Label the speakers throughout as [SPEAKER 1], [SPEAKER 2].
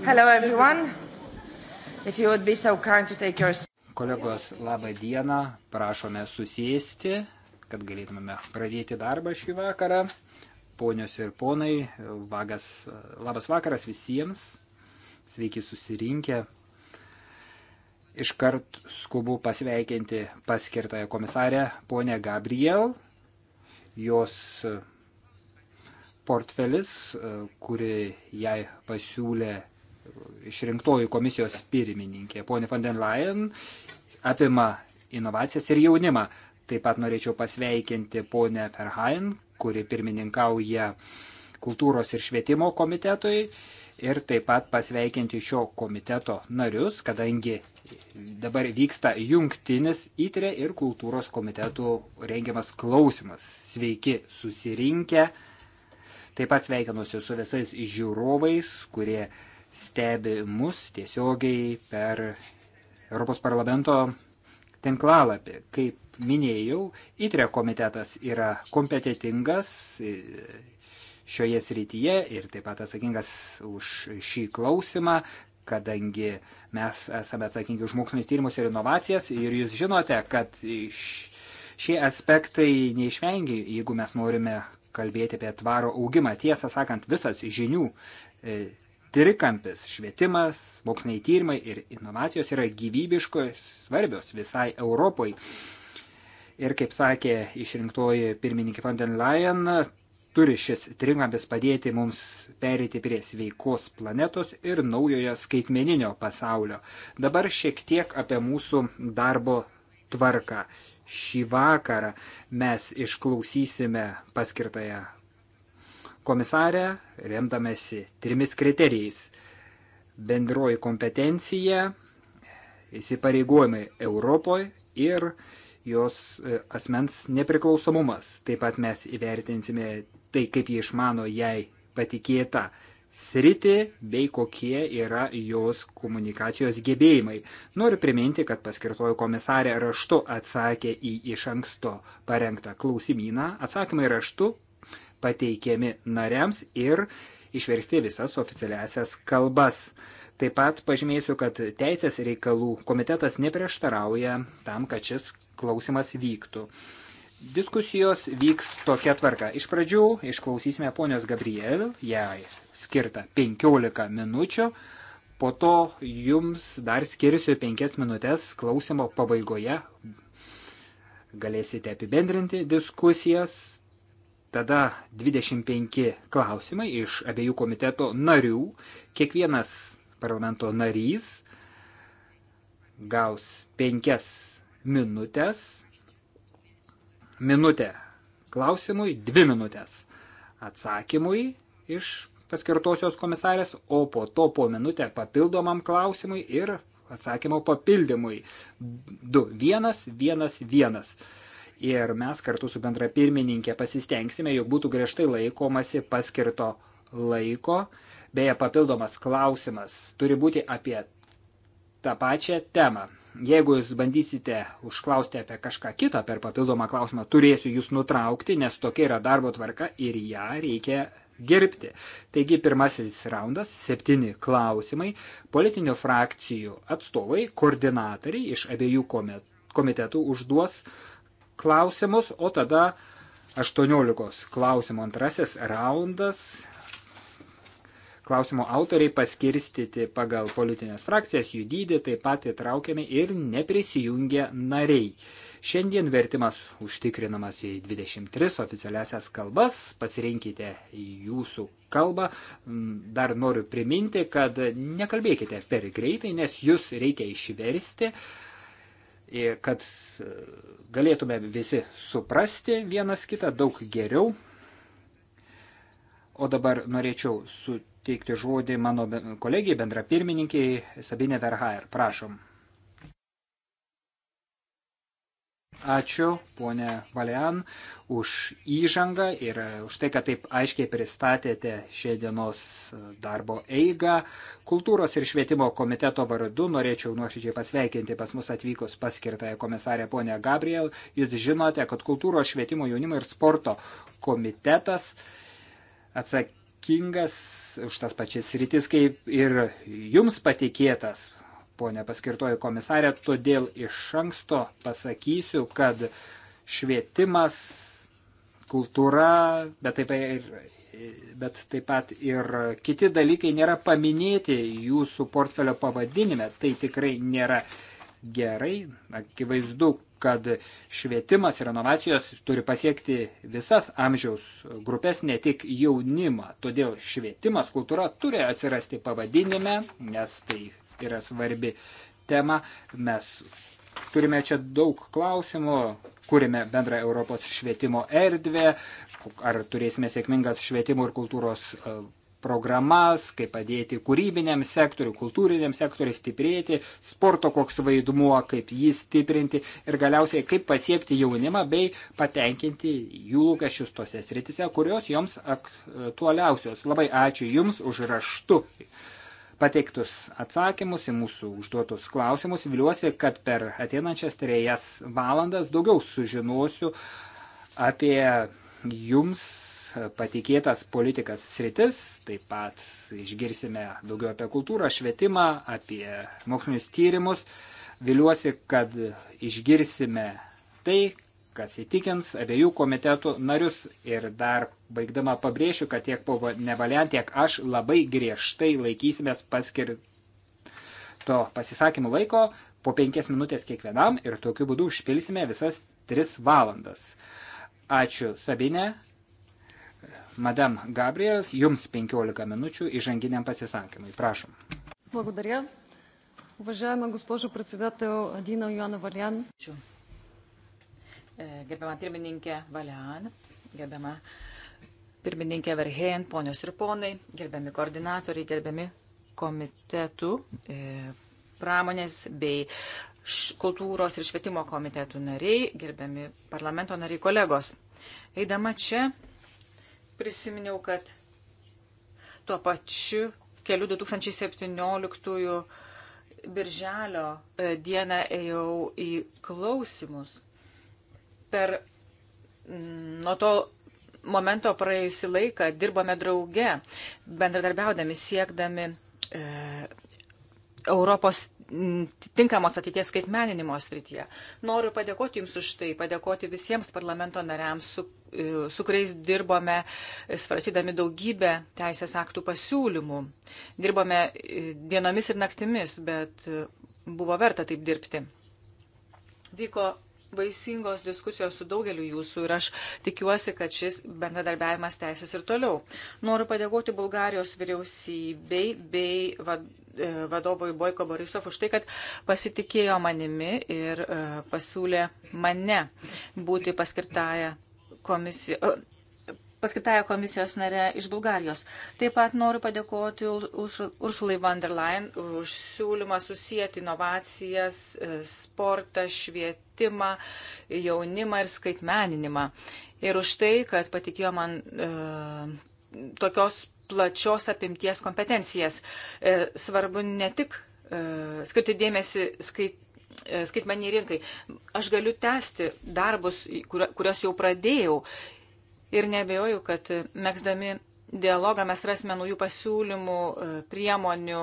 [SPEAKER 1] Hello everyone.
[SPEAKER 2] If you would be so kind to take your
[SPEAKER 1] Kolegos, labą dieną. Prašome susėsti, kad galėtumėme pradėti darbą šį vakarą. Ponios ir ponai, vagas, labas vakaras visiems. Sveiki susirinkę. Iškart skubu pasveikinti paskirtąją komisarę ponę Gabriel. Jos portfelis, kurį jai pasiūlė išrinktoji komisijos pirmininkė, ponė von den Leyen, apima inovacijas ir jaunimą. Taip pat norėčiau pasveikinti ponę Ferhain, kuri pirmininkauja kultūros ir švietimo komitetui ir taip pat pasveikinti šio komiteto narius, kadangi dabar vyksta jungtinis įtrė ir kultūros komitetų rengiamas klausimas. Sveiki susirinkę. Taip pat sveikinuosi su visais žiūrovais, kurie uh, stebi mus tiesiogiai per Europos parlamento tinklalapį. Kaip minėjau, ITRE komitetas yra kompetitingas e, šioje srityje ir taip pat atsakingas už šį klausimą, kadangi mes esame atsakingi už mokslinius tyrimus ir inovacijas ir jūs žinote, kad šie aspektai neišvengi, jeigu mes norime kalbėti apie tvaro augimą. Tiesą sakant, visas žinių e, trikampis švietimas, moksliniai tyrimai ir inovacijos yra gyvybiškos svarbios visai Europai. Ir kaip sakė išrinktoji pirmininkė von den Leyen, turi šis trikampis padėti mums perėti prie sveikos planetos ir naujojo skaitmeninio pasaulio. Dabar šiek tiek apie mūsų darbo tvarką. Šį vakarą mes išklausysime paskirtąją komisarę remdamėsi trimis kriterijais. Bendroji kompetencija, įsipareigojimai Europoje ir jos e, asmens nepriklausomumas. Taip pat mes įvertinsime tai, kaip jie išmano jai patikėtą sritį bei kokie yra jos komunikacijos gebėjimai. Noriu priminti, kad paskirtojo komisarė raštu atsakė į iš anksto parengtą klausimyną. Atsakymai raštu pateikiami nariams ir išversti visas oficialiasias kalbas. Taip pat pažymėsiu, kad Teisės reikalų komitetas neprieštarauja tam, kad šis klausimas vyktų. Diskusijos vyks tokia tvarka. Iš pradžių išklausysime ponios Gabriel, jai skirta 15 minučių, po to jums dar skirsiu 5 minutės klausimo pabaigoje. Galėsite apibendrinti diskusijas, Tada 25 klausimai iš abiejų komiteto narių. Kiekvienas parlamento narys gaus 5 minutės. Minutė klausimui, 2 minutės atsakymui iš paskirtosios komisarės, o po to po minutę papildomam klausimui ir atsakymo papildymui. 2, 1, 1, 1 ir mes kartu su bendra pirmininkė pasistengsime, jog būtų griežtai laikomasi paskirto laiko. Beje, papildomas klausimas turi būti apie tą pačią temą. Jeigu jūs bandysite užklausti apie kažką kitą per papildomą klausimą, turėsiu jūs nutraukti, nes tokia yra darbo tvarka ir ją reikia gerbti. Taigi pirmasis raundas - septyni klausimai. Politinių frakcijų atstovai, koordinatoriai iš abiejų komitetų užduos uh, klausimus, o tada 18 klausimų antrasis raundas. Klausimo autoriai paskirstyti pagal politinės frakcijas, jų dydį taip pat įtraukiami ir neprisijungia nariai. Šiandien vertimas užtikrinamas į 23 oficialiasias kalbas, pasirinkite jūsų kalbą. Mm, dar noriu priminti, kad nekalbėkite per greitai, nes jūs reikia išversti. Uh, kad e, galėtume visi suprasti vienas kitą daug geriau. O dabar norėčiau suteikti žodį mano kolegijai, bendrapirmininkiai Sabinė Verhaer. Prašom. Ačiū, ponė Valian, už įžangą ir e, už tai, kad taip aiškiai pristatėte šiandienos e, darbo eigą. Kultūros ir švietimo komiteto vardu norėčiau nuoširdžiai pasveikinti pas mus atvykus paskirtąją komisarę ponę Gabriel. Jūs žinote, kad kultūros švietimo jaunimo ir sporto komitetas atsakingas už tas pačias rytis, kaip ir jums patikėtas ponė paskirtoji komisarė, todėl iš anksto pasakysiu, kad švietimas, kultūra, bet taip, ir, bet taip pat ir kiti dalykai nėra paminėti jūsų portfelio pavadinime. Tai tikrai nėra gerai. Akivaizdu, kad švietimas ir inovacijos turi pasiekti visas amžiaus grupės, ne tik jaunimą. Todėl švietimas, kultūra turi atsirasti pavadinime, nes tai yra svarbi tema. Mes turime čia daug klausimų, kūrime bendrą Europos švietimo erdvę, ar turėsime sėkmingas švietimo ir kultūros e, programas, kaip padėti kūrybiniam sektoriu, kultūriniam sektoriu stiprėti, sporto koks vaidmuo, kaip jį stiprinti ir galiausiai kaip pasiekti jaunimą bei patenkinti jų lūkesčius tose sritise, kurios joms aktualiausios. Labai ačiū Jums už raštų pateiktus atsakymus į mūsų užduotus klausimus. Viliuosi, kad per ateinančias trejas valandas daugiau sužinosiu apie jums patikėtas politikas sritis, taip pat išgirsime daugiau apie kultūrą, švietimą, apie mokslinius tyrimus. Viliuosi, kad išgirsime tai, kas įtikins abiejų komitetų narius. Ir dar baigdama pabrėšiu, kad tiek povo nevaliant, tiek aš labai griežtai laikysimės paskirto pasisakymų laiko po penkias minutės kiekvienam ir tokiu būdu užpilsime visas tris valandas. Ačiū Sabinė. Madam Gabriel, jums 15 minučių įžanginiam pasisakymui. Prašom.
[SPEAKER 2] Благодаря. Уважаема госпожо председател Адина Йоанна Валян. Чу. E, gerbiama pirmininkė
[SPEAKER 3] Valian, gerbiama pirmininkė Verheyen, ponios ir ponai, gerbiami koordinatoriai, gerbiami komitetų, e, pramonės bei kultūros ir švietimo komitetų nariai, gerbiami parlamento nariai kolegos. Eidama čia prisiminiau, kad tuo pačiu keliu 2017 birželio e, dieną ėjau į klausimus per nuo to momento praėjusi laiką dirbome drauge, bendradarbiaudami, siekdami e, Europos tinkamos ateities skaitmeninimo srityje. Noriu padėkoti Jums už tai, padėkoti visiems parlamento nariams, su, e, su kuriais dirbome, e, svarsydami daugybę teisės aktų pasiūlymų. Dirbome e, dienomis ir naktimis, bet buvo verta taip dirbti. Vyko vaisingos diskusijos su daugeliu jūsų ir aš tikiuosi, kad šis bendradarbiavimas tęsis ir toliau. Noriu padėkoti Bulgarijos vyriausybei bei e, vadovui Boiko Borisov už tai, kad pasitikėjo manimi ir e, pasiūlė mane būti paskirtąją komisiją paskirtąją komisijos narę iš Bulgarijos. Taip pat noriu padėkoti Ursulai van der Leyen už siūlymą susijęti inovacijas, e, sportą, švietimą, jaunimą ir skaitmeninimą. Ir už tai, kad patikėjo man e, tokios plačios apimties kompetencijas. E, svarbu ne tik e, skirti dėmesį skait, e, skaitmeniai rinkai. Aš galiu tęsti darbus, kur, kuriuos jau pradėjau ir nebejoju, kad mėgsdami dialogą mes rasime naujų pasiūlymų, e, priemonių,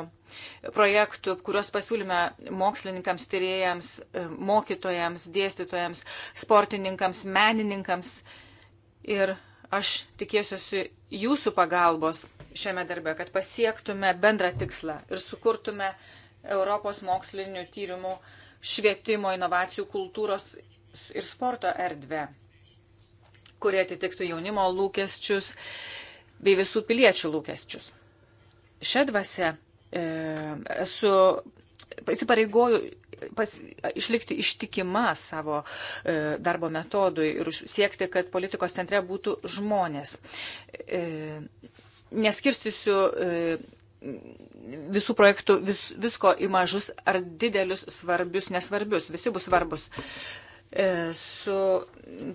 [SPEAKER 3] projektų, kuriuos pasiūlyme mokslininkams, tyrėjams, e, mokytojams, dėstytojams, sportininkams, menininkams. Ir aš tikėsiuosi jūsų pagalbos šiame darbe, kad pasiektume bendrą tikslą ir sukurtume Europos mokslinių tyrimų švietimo, inovacijų, kultūros ir sporto erdvę kurie atitiktų jaunimo lūkesčius bei visų piliečių lūkesčius. Šią dvasę e, esu įsipareigoju pas, išlikti ištikima savo e, darbo metodui ir siekti, kad politikos centre būtų žmonės. E, neskirstysiu e, visų projektų vis, visko į mažus ar didelius svarbius, nesvarbius. Visi bus svarbus. E, E, su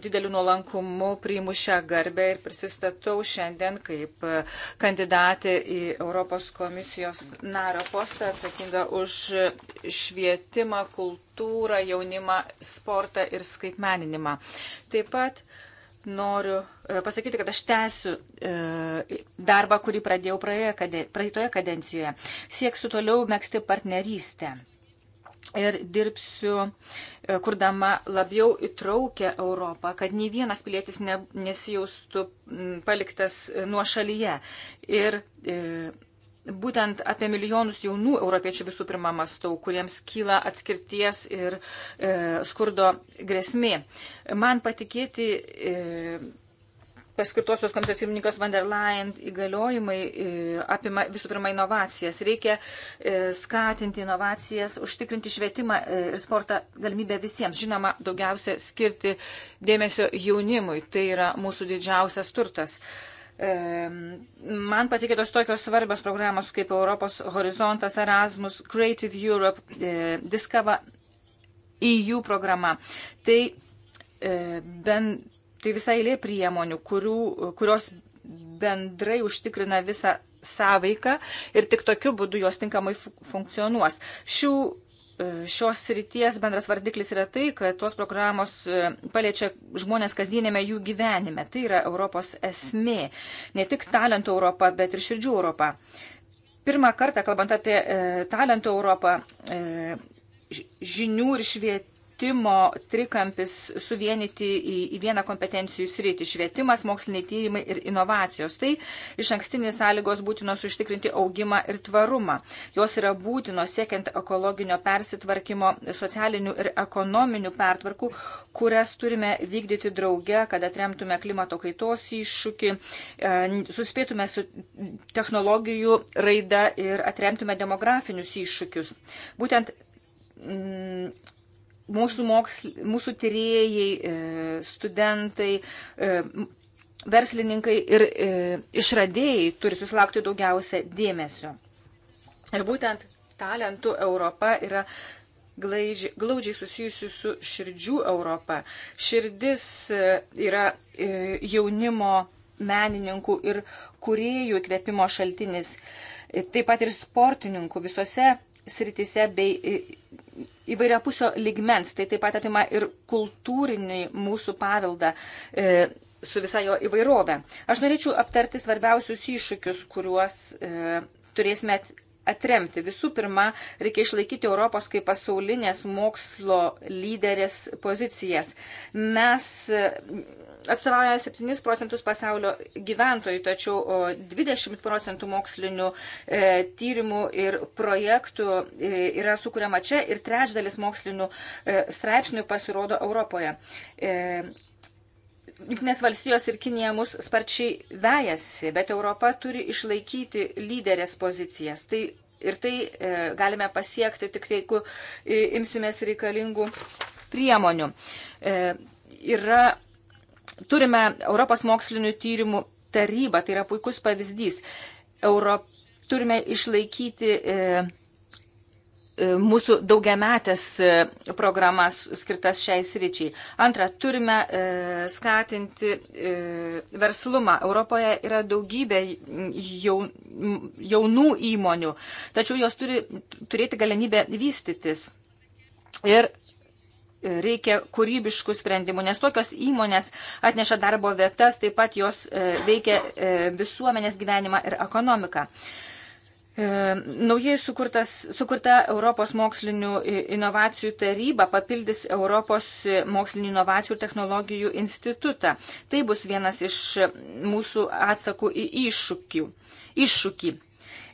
[SPEAKER 3] dideliu nuolankumu priimu šią garbę ir prisistatau šiandien kaip e, kandidatė į Europos komisijos nario postą atsakingą už švietimą, kultūrą, jaunimą, sportą ir skaitmeninimą. Taip pat noriu e, pasakyti, kad aš tęsiu darbą, kurį pradėjau praeitoje kadencijoje. Sieksiu toliau mėgsti partnerystę ir dirbsiu, e, kurdama labiau įtraukę Europą, kad nei vienas pilietis ne, nesijaustų paliktas e, nuo šalyje. Ir e, būtent apie milijonus jaunų europiečių visų pirma mastau, kuriems kyla atskirties ir e, skurdo grėsmė. Man patikėti. E, paskirtosios komisijos pirmininkas van der Leyen įgaliojimai e, apima visų pirma inovacijas. Reikia e, skatinti inovacijas, užtikrinti švietimą e, ir sportą galimybę visiems. Žinoma, daugiausia skirti dėmesio jaunimui. Tai yra mūsų didžiausias turtas. Man patikėtos tokios svarbios programos kaip Europos horizontas, Erasmus, Creative Europe, Discover EU programa. Tai ben Tai visai lė priemonių, kurių, kurios bendrai užtikrina visą sąveiką ir tik tokiu būdu jos tinkamai funkcionuos. Šių e, šios srities bendras vardiklis yra tai, kad tos programos e, paliečia žmonės kasdienėme jų gyvenime. Tai yra Europos esmė. Ne tik talentų Europa, bet ir širdžių Europa. Pirmą kartą, kalbant apie e, talentų Europą, e, žinių ir švietimo švietimo trikampis suvienyti į, į vieną kompetencijų sritį - švietimas, moksliniai tyrimai ir inovacijos. Tai iš ankstinės sąlygos būtinos užtikrinti augimą ir tvarumą. Jos yra būtinos siekiant ekologinio persitvarkymo, socialinių ir ekonominių pertvarkų, kurias turime vykdyti drauge, kad atremtume klimato kaitos iššūkį, e, suspėtume su technologijų raida ir atremtume demografinius iššūkius. Būtent mm, mūsų, moksl, mūsų tyrėjai, e, studentai, e, verslininkai ir e, išradėjai turi susilaukti daugiausia dėmesio. Ir būtent talentų Europa yra glaudžiai, glaudžiai susijusi su širdžių Europa. Širdis yra jaunimo menininkų ir kuriejų įkvėpimo šaltinis, taip pat ir sportininkų visose sritise bei įvairiapusio ligmens. Tai taip pat apima ir kultūrinį mūsų paveldą e, su visa jo įvairove. Aš norėčiau aptarti svarbiausius iššūkius, kuriuos e, turėsime atremti. Visų pirma, reikia išlaikyti Europos kaip pasaulinės mokslo lyderės pozicijas. Mes e, atstovaujame 7 procentus pasaulio gyventojų, tačiau 20 procentų mokslinių e, tyrimų ir projektų e, yra sukuriama čia ir trečdalis mokslinių e, straipsnių pasirodo Europoje. E, Junktinės valstijos ir Kinija mus sparčiai vejasi, bet Europa turi išlaikyti lyderės pozicijas. Tai ir tai e, galime pasiekti tik jeigu e, imsimės reikalingų priemonių. E, yra, turime Europos mokslinių tyrimų tarybą, tai yra puikus pavyzdys. Euro, turime išlaikyti. E, E, mūsų daugiametės e, programas skirtas šiai sričiai. Antra, turime e, skatinti verslumą. Europoje yra daugybė jaunų įmonių, tačiau jos turi turėti galimybę vystytis. Ir reikia kūrybiškų sprendimų, nes tokios įmonės atneša darbo vietas, taip pat jos veikia visuomenės gyvenimą ir ekonomiką. E, E, naujai sukurtas, sukurta Europos mokslinių inovacijų taryba papildys Europos mokslinių inovacijų ir technologijų institutą. Tai bus vienas iš mūsų atsakų į iššūkį. iššūkį.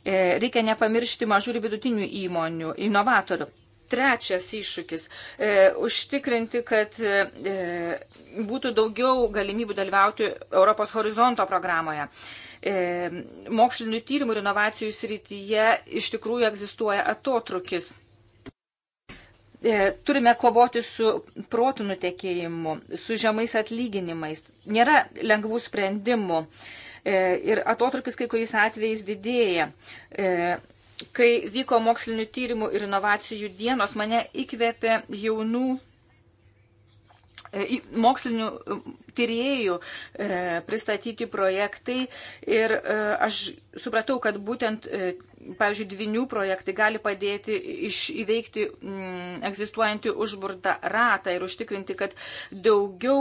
[SPEAKER 3] E, reikia nepamiršti mažų ir vidutinių įmonių, inovatorių. Trečias iššūkis e, - užtikrinti, kad būtų daugiau galimybių dalyvauti Europos horizonto programoje. E, E, mokslinių tyrimų ir inovacijų srityje iš tikrųjų egzistuoja atotrukis. E, turime kovoti su protų nutekėjimu, su žemais atlyginimais. Nėra lengvų sprendimų e, ir atotrukis kai kuriais atvejais didėja. Kai vyko mokslinių tyrimų ir inovacijų dienos, mane įkvėpė jaunų E, mokslinių e, tyriejų e, pristatyti projektai ir aš supratau, kad būtent, pavyzdžiui, dvinių projektai gali padėti iš, įveikti m, mm, egzistuojantį užburtą ratą ir užtikrinti, kad daugiau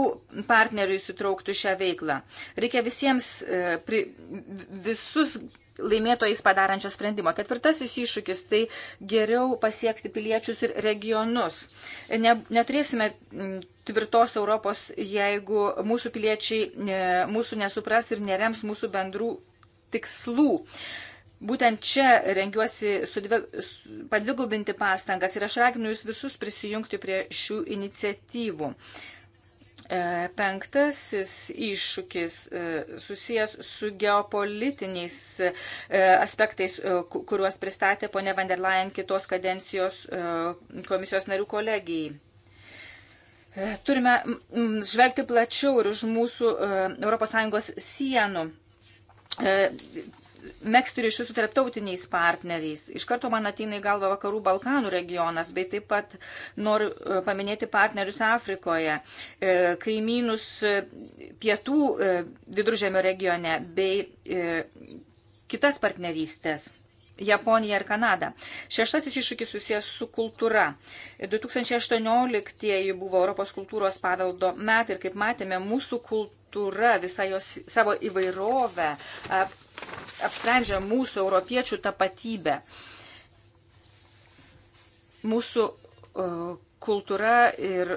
[SPEAKER 3] partnerių įsitrauktų šią veiklą. Reikia visiems pri, visus laimėtojais padarančio sprendimo. Ketvirtasis iššūkis - tai geriau pasiekti piliečius ir regionus. Ne, neturėsime tvirtos Europos, jeigu mūsų piliečiai mūsų nesupras ir nerems mūsų bendrų tikslų. Būtent čia rengiuosi sudvi, padvigubinti pastangas ir aš raginu jūs visus prisijungti prie šių iniciatyvų. Uh, E, penktasis iššūkis e, susijęs su geopolitiniais e, aspektais, kuriuos pristatė ponė van der Leyen kitos kadencijos komisijos narių kolegijai. Turime žvelgti plačiau ir už mūsų ES sienų mėgsti ryšius su tarptautiniais partneriais. Iš karto man ateina į galvą vakarų Balkanų regionas, bei taip pat noriu e, paminėti partnerius Afrikoje, e, kaimynus e, pietų viduržėmio regione, bei kitas partnerystės. Japonija ir Kanada. Šeštasis iššūkis susijęs su kultūra. 2018 buvo Europos kultūros paveldo metai ir kaip matėme, mūsų kultūra visą jos savo įvairovę apsprendžia mūsų europiečių tapatybę. Mūsų e, kultūra ir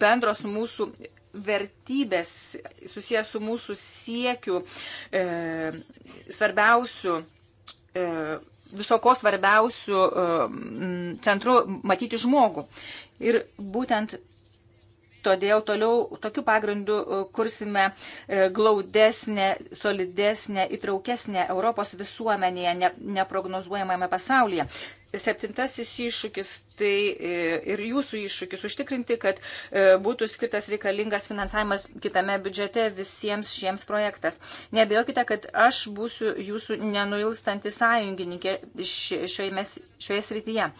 [SPEAKER 3] bendros mūsų vertybės susijęs su mūsų siekiu e, svarbiausių e, visoko svarbiausių e, centrų matyti žmogų. Ir būtent Todėl toliau tokiu pagrindu e, kursime e, glaudesnę, solidesnę, įtraukesnę Europos visuomenėje, ne, neprognozuojamame pasaulyje. Septintasis iššūkis tai e, ir jūsų iššūkis užtikrinti, kad būtų skirtas reikalingas finansavimas kitame biudžete visiems šiems projektas. Nebijokite, kad aš būsiu jūsų nenuilstanti sąjungininkė šioje, šioje srityje.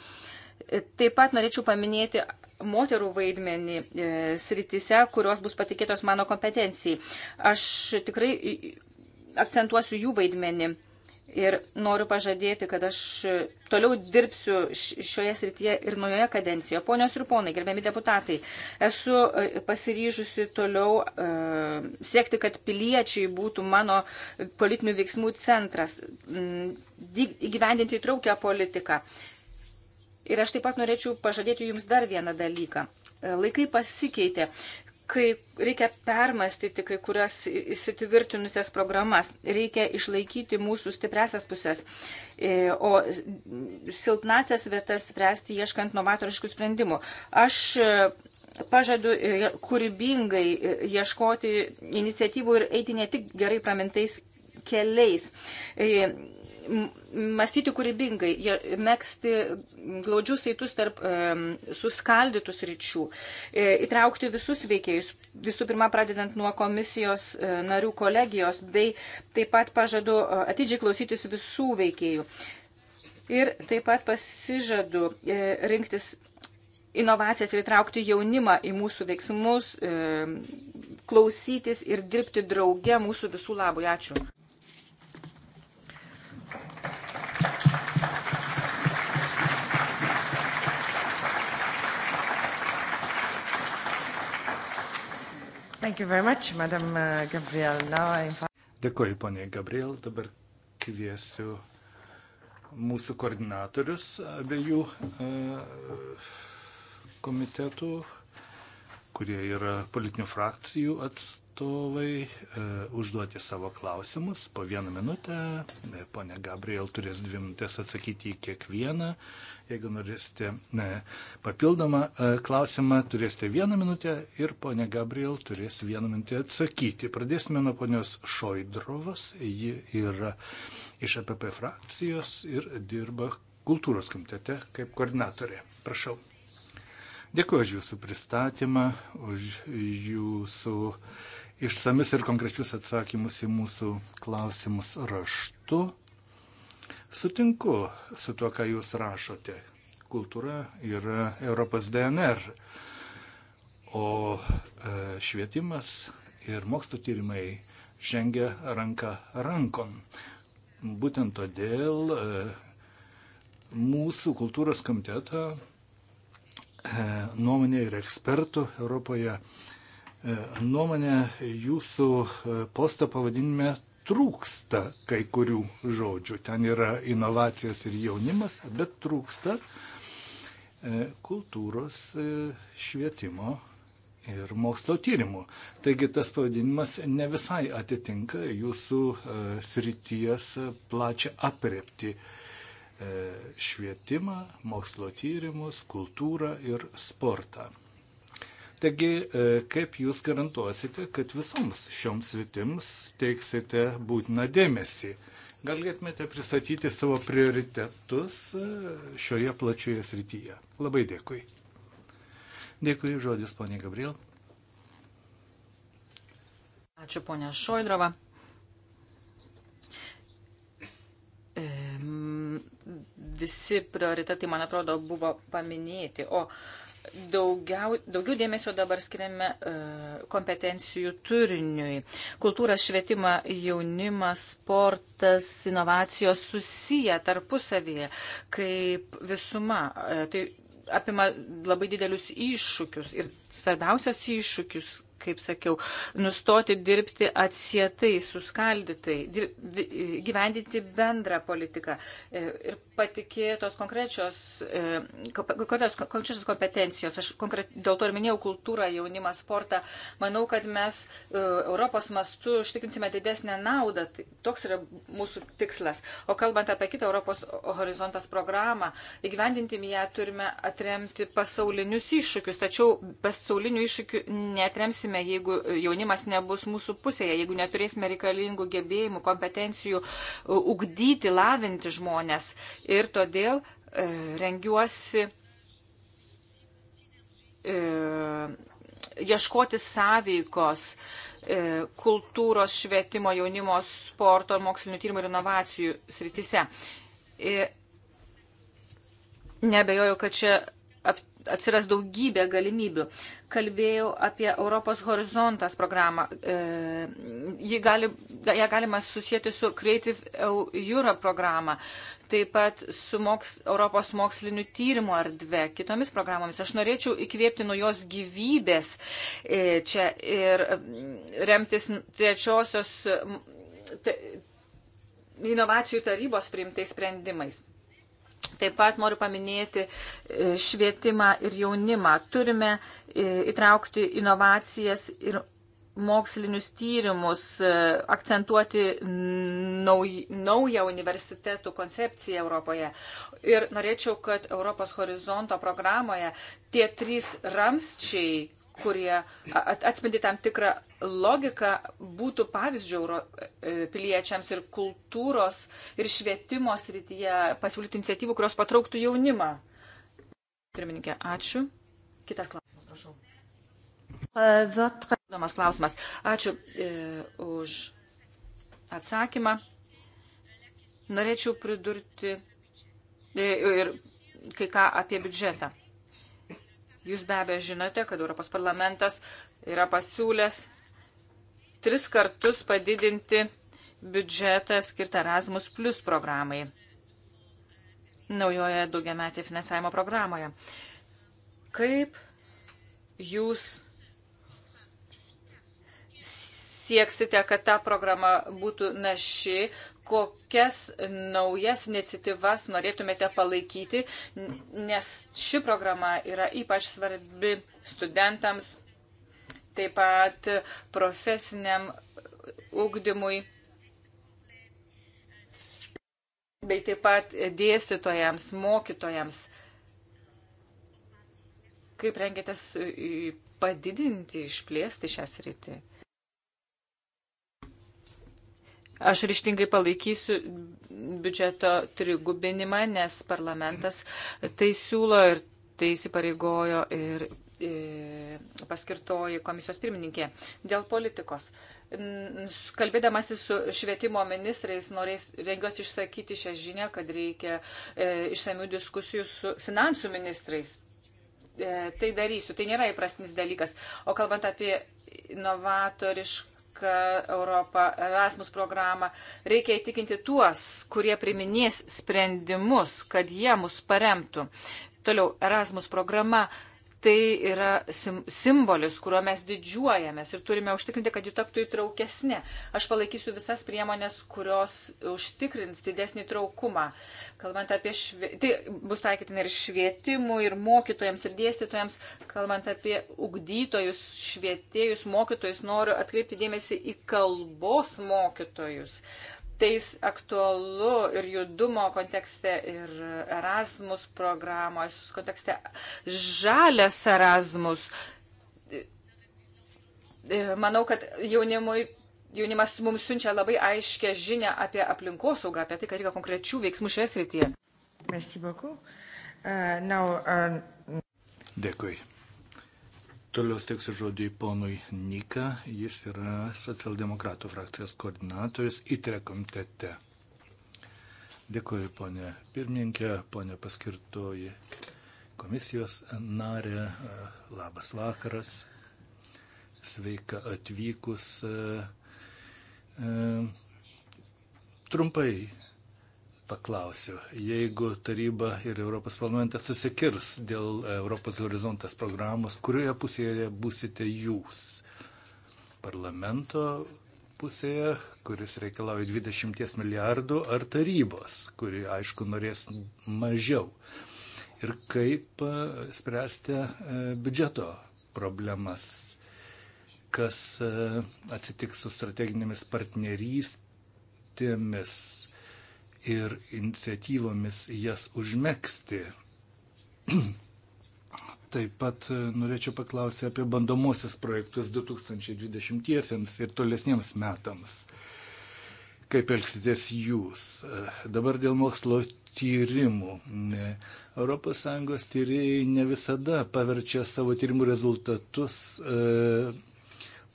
[SPEAKER 3] Taip pat norėčiau paminėti moterų vaidmenį e, sritise, kurios bus patikėtos mano kompetencijai. Aš tikrai akcentuosiu jų vaidmenį. Ir noriu pažadėti, kad aš toliau dirbsiu šioje srityje ir nuojoje kadencijoje. Ponios ir ponai, gerbiami deputatai, esu e, pasiryžusi toliau uh, siekti, kad piliečiai būtų mano politinių veiksmų centras, įgyvendinti įtraukę politiką. Uh, Ir aš taip pat norėčiau pažadėti Jums dar vieną dalyką. E, laikai pasikeitė kai reikia permastyti kai kurias įsitvirtinusias programas, reikia išlaikyti mūsų stipresias pusės, e, o silpnasias vietas spręsti ieškant novatoriškų sprendimų. Aš e, pažadu kūrybingai ieškoti iniciatyvų ir eiti ne tik gerai pramintais keliais mąstyti kūrybingai, mėgsti glaudžius eitus tarp e, suskaldytus ryčių, e, įtraukti visus veikėjus, visų pirma pradedant nuo komisijos e, narių kolegijos, bei taip pat pažadu e, atidžiai klausytis visų veikėjų. Ir taip pat pasižadu e, rinktis inovacijas ir įtraukti jaunimą į mūsų veiksmus, e, klausytis ir dirbti drauge mūsų visų labui. Ačiū.
[SPEAKER 2] Much, uh, I...
[SPEAKER 4] Dėkuoju, ponė Gabriel. Dabar kviesiu mūsų koordinatorius abiejų uh, komitetų, kurie yra politinių frakcijų atstovai, uh, užduoti savo klausimus po vieną minutę. Pone Gabriel turės dvi minutės atsakyti į kiekvieną Jeigu norėsite ne, papildomą e, klausimą, turėsite vieną minutę ir ponė Gabriel turės vieną minutę atsakyti. Pradėsime nuo ponios Šoidrovos. Ji yra iš APP e frakcijos ir dirba kultūros komitete kaip koordinatorė. Prašau. Dėkuoju už Jūsų pristatymą, už Jūsų išsamis ir konkrečius atsakymus į mūsų klausimus raštu. Sutinku su tuo, ką jūs rašote. Kultūra yra Europos DNR, o e, švietimas ir mokslo tyrimai žengia ranka rankon. Būtent todėl e, mūsų kultūros komiteto e, nuomonė ir ekspertų Europoje nuomonė jūsų posto pavadinime trūksta kai kurių žodžių. Ten yra inovacijas ir jaunimas, bet trūksta e, kultūros e, švietimo ir mokslo tyrimų. Taigi tas pavadinimas ne visai atitinka jūsų e, srities plačią aprepti švietimą, mokslo tyrimus, kultūrą ir sportą. Taigi, e, kaip jūs garantuosite, kad visoms šioms svitims teiksite būtiną dėmesį? Galėtumėte pristatyti savo prioritetus e, šioje plačioje srityje. Labai dėkui. Dėkui, žodis ponė Gabriel.
[SPEAKER 3] Ačiū ponė Šoidrova. E, visi prioritetai, man atrodo, buvo paminėti, o daugiau, daugiau dėmesio dabar skiriame e, kompetencijų turiniui. Kultūra, švietima, jaunimas, sportas, inovacijos susiję tarpusavyje kaip visuma. E, tai apima labai didelius iššūkius ir svarbiausias iššūkius kaip sakiau, nustoti dirbti atsietai, suskaldytai, dir, gyvendyti bendrą politiką e, ir patikėtos e, konkrečios, konkrečios kompetencijos. Aš konkret, dėl to ir minėjau kultūrą, jaunimą, sportą. Manau, kad mes e, Europos mastu ištikrintume didesnę naudą. Tai toks yra mūsų tikslas. O kalbant apie kitą Europos horizontas programą, įgyvendinti ją turime atremti pasaulinius iššūkius. Tačiau pasaulinių iššūkių netremsime sugebėsime, jeigu jaunimas nebus mūsų pusėje, jeigu neturėsime reikalingų gebėjimų, kompetencijų ugdyti, lavinti žmonės. Ir todėl e, rengiuosi. E, ieškoti sąveikos e, kultūros, švietimo, jaunimo, sporto, mokslinio tyrimo ir inovacijų srityse. E, Nebejoju, kad čia atsiras daugybė galimybių. Kalbėjau apie Europos horizontas programą. E, ji gali, ją galima susijęti su Creative Europe programa, taip pat su moks, Europos mokslinių tyrimų erdve, kitomis programomis. Aš norėčiau įkvėpti nuo jos gyvybės e, čia ir remtis trečiosios. Te, inovacijų tarybos priimtais sprendimais. Taip pat noriu paminėti e, švietimą ir jaunimą. Turime e, įtraukti inovacijas ir mokslinius tyrimus, e, akcentuoti naują universitetų koncepciją Europoje. Ir norėčiau, kad Europos horizonto programoje tie trys ramščiai kurie atspindi tam tikrą logika būtų pavyzdžių e, piliečiams ir kultūros ir švietimo srityje pasiūlyti iniciatyvų, kurios patrauktų jaunimą. Pirmininkė, ačiū. Kitas klausimas, prašau. Uh, Domas klausimas. Ačiū e, už atsakymą. Norėčiau pridurti e, ir kai ką apie biudžetą. Jūs be abejo žinote, kad Europos parlamentas yra pasiūlęs tris kartus padidinti biudžetą skirtą Erasmus Plus programai naujoje daugiametėje finansavimo programoje. Kaip jūs sieksite, kad ta programa būtų naši, kokias naujas iniciatyvas norėtumėte palaikyti, nes ši programa yra ypač svarbi studentams, taip pat profesiniam ugdymui bei taip pat dėstytojams, mokytojams. Kaip rengėtės e, padidinti, išplėsti šią sritį? Aš ryštingai palaikysiu biudžeto trigubinimą, nes parlamentas tai siūlo ir tai įsipareigojo ir paskirtoji komisijos pirmininkė dėl politikos. Kalbėdamasi su švietimo ministrais, norės, rengiuosi išsakyti šią žinią, kad reikia e, išsamių diskusijų su finansų ministrais. E, tai darysiu, tai nėra įprastinis dalykas. O kalbant apie novatorišką Europą, Erasmus programą, reikia įtikinti tuos, kurie priminės sprendimus, kad jie mus paremtų. Toliau, Erasmus programa tai yra sim, simbolis, kuriuo mes didžiuojamės ir turime užtikrinti, kad ji taptų įtraukesnė. Aš palaikysiu visas priemonės, kurios užtikrins didesnį traukumą. Kalbant apie švietimą, tai bus taikytina ir švietimui, ir mokytojams, ir dėstytojams. Kalbant apie ugdytojus, švietėjus, mokytojus, noriu atkreipti dėmesį į kalbos mokytojus tais aktualu ir judumo kontekste, ir Erasmus programos kontekste, žalias Erasmus. Manau, kad jaunimui, jaunimas mums siunčia labai aiškę žinę apie aplinkosaugą, apie tai, kad reikia konkrečių veiksmų šioje srityje. Euh, euh,
[SPEAKER 4] Dėkui. Toliau steiksiu žodį ponui Nika, jis yra socialdemokratų frakcijos koordinatorius įtre komitete. Dėkuoju, ponė pirmininkė, ponė paskirtoji komisijos narė, labas vakaras, sveika atvykus. Trumpai paklausiu. Jeigu taryba ir Europos parlamentas susikirs dėl Europos horizontas programos, kurioje pusėje būsite jūs? Parlamento pusėje, kuris reikalauja 20 milijardų, ar tarybos, kuri, aišku, norės mažiau. Ir kaip e, spręsti e, biudžeto problemas, kas e, atsitiks su strateginėmis partnerystėmis ir iniciatyvomis jas užmėgsti. Taip pat e, norėčiau paklausti apie bandomosius projektus 2020-iesiems ir tolesniems metams. Kaip elgsitės jūs? E, dabar dėl mokslo tyrimų. ES tyrėjai ne visada paverčia savo tyrimų rezultatus e,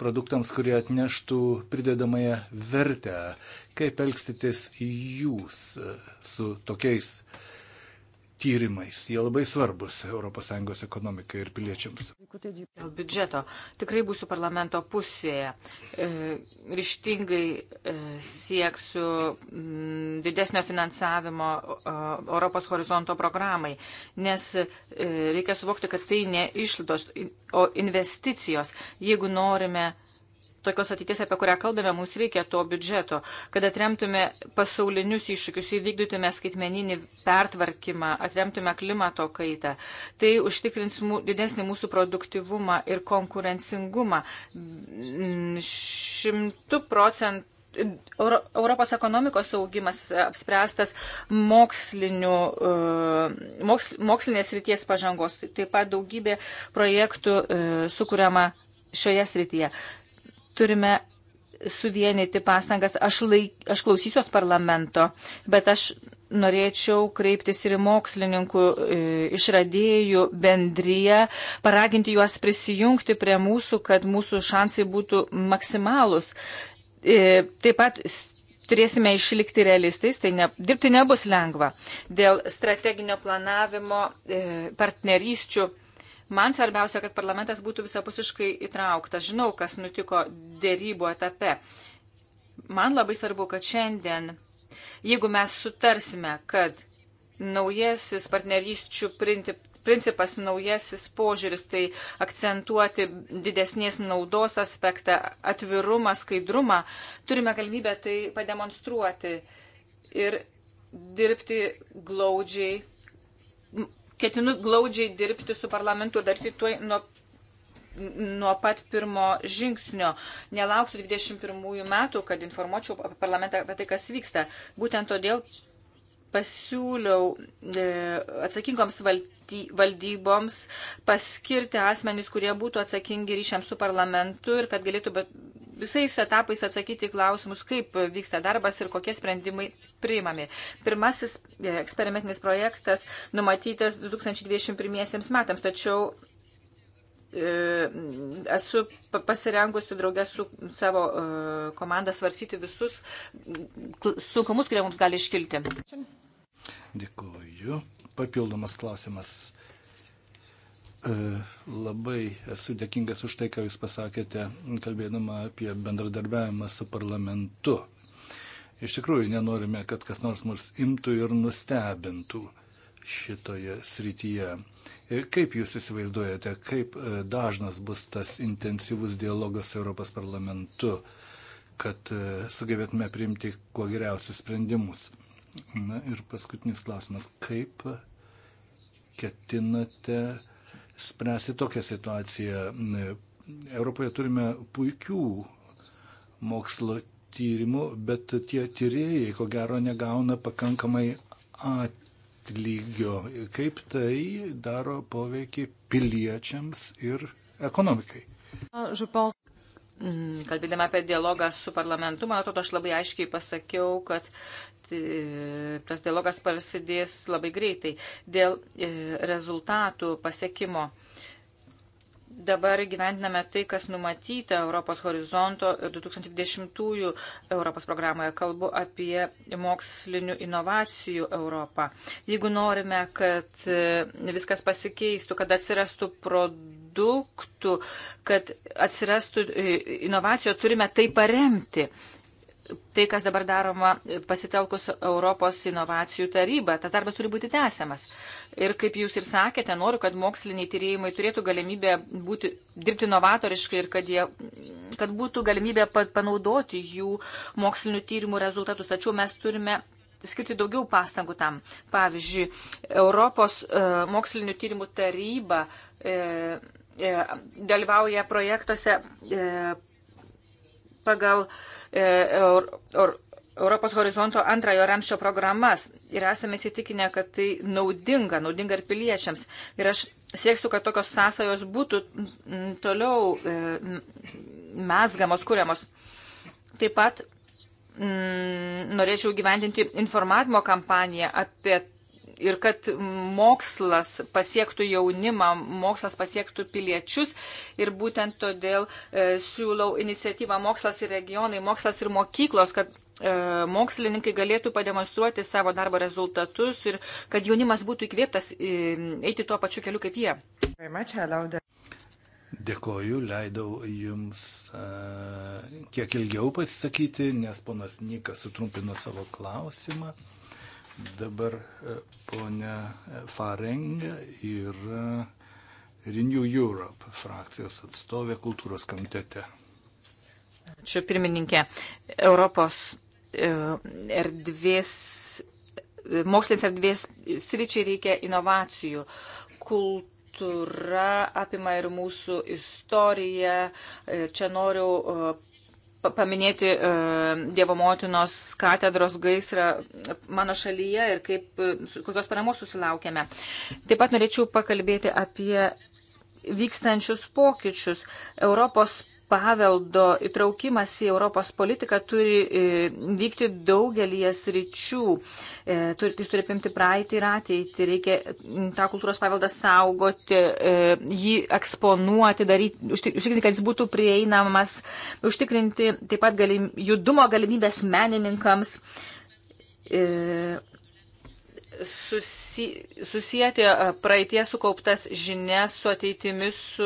[SPEAKER 4] produktams, kurie atneštų pridedamąją vertę. Kaip elgsitės jūs e, su tokiais tyrimais? Jie labai svarbus ES ekonomikai ir piliečiams.
[SPEAKER 3] Dėl biudžeto. Tikrai būsiu parlamento pusėje. E, ryštingai e, sieksiu m, didesnio finansavimo e, Europos horizonto programai, nes e, reikia suvokti, kad tai ne išlaidos, o investicijos. Jeigu norime tokios ateities, apie kurią kalbame, mums reikia to biudžeto, kad atremtume pasaulinius iššūkius, įvykdytume skaitmeninį pertvarkymą, atremtume klimato kaitą. Tai užtikrins mū, didesnį mūsų produktivumą ir konkurencingumą. Mm, Šimtų procentų. Europos ekonomikos augimas apspręstas e, moks, mokslinės ryties pažangos, taip pat daugybė projektų e, sukūriama šioje srityje. Turime suvienyti pastangas. Aš, laik, aš klausysiuos parlamento, bet aš norėčiau kreiptis ir mokslininkų e, išradėjų bendryje, paraginti juos prisijungti prie mūsų, kad mūsų šansai būtų maksimalūs. E, taip pat turėsime išlikti realistais, tai ne, dirbti nebus lengva. Dėl strateginio planavimo e, partnerysčių Man svarbiausia, kad parlamentas būtų visapusiškai įtrauktas. Žinau, kas nutiko dėrybų etape. Man labai svarbu, kad šiandien, jeigu mes sutarsime, kad naujasis partnerysčių principas, naujasis požiūris, tai akcentuoti didesnės naudos aspektą, atvirumą, skaidrumą, turime galimybę tai pademonstruoti ir dirbti glaudžiai ketinu glaudžiai dirbti su parlamentu ir daryti tuo nuo, nuo pat pirmo žingsnio. Nelauksiu 21 metų, kad informuočiau parlamentą apie tai, kas vyksta. Būtent todėl pasiūliau e, atsakingoms valdy, valdyboms paskirti asmenys, kurie būtų atsakingi ryšiams su parlamentu ir kad galėtų bet, visais etapais atsakyti klausimus, kaip vyksta darbas ir kokie sprendimai priimami. Pirmasis e, eksperimentinis projektas numatytas 2021 metams, tačiau e, esu pasirengusi draugę su savo e, komanda svarsyti visus sunkumus, kurie mums gali iškilti.
[SPEAKER 4] Dėkuoju. Papildomas klausimas E, labai esu dėkingas už tai, ką Jūs pasakėte, kalbėdama apie bendradarbiavimą su parlamentu. Iš tikrųjų, nenorime, kad kas nors mus imtų ir nustebintų šitoje srityje. Ir e, kaip Jūs įsivaizduojate, kaip e, dažnas bus tas intensyvus dialogas su Europos parlamentu, kad sugebėtume priimti kuo geriausius sprendimus? Na ir paskutinis klausimas, kaip ketinate spręsti tokią situaciją. Europoje turime puikių mokslo tyrimų, bet tie tyrėjai, ko gero, negauna pakankamai atlygio. Kaip tai daro poveikį piliečiams ir ekonomikai?
[SPEAKER 3] Mm, kalbėdama apie dialogą su parlamentu, man atrodo, aš labai aiškiai pasakiau, kad E, tas dialogas prasidės labai greitai dėl e, rezultatų pasiekimo. Dabar gyvendiname tai, kas numatyta Europos horizonto ir 2020-ųjų Europos programoje. Kalbu apie mokslinių inovacijų Europą. Jeigu norime, kad e, viskas pasikeistų, kad atsirastų produktų, kad atsirastų inovacijų, turime tai paremti tai, kas dabar daroma pasitelkus Europos inovacijų tarybą. Tas darbas turi būti tęsiamas. Ir kaip jūs ir sakėte, noriu, kad moksliniai tyrimai turėtų galimybę būti, dirbti novatoriškai ir kad, jie, kad būtų galimybė panaudoti jų mokslinių tyrimų rezultatus. Tačiau mes turime skirti daugiau pastangų tam. Pavyzdžiui, Europos uh, mokslinių tyrimų taryba uh, uh, dalyvauja projektuose uh, pagal uh, E, Eur, Eur, Europos horizonto antrojo ramščio programas ir esame įsitikinę, kad tai naudinga, naudinga ir piliečiams. Ir aš sieksiu, kad tokios sąsajos būtų toliau e, mesgamos, kuriamos. Taip pat m, norėčiau gyvendinti informavimo kampaniją apie ir kad mokslas pasiektų jaunimą, mokslas pasiektų piliečius ir būtent todėl e, siūlau iniciatyvą Mokslas ir regionai, Mokslas ir mokyklos, kad e, mokslininkai galėtų pademonstruoti savo darbo rezultatus ir kad jaunimas būtų įkvėptas e, eiti tuo pačiu keliu kaip jie.
[SPEAKER 4] Dėkoju, leidau jums uh, kiek ilgiau pasisakyti, nes ponas Nikas sutrumpino savo klausimą. Uh, Dabar e, ponia Fareng yra Renew Europe frakcijos atstovė kultūros komitete.
[SPEAKER 3] Ačiū pirmininkė. Europos e, erdvės, e, mokslinės erdvės sričiai reikia inovacijų. Kult kultūra apima ir mūsų istoriją. Čia noriu paminėti e, Dievo motinos katedros gaisrą mano šalyje ir kaip, e, kokios paramos susilaukėme. Taip pat norėčiau pakalbėti apie vykstančius pokyčius. Europos paveldo įtraukimas į Europos politiką turi e, vykti daugelį sričių. E, jis turi apimti praeitį ir ateitį. Reikia tą kultūros paveldą saugoti, e, jį eksponuoti, daryti, užtikrinti, kad jis būtų prieinamas, užtikrinti taip pat galim, judumo galimybės menininkams susi, susijęti praeitie sukauptas žinias su ateitimis, su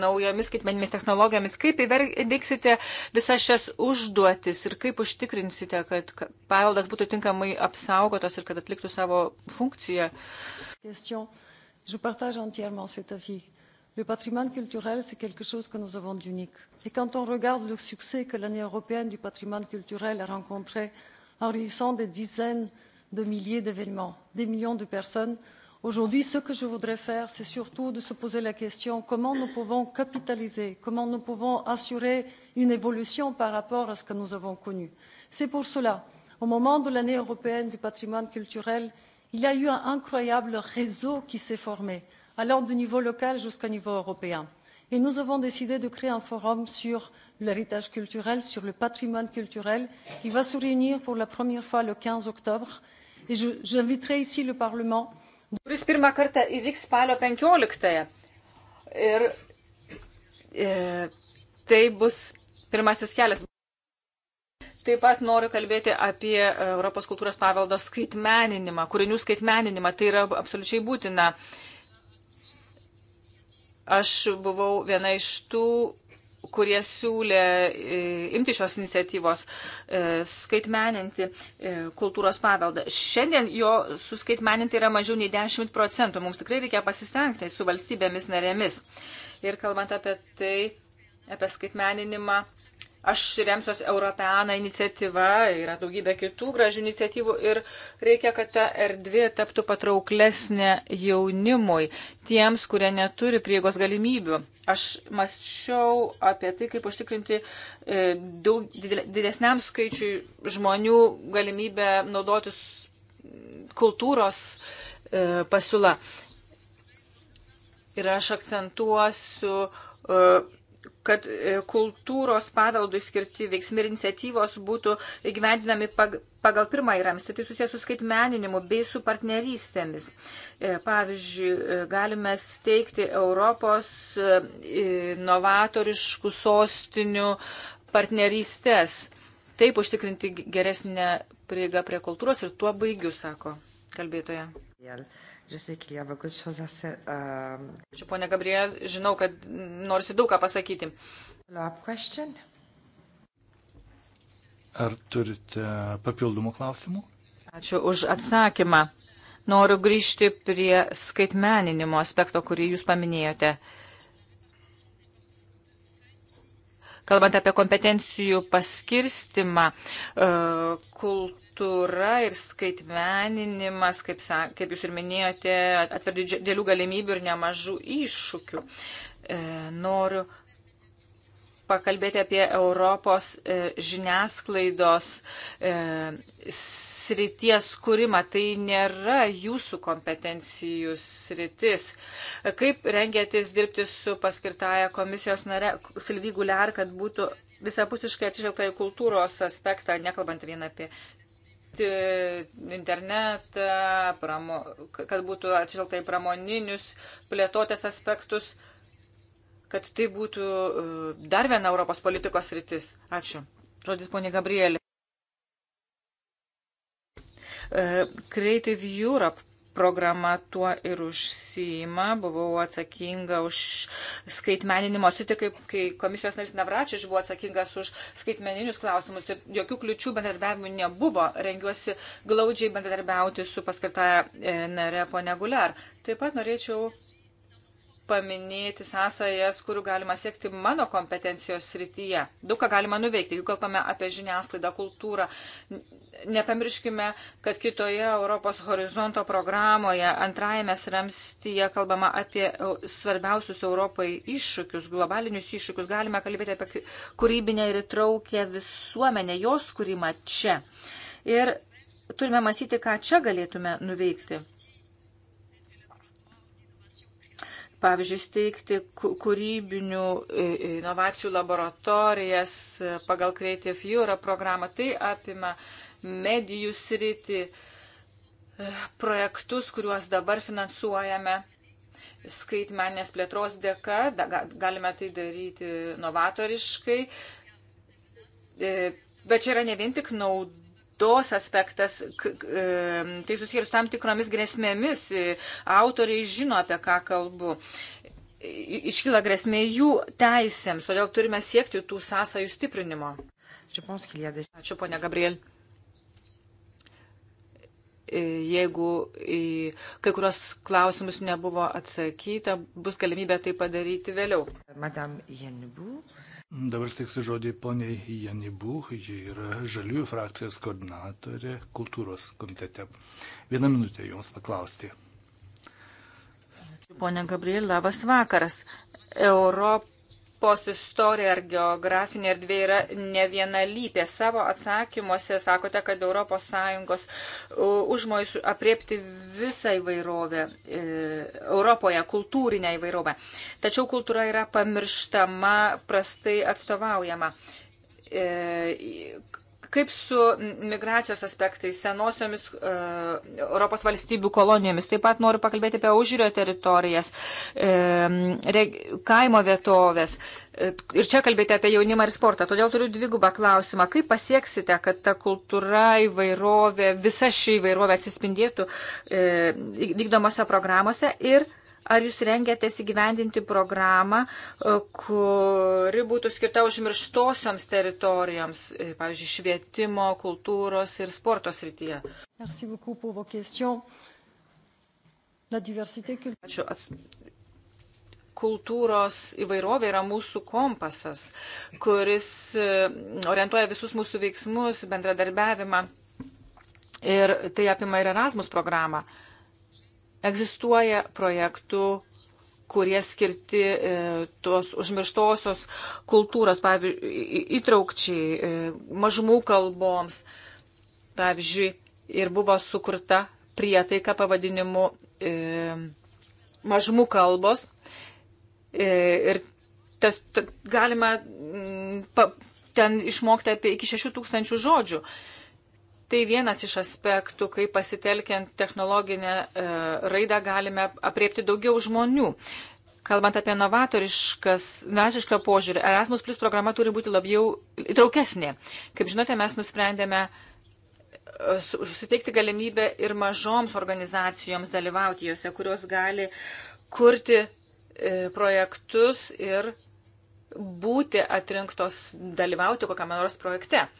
[SPEAKER 3] naujomis skaitmeninėmis technologijomis. Kaip įveiksite visas šias užduotis ir kaip užtikrinsite, kad paveldas būtų tinkamai apsaugotas ir kad atliktų savo funkciją?
[SPEAKER 2] Question. Je partage entièrement cet avis. Le patrimoine culturel, c'est quelque chose que nous avons d'unique. Et quand on regarde le succès que l'année européenne du patrimoine culturel a rencontré en réunissant des dizaines de de milliers d'événements, des millions de personnes. Aujourd'hui, ce que je voudrais faire, c'est surtout de se poser la question comment nous pouvons capitaliser, comment nous pouvons assurer une évolution par rapport à ce que nous avons connu. C'est pour cela, au moment de l'année européenne du patrimoine culturel, il y a eu un incroyable réseau qui s'est formé, allant du niveau local jusqu'au niveau européen. Et nous avons décidé de créer un forum sur l'héritage culturel, sur le patrimoine culturel, qui va se réunir pour la première fois le 15 octobre kuris pirmą kartą įvyks spalio 15-ąją.
[SPEAKER 3] Ir e, tai bus pirmasis kelias. Taip pat noriu kalbėti apie e, Europos kultūros paveldo skaitmeninimą, kūrinių skaitmeninimą. Tai yra absoliučiai būtina. Aš buvau viena iš tų kurie siūlė e, imti šios iniciatyvos e, skaitmeninti e, kultūros paveldą. Šiandien jo suskaitmeninti yra mažiau nei 10 procentų. Mums tikrai reikia pasistengti su valstybėmis narėmis. Ir kalbant apie tai, apie skaitmeninimą, Aš remsiuosi Europeana iniciatyva, yra daugybė kitų gražių iniciatyvų ir reikia, kad ta erdvė taptų patrauklesnė jaunimui, tiems, kurie neturi prieigos galimybių. Aš mąsčiau apie tai, kaip užtikrinti e, daug, didesniam skaičiui žmonių galimybę naudotis kultūros e, pasiūla. Ir aš akcentuosiu e, kad e, kultūros paveldui skirti veiksmai ir iniciatyvos būtų įgyvendinami pagal pirmąjį ramstį. Tai susijęs su skaitmeninimu bei su partnerystėmis. E, pavyzdžiui, e, galime steigti Europos novatoriškų sostinių partnerystės. Taip užtikrinti geresnę prieigą prie kultūros ir tuo baigiu, sako kalbėtoja. Yeah.
[SPEAKER 2] Ačiū,
[SPEAKER 3] ponė Gabriel, žinau, kad norisi daug ką pasakyti.
[SPEAKER 4] Ar turite papildomų klausimų?
[SPEAKER 3] Ačiū už atsakymą. Noriu grįžti prie skaitmeninimo aspekto, kurį jūs paminėjote. Kalbant apie kompetencijų paskirstimą, e, kultūrą infrastruktūra ir skaitmeninimas, kaip, kaip jūs ir minėjote, atver didelių galimybių ir nemažų iššūkių. E, noriu pakalbėti apie Europos e, žiniasklaidos e, srities kūrimą. Tai nėra jūsų kompetencijų sritis. Kaip rengėtis dirbti su paskirtaja komisijos nare Silvygų Ler, kad būtų visapusiškai atsižvelgta į kultūros aspektą, nekalbant vien apie internetą, pramo, kad būtų atšilta į pramoninius plėtotės aspektus, kad tai būtų uh, dar viena Europos politikos rytis. Ačiū. Žodis ponė Gabrielė. Uh, Creative Europe programa tuo ir užsijima. Buvau atsakinga už skaitmeninimo sitį, kaip kai komisijos narys Navračiš buvo atsakingas už skaitmeninius klausimus ir jokių kliučių bendradarbiavimų nebuvo. Rengiuosi glaudžiai bendradarbiauti su paskirtaja e, nare ponia Guler. Taip pat norėčiau paminėti sąsajas, kurių galima siekti mano kompetencijos srityje. Daug ką galima nuveikti, jeigu kalbame apie žiniasklaidą, kultūrą. Nepamirškime, kad kitoje Europos horizonto programoje antrajame ramstyje kalbama apie e, svarbiausius Europai iššūkius, globalinius iššūkius. Galime kalbėti apie kūrybinę ir įtraukę visuomenę, jos kūrimą čia. Ir turime mąstyti, ką čia galėtume nuveikti. pavyzdžiui, steigti kūrybinių inovacijų laboratorijas e, pagal Creative Europe programą. Tai apima medijų sritį, e, projektus, kuriuos dabar finansuojame skaitmenės plėtros dėka, galime tai daryti novatoriškai, e, bet čia yra ne vien tik nauda kaitos aspektas, e, tai susijęs tam tikromis grėsmėmis, e, autoriai žino, apie ką kalbu. E, iškyla grėsmė jų teisėms, todėl turime siekti tų sąsajų stiprinimo. Ačiū, ponia Gabriel. Jeigu į kai kurios klausimus nebuvo atsakyta, bus galimybė tai padaryti vėliau.
[SPEAKER 2] Madame Jenbu.
[SPEAKER 4] Dabar steiksiu žodį poniai Janibu, ji yra Žaliųjų frakcijos koordinatorė kultūros komitete. Vieną minutę jums paklausti.
[SPEAKER 3] Pone Gabriel, labas vakaras. Europos Europos istorija ar geografinė erdvė yra ne vienalytė. Savo atsakymuose sakote, kad ES užmojus apriepti visą įvairovę e, Europoje, kultūrinę įvairovę. Tačiau kultūra yra pamirštama, prastai atstovaujama. E, Kaip su migracijos aspektais, senosiomis uh, e, Europos valstybių kolonijomis? Taip pat noriu pakalbėti apie užžiūrio teritorijas, um, e, reg, kaimo vietovės. E, ir čia kalbėti apie jaunimą ir sportą. Todėl turiu dvigubą klausimą. Kaip pasieksite, kad ta kultūra, įvairovė, visa ši įvairovė atsispindėtų e, vykdomose programuose ir uh, Ar jūs rengiatės įgyvendinti
[SPEAKER 2] programą, e,
[SPEAKER 3] kuri būtų skirta užmirštosioms teritorijoms, e, pavyzdžiui, švietimo, kultūros ir sporto srityje?
[SPEAKER 2] Ačiū. Ats
[SPEAKER 3] kultūros įvairovė yra mūsų kompasas, kuris e, orientuoja visus mūsų veiksmus, bendradarbiavimą. Ir tai apima ir Erasmus programą. Egzistuoja projektų, kurie skirti e, tos užmirštosios kultūros, pavyzdžiui, įtraukčiai, e, mažumų kalboms. Pavyzdžiui, ir buvo sukurta prietaika pavadinimu e, mažumų kalbos. E, ir tas ta, galima m, pa, ten išmokti apie iki 6000 žodžių. E, Tai vienas iš aspektų, kaip pasitelkiant technologinę e, raidą galime apriepti daugiau žmonių. Kalbant apie novatorišką požiūrį, Erasmus Plus programa turi būti labiau įtraukesnė. Kaip žinote, mes nusprendėme e, suteikti galimybę ir mažoms organizacijoms dalyvauti juose, kurios gali kurti e, projektus ir būti atrinktos dalyvauti kokiam nors projekte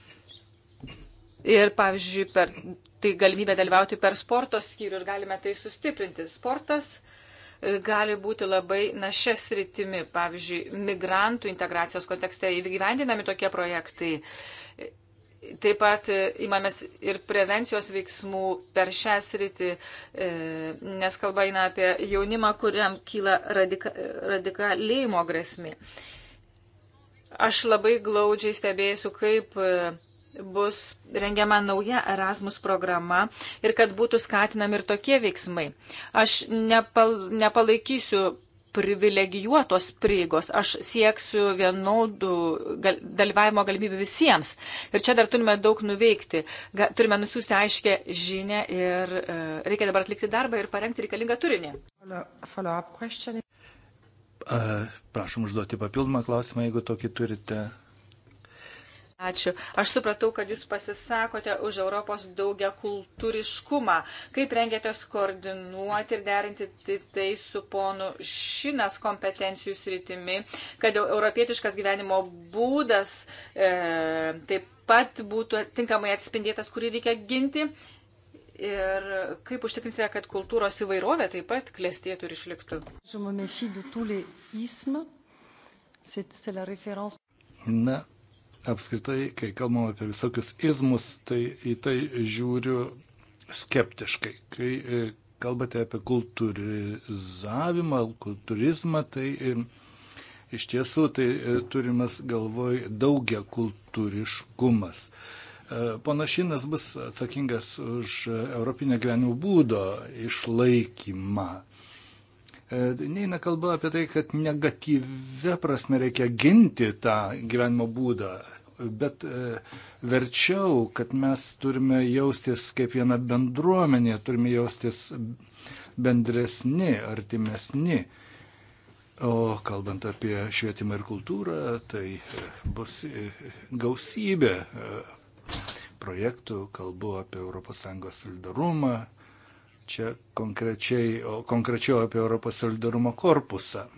[SPEAKER 3] ir, pavyzdžiui, per tai galimybę dalyvauti per sporto skyrių ir galime tai sustiprinti. Sportas e, gali būti labai našias rytimi, pavyzdžiui, migrantų integracijos kontekste įgyvendinami tokie projektai. Taip pat įmamės e, ir prevencijos veiksmų per šią sritį, e, nes kalba eina apie jaunimą, kuriam kyla radika, radikalėjimo grėsmė. Aš labai glaudžiai stebėsiu, kaip bus rengiama nauja Erasmus programa ir kad būtų skatinami ir tokie veiksmai. Aš nepal, nepalaikysiu privilegijuotos prieigos, aš sieksiu vienodų gal, dalyvavimo galimybių visiems. Ir čia dar turime daug nuveikti, Ga, turime nusiųsti aiškę žinę ir e, reikia dabar atlikti darbą ir parengti reikalingą turinį.
[SPEAKER 4] Prašom užduoti papildomą klausimą, jeigu tokį turite.
[SPEAKER 3] Ačiū. Aš supratau, kad jūs pasisakote už Europos daugia kultūriškumą. Kaip rengėtės koordinuoti ir derinti tai su ponu Šinas kompetencijų sritimi, kad europietiškas gyvenimo būdas e, taip pat būtų tinkamai atspindėtas, kurį reikia ginti. Ir kaip užtikrinsite, kad kultūros įvairovė taip pat klestėtų ir išliktų?
[SPEAKER 4] Na, apskritai, kai kalbam apie visokius izmus, tai į tai žiūriu skeptiškai. Kai e, kalbate apie kultūrizavimą, kultūrizmą, tai e, iš tiesų tai e, turimas galvoj daugia kultūriškumas. Panašinas bus atsakingas už Europinio gyvenimo būdo išlaikymą neina kalba apie tai, kad negatyvę prasme reikia ginti tą gyvenimo būdą bet e, verčiau, kad mes turime jaustis kaip viena bendruomenė, turime jaustis bendresni, artimesni. O kalbant apie švietimą ir kultūrą, tai e, bus e, gausybė projektų, kalbu apie ES solidarumą, čia konkrečiai, konkrečiau apie Europos solidarumo korpusą.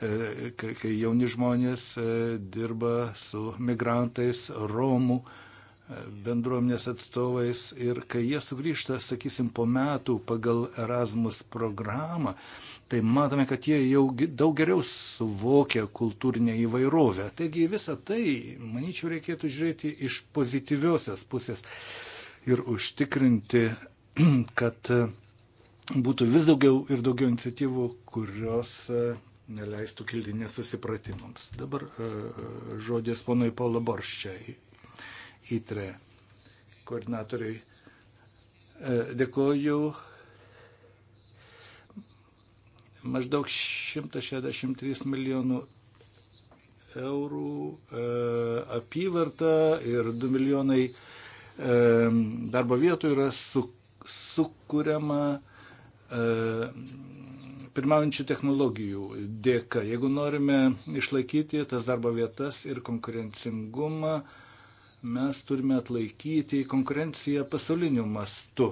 [SPEAKER 4] E, kai jauni žmonės e, dirba su migrantais, Romų e, bendruomenės atstovais ir kai jie sugrįžta, sakysim, po metų pagal Erasmus programą, tai matome, kad jie jau daug geriau suvokia kultūrinę įvairovę. Taigi visą tai, manyčiau, reikėtų žiūrėti iš pozityviosios pusės ir užtikrinti, kad būtų vis daugiau ir daugiau iniciatyvų, kurios neleistų kilti nesusipratimams. Dabar e, e, žodės ponui Paulo Borščiai, įtre koordinatoriai. E, dėkoju. Maždaug 163 milijonų eurų e, apyvarta ir 2 milijonai e, darbo vietų yra su, sukūriama e, pirmaujančių technologijų dėka. Jeigu norime išlaikyti tas darbo vietas ir konkurencingumą, mes turime atlaikyti konkurenciją pasauliniu mastu.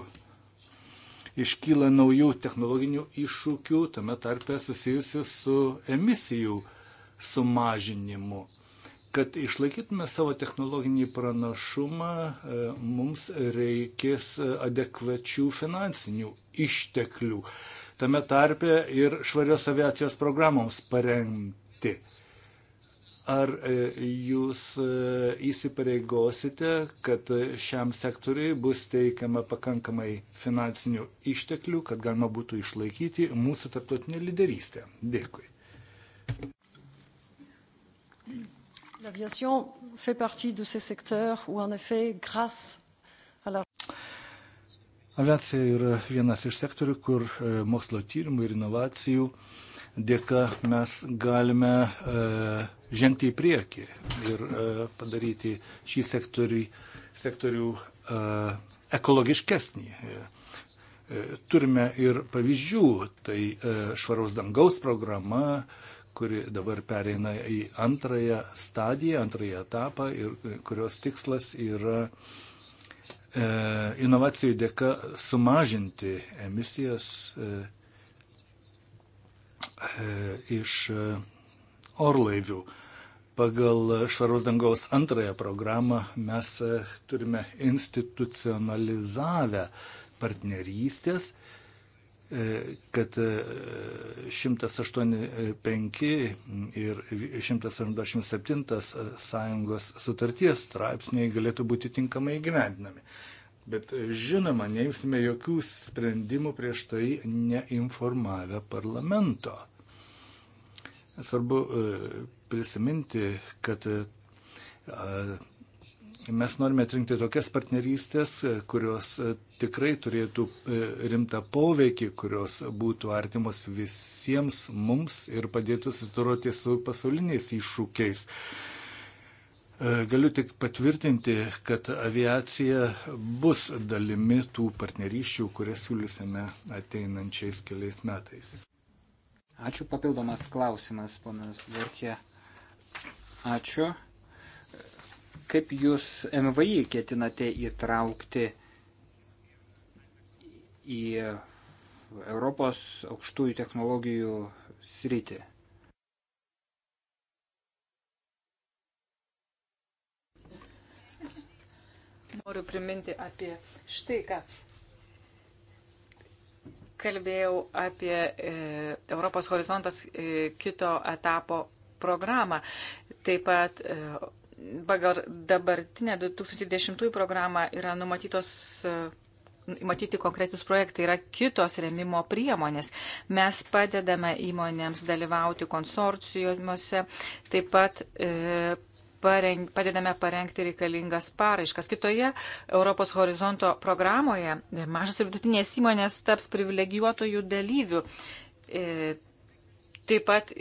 [SPEAKER 4] Iškyla naujų technologinių iššūkių, tame tarpe susijusių su emisijų sumažinimu. Kad išlaikytume savo technologinį pranašumą, e, mums reikės adekvačių finansinių išteklių tame tarpe ir švarios aviacijos programoms parengti. Ar e, jūs e, įsipareigosite, kad šiam sektoriui bus teikiama pakankamai finansinių išteklių, kad galima būtų išlaikyti mūsų tarptautinę lyderystę? Dėkui.
[SPEAKER 2] L'aviation fait partie de ces secteurs où, en effet, grâce à la...
[SPEAKER 4] Aviacija yra vienas iš sektorių, kur e, mokslo tyrimų ir inovacijų dėka mes galime e, žengti į priekį ir e, padaryti šį sektorių, sektorių ekologiškesnį. Turime ir pavyzdžių, tai švaraus dangaus programa, kuri dabar pereina į antrąją stadiją, antrąją etapą ir kurios tikslas yra uh, E, inovacijų dėka sumažinti emisijas e, e, iš orlaivių. Pagal Švaros dangaus antrąją programą mes turime institucionalizavę partnerystės E, kad 185 e, ir 187 sąjungos sutarties straipsniai galėtų būti tinkamai įgyvendinami. Bet e, žinoma, neimsime jokių sprendimų prieš tai neinformavę parlamento. Svarbu prisiminti, kad Mes norime atrinkti tokias partnerystės, kurios e, tikrai turėtų e, rimtą poveikį, kurios būtų artimos visiems mums ir padėtų susidoroti su pasauliniais iššūkiais. E, galiu tik patvirtinti, kad aviacija bus dalimi tų partnerysčių, kurias siūlysime ateinančiais keliais metais. Ačiū papildomas klausimas, ponas Verkė. Ačiū. Kaip jūs
[SPEAKER 1] MVI ketinate įtraukti į Europos aukštųjų technologijų sritį?
[SPEAKER 3] Noriu priminti apie štai ką. Kalbėjau apie e, Europos horizontas e, kito etapo programą. Taip pat e, pagal dabartinę 2010 programą yra numatytos e, matyti konkretus projektai yra kitos remimo priemonės. Mes padedame įmonėms dalyvauti konsorcijuose, taip pat e, pareng, padedame parengti reikalingas paraiškas. Kitoje Europos horizonto programoje mažas ir vidutinės įmonės taps privilegijuotojų dalyvių. E, taip pat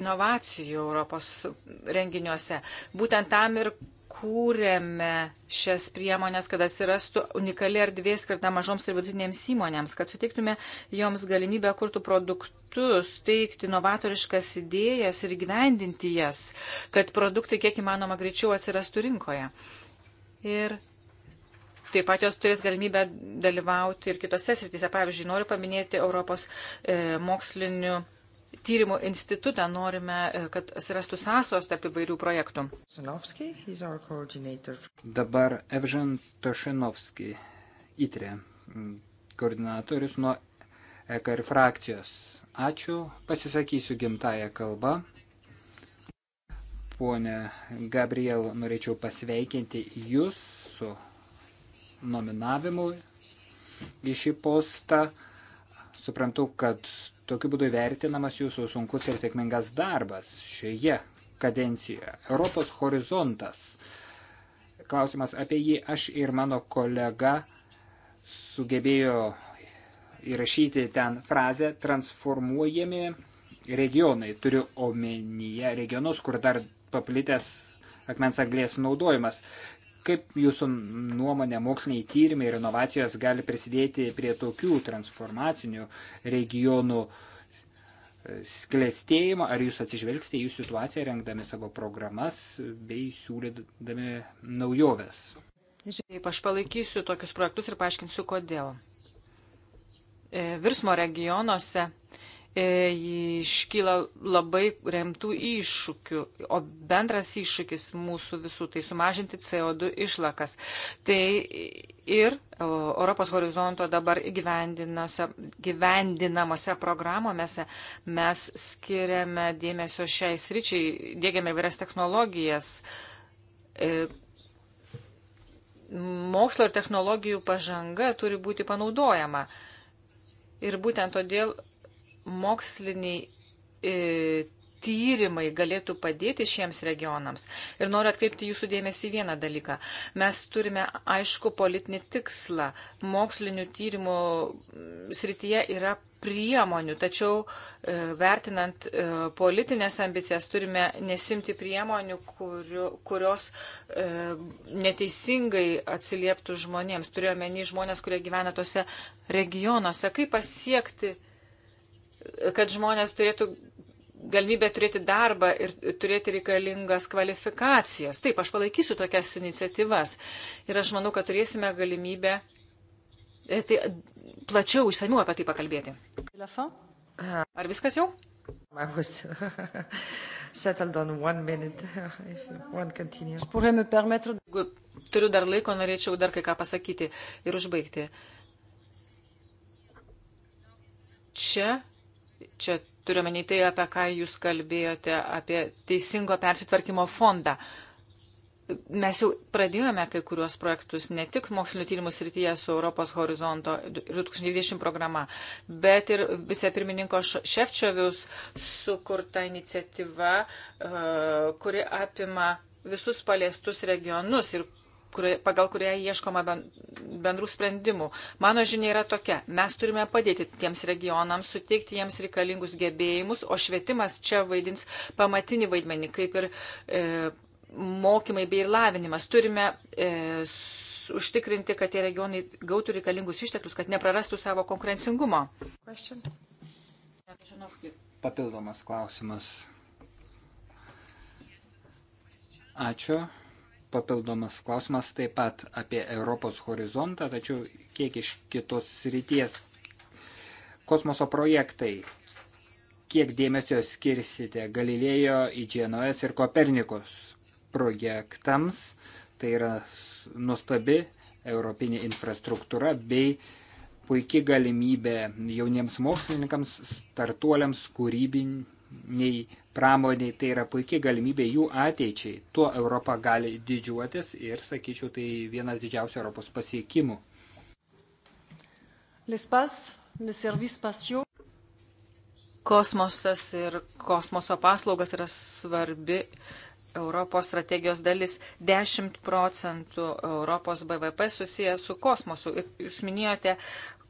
[SPEAKER 3] inovacijų Europos renginiuose. Būtent tam ir kūrėme šias priemonės, kad atsirastų unikali erdvė skirta mažoms ir vidutinėms įmonėms, kad suteiktume joms galimybę kurti produktus, teikti novatoriškas idėjas ir gyvendinti jas, kad produktai kiek įmanoma greičiau atsirastų rinkoje. Ir taip pat jos turės galimybę dalyvauti ir kitose srityse. Pavyzdžiui, noriu paminėti Europos e, mokslinių tyrimų institutą. Norime, e, kad atsirastų sąsos tarp įvairių projektų.
[SPEAKER 1] Dabar Evžen Tošinovski, ITRE, koordinatorius nuo EKR frakcijos. Ačiū, pasisakysiu gimtają kalbą. Pone Gabriel, norėčiau pasveikinti Jūs su nominavimu į šį postą. Suprantu, kad Tokiu būdu vertinamas jūsų sunkus ir sėkmingas darbas šioje kadencijoje. Europos horizontas. Klausimas apie jį aš ir mano kolega sugebėjo įrašyti ten frazę transformuojami regionai. Turiu omenyje regionus, kur dar paplitęs akmens anglės naudojimas. Kaip jūsų nuomonė moksliniai tyrimai ir inovacijos gali prisidėti prie tokių transformacinių regionų sklėstėjimo? E, Ar jūs atsižvelgsite į jų situaciją, rengdami savo programas bei siūlydami naujoves?
[SPEAKER 3] Taip, aš palaikysiu tokius projektus ir paaiškinsiu, kodėl. E, virsmo regionuose E, iškyla labai remtų iššūkių, o bendras iššūkis mūsų visų tai sumažinti CO2 išlakas. Tai ir e, Europos horizonto dabar gyvendinamose programuose mes skiriame dėmesio šiai sričiai, dėgiame įvairias technologijas. E, mokslo ir technologijų pažanga turi būti panaudojama. Ir būtent todėl moksliniai e, tyrimai galėtų padėti šiems regionams. Ir noriu atkreipti jūsų dėmesį vieną dalyką. Mes turime aišku politinį tikslą. Mokslinių tyrimų mm, srityje yra priemonių, tačiau e, vertinant e, politinės ambicijas turime nesimti priemonių, kurio, kurios e, neteisingai atsilieptų žmonėms. Turėjome nei žmonės, kurie gyvena tose regionuose. Kaip pasiekti kad žmonės turėtų galimybę turėti darbą ir turėti reikalingas kvalifikacijas. Taip, aš palaikysiu tokias iniciatyvas ir aš manau, kad turėsime galimybę e, tai, plačiau, išsamiu apie tai pakalbėti.
[SPEAKER 2] Ar viskas jau? Jeigu
[SPEAKER 3] turiu dar laiko, norėčiau dar kai ką pasakyti ir užbaigti. Čia Čia turiuomenį tai, apie ką jūs kalbėjote, apie teisingo persitvarkymo fondą. Mes jau pradėjome kai kuriuos projektus, ne tik mokslinio tyrimų srityje su Europos horizonto 2020 programa, bet ir vicepirmininko Šefčiovius sukurta iniciatyva, e, kuri apima visus paliestus regionus ir kurie, pagal kurią ieškoma bendrų sprendimų. Mano žinia yra tokia. Mes turime padėti tiems regionams, suteikti jiems reikalingus gebėjimus, o švietimas čia vaidins pamatinį vaidmenį, kaip ir e, mokymai bei lavinimas. Turime e, užtikrinti, kad tie regionai gautų reikalingus išteklius, kad neprarastų savo konkurencingumo.
[SPEAKER 1] Papildomas klausimas. Ačiū papildomas klausimas taip pat apie Europos horizontą, tačiau kiek iš kitos srities. Kosmoso projektai. Kiek dėmesio skirsite Galilėjo, IGNOS ir Kopernikos projektams? Tai yra nuostabi europinė infrastruktūra bei puikiai galimybė jauniems mokslininkams, startuoliams, kūrybiniai pramoniai, tai yra puikiai galimybė jų ateičiai. Tuo Europa gali didžiuotis ir, sakyčiau, tai vienas didžiausių Europos pasiekimų.
[SPEAKER 2] Kosmosas
[SPEAKER 3] ir kosmoso paslaugas yra svarbi Europos strategijos dalis 10 procentų Europos BVP susijęs su kosmosu. Jūs minėjote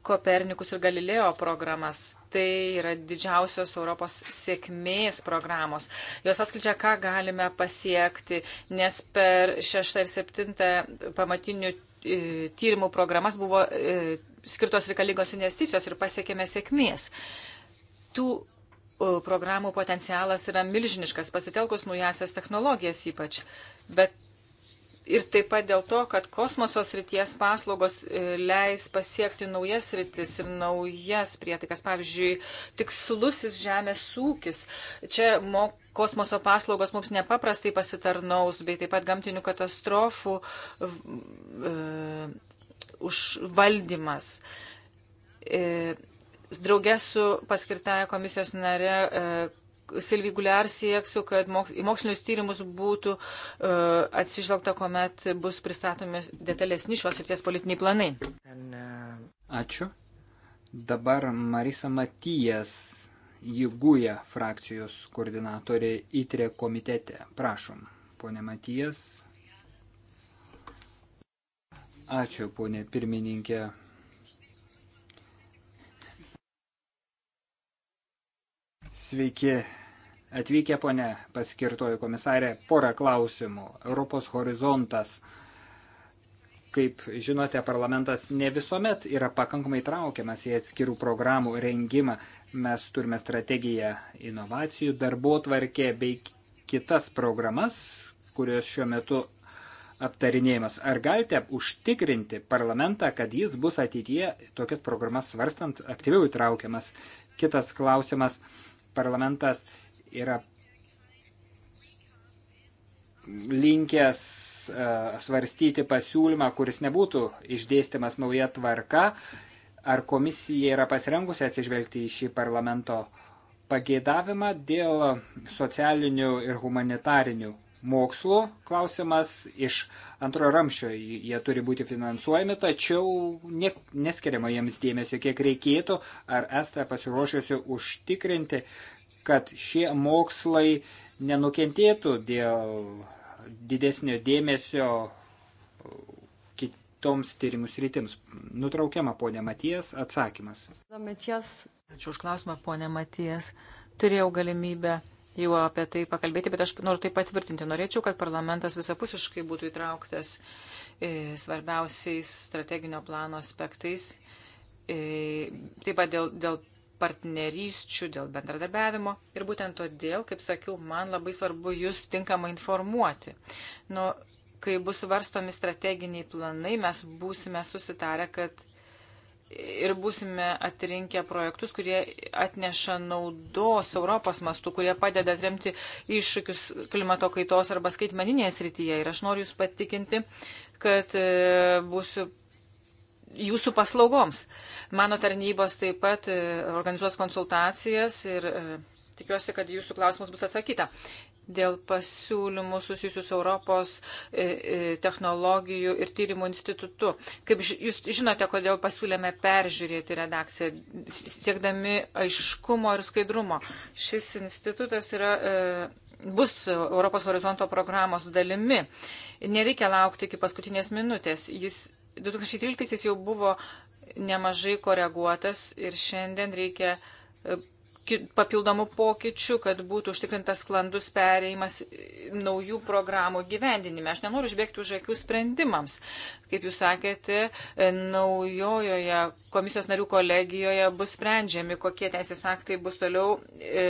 [SPEAKER 3] Kopernikus ir Galileo programas. Tai yra didžiausios Europos sėkmės programos. Jos atskleidžia, ką galime pasiekti, nes per šeštą ir septintą pamatinių e, tyrimų programas buvo e, skirtos reikalingos investicijos ir pasiekėme sėkmės. Tų e, programų potencialas yra milžiniškas, pasitelkus naujasias technologijas ypač. Bet Ir taip pat dėl to, kad kosmosos ryties paslaugos e, leis pasiekti naujas rytis ir naujas prietaikas. Pavyzdžiui, tikslusis žemės ūkis. Čia mo, kosmoso paslaugos mums nepaprastai pasitarnaus, bei taip pat gamtinių katastrofų e, užvaldymas. E, Draugė su paskirtaja komisijos nare. E, Silvi Guliar sieksiu, kad į mokslinius tyrimus būtų e, atsižvelgta, kuomet bus pristatomi detalesni šios ir ties politiniai planai.
[SPEAKER 1] E, Ačiū. Dabar Marisa Matijas, Jiguja frakcijos koordinatorė įtrė e komitete. Prašom, ponė Matijas. Ačiū, ponė pirmininkė. Sveiki, atvykę ponė paskirtojo komisarė, porą klausimų. Europos horizontas. Kaip žinote, parlamentas ne visuomet yra pakankamai traukiamas į atskirų programų rengimą. Mes turime strategiją inovacijų, darbo tvarkė bei kitas programas, kurios šiuo metu aptarinėjimas. Ar galite užtikrinti parlamentą, kad jis bus ateityje tokias programas svarstant aktyviau įtraukiamas? Kitas klausimas. Parlamentas yra linkęs e, svarstyti pasiūlymą, kuris nebūtų išdėstymas nauja tvarka. Ar komisija yra pasirengusi atsižvelgti į šį parlamento pageidavimą dėl socialinių ir humanitarinių mokslų klausimas iš antrojo ramščio. Jie turi būti finansuojami, tačiau ne, neskiriama jiems dėmesio, kiek reikėtų, ar esate pasiruošusi užtikrinti, kad šie mokslai nenukentėtų dėl didesnio dėmesio kitoms tyrimų sritims. Nutraukiama ponė Matijas, atsakymas.
[SPEAKER 3] Matijas. Ačiū už klausimą, ponė Matijas. Turėjau galimybę jau apie tai pakalbėti, bet aš noriu tai patvirtinti. Norėčiau, kad parlamentas visapusiškai būtų įtrauktas e, svarbiausiais strateginio plano aspektais. E, taip pat dėl, dėl partnerysčių, dėl bendradarbiavimo. Ir būtent todėl, kaip sakiau, man labai svarbu jūs tinkamai informuoti. Nu, kai bus varstomi strateginiai planai, mes būsime susitarę, kad ir būsime atrinkę projektus, kurie atneša naudos Europos mastu, kurie padeda atremti iššūkius klimato kaitos arba skaitmeninėje srityje. Ir aš noriu Jūs patikinti, kad e, būsiu jūsų paslaugoms. Mano tarnybos taip pat e, organizuos konsultacijas ir e, tikiuosi, kad jūsų klausimus bus atsakyta. Dėl pasiūlymų susijusių su Europos e, technologijų ir tyrimų institutu. Kaip jūs žinote, kodėl pasiūlėme peržiūrėti redakciją, siekdami aiškumo ir skaidrumo. Šis institutas yra bus Europos horizonto programos dalimi. Nereikia laukti iki paskutinės minutės. Jis 2013 jau buvo nemažai koreguotas ir šiandien reikia papildomų pokyčių, kad būtų užtikrintas sklandus pereimas naujų programų gyvendinime. Aš nenoriu užbėgti už akių sprendimams. Kaip jūs sakėte, naujojoje komisijos narių kolegijoje bus sprendžiami, kokie teisės aktai bus toliau e,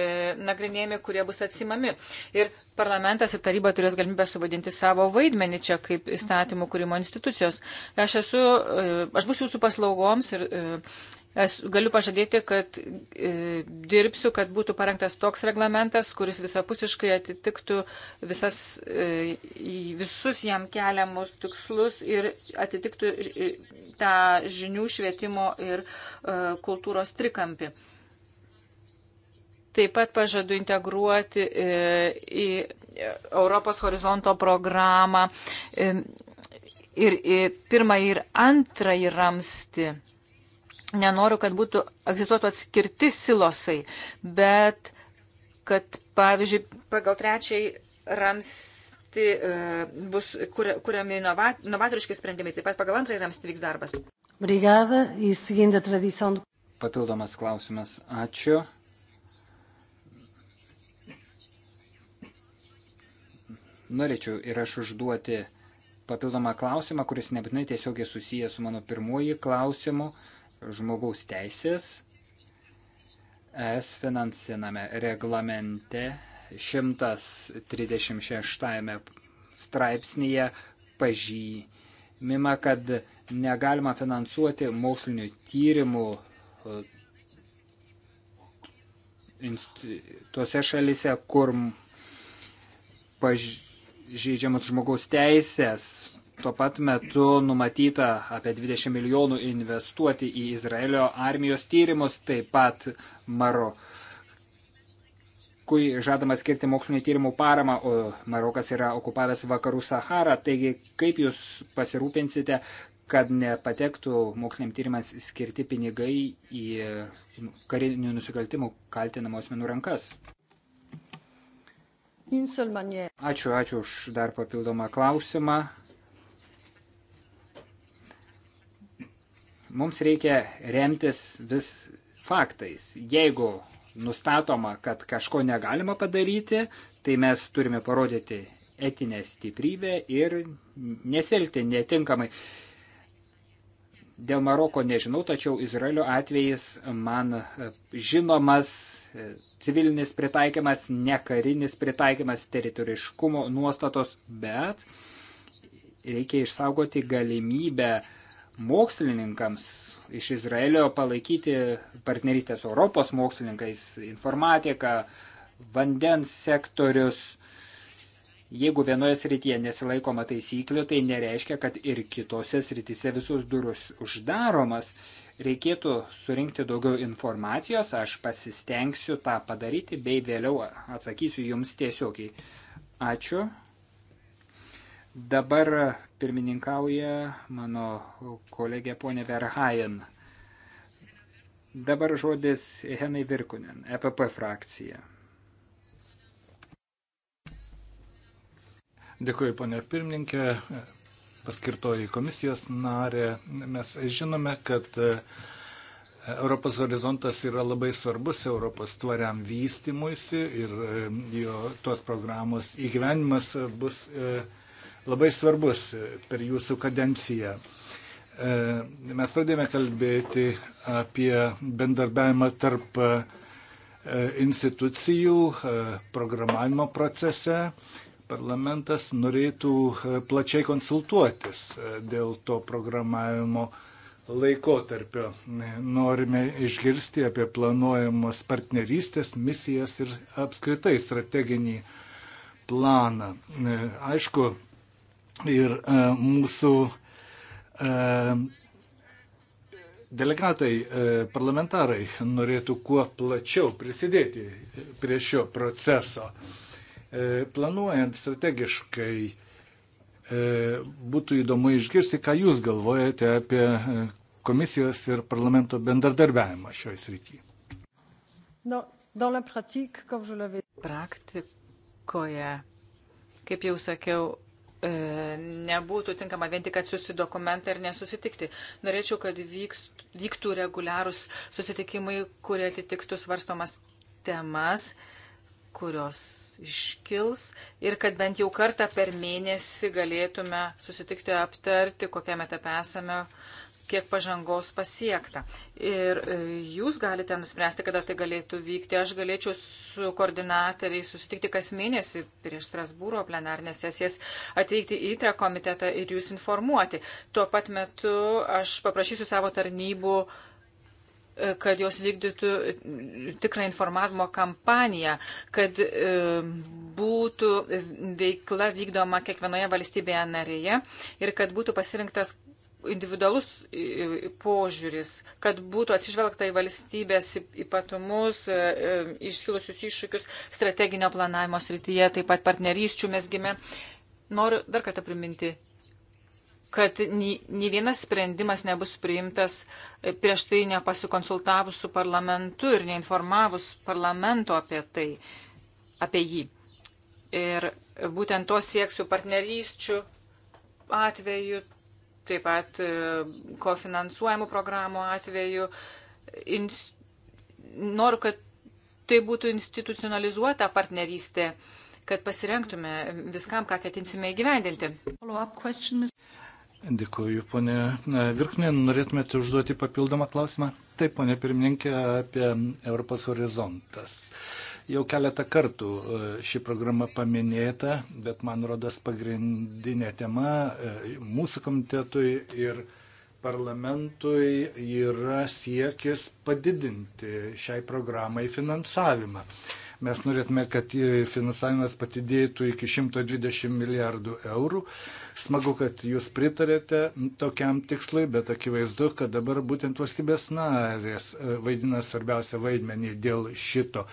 [SPEAKER 3] nagrinėjami, kurie bus atsimami. Ir parlamentas ir taryba turės galimybę suvadinti savo vaidmenį čia kaip įstatymų kūrimo institucijos. Aš, esu, e, aš bus jūsų paslaugoms ir e, Es galiu pažadėti, kad e, dirbsiu, kad būtų parengtas toks reglamentas, kuris visapusiškai atitiktų visas, e, visus jam keliamus tikslus ir atitiktų e, tą žinių švietimo ir e, kultūros trikampį. Taip pat pažadu integruoti e, į Europos horizonto programą e, ir į pirmąjį ir antrąjį ramsti nenoriu, kad būtų egzistuotų atskirti silosai, bet kad, pavyzdžiui, pagal trečiai ramsti e, bus kuriami inovatoriški sprendimai, taip pat pagal antrąjį ramsti vyks darbas.
[SPEAKER 2] Brigada įsiginda tradicijon.
[SPEAKER 1] Papildomas klausimas. Ačiū. Norėčiau ir aš užduoti papildomą klausimą, kuris nebūtinai tiesiogiai susijęs su mano pirmuoju klausimu. Uh, žmogaus teisės. Es finansiname reglamente 136 straipsnėje pažymima, kad negalima finansuoti mokslinių tyrimų e, tuose šalise, kur pažeidžiamas žmogaus teisės, Tuo pat metu numatyta apie 20 milijonų investuoti į Izraelio armijos tyrimus, taip pat Maro kui žadama skirti mokslinio tyrimų paramą, o Marokas yra okupavęs vakarų Saharą, taigi kaip jūs pasirūpinsite, kad nepatektų moksliniam tyrimams skirti pinigai į karinių nusikaltimų kaltinamų asmenų rankas?
[SPEAKER 2] Ačiū,
[SPEAKER 1] ačiū už dar papildomą klausimą. Mums reikia remtis vis faktais. Jeigu nustatoma, kad kažko negalima padaryti, tai mes turime parodyti etinę stiprybę ir neselgti netinkamai. Dėl Maroko nežinau, tačiau Izraelio atvejis man e, žinomas e, civilinis pritaikymas, ne karinis pritaikymas, teritoriškumo nuostatos, bet reikia išsaugoti galimybę uh, mokslininkams iš Izraelio palaikyti partnerystę su Europos mokslininkais, informatika, vandens sektorius. Jeigu vienoje srityje nesilaikoma taisyklių, tai nereiškia, kad ir kitose srityse visus durus uždaromas. Reikėtų surinkti daugiau informacijos, aš pasistengsiu tą padaryti, bei vėliau atsakysiu jums tiesiogiai. Ačiū. Dabar pirmininkauja mano kolegė ponė Verhaien. Dabar žodis Henai Virkunen, EPP frakcija.
[SPEAKER 4] Dėkuoju, ponė pirmininkė, paskirtoji komisijos narė. Mes žinome, kad e, Europos horizontas yra labai svarbus Europos tvariam vystimuisi ir e, jo tos programos įgyvenimas bus e, labai svarbus per jūsų kadenciją. E, mes pradėjome kalbėti apie bendarbiavimą tarp e, institucijų e, programavimo procese. Parlamentas norėtų plačiai konsultuotis dėl to programavimo laikotarpio. Norime išgirsti apie planuojamos partnerystės, misijas ir apskritai strateginį planą. Aišku, ir e, mūsų e, delegatai, e, parlamentarai norėtų kuo plačiau prisidėti prie šio proceso. Planuojant strategiškai, būtų įdomu išgirsti, ką Jūs galvojate apie komisijos ir parlamento bendradarbiavimą šioje srityje.
[SPEAKER 2] Praktikoje,
[SPEAKER 3] kaip jau sakiau, E, nebūtų tinkama vien tik atsiųsti dokumentą ir nesusitikti. Norėčiau, kad vyks, vyktų reguliarūs susitikimai, kurie atitiktų svarstomas temas, kurios iškils ir kad bent jau kartą per mėnesį galėtume susitikti aptarti, kokiame etape esame, uh, kiek pažangos pasiekta. Ir e, jūs galite nuspręsti, kada tai galėtų vykti. Aš galėčiau su koordinatoriais susitikti kas mėnesį prieš Strasbūro plenarnės sesijas, ateikti į tą komitetą ir jūs informuoti. Tuo pat metu aš paprašysiu savo tarnybų e, kad jos vykdytų e, tikrą informavimo kampaniją, kad būtų veikla vykdoma kiekvienoje valstybėje narėje ir kad būtų pasirinktas individualus požiūris, kad būtų atsižvelgta į valstybės ypatumus, e, e, iškilusius iššūkius strateginio planavimo srityje, taip pat partnerysčių mesgime. Noriu dar kartą priminti, kad nei vienas sprendimas nebus priimtas e, prieš tai nepasikonsultavus su parlamentu ir neinformavus parlamento apie tai, apie jį. Ir būtent to sieksiu partnerysčių atveju taip pat e, kofinansuojamų programų atveju. Inst... Noriu, kad tai būtų institucionalizuota partnerystė, kad pasirenktume viskam, ką ketinsime įgyvendinti.
[SPEAKER 4] Dėkuoju, ponė Virknė, norėtumėte užduoti papildomą klausimą? Taip, ponė pirmininkė, apie Europos horizontas. Jau keletą kartų e, ši programa paminėta, bet man rodas pagrindinė tema e, mūsų komitetui ir parlamentui yra siekis padidinti šiai programai finansavimą. Mes norėtume, kad e, finansavimas padidėtų iki 120 milijardų eurų. Smagu, kad jūs pritarėte tokiam tikslai, bet akivaizdu, kad dabar būtent valstybės narės e, vaidina svarbiausią vaidmenį dėl šito.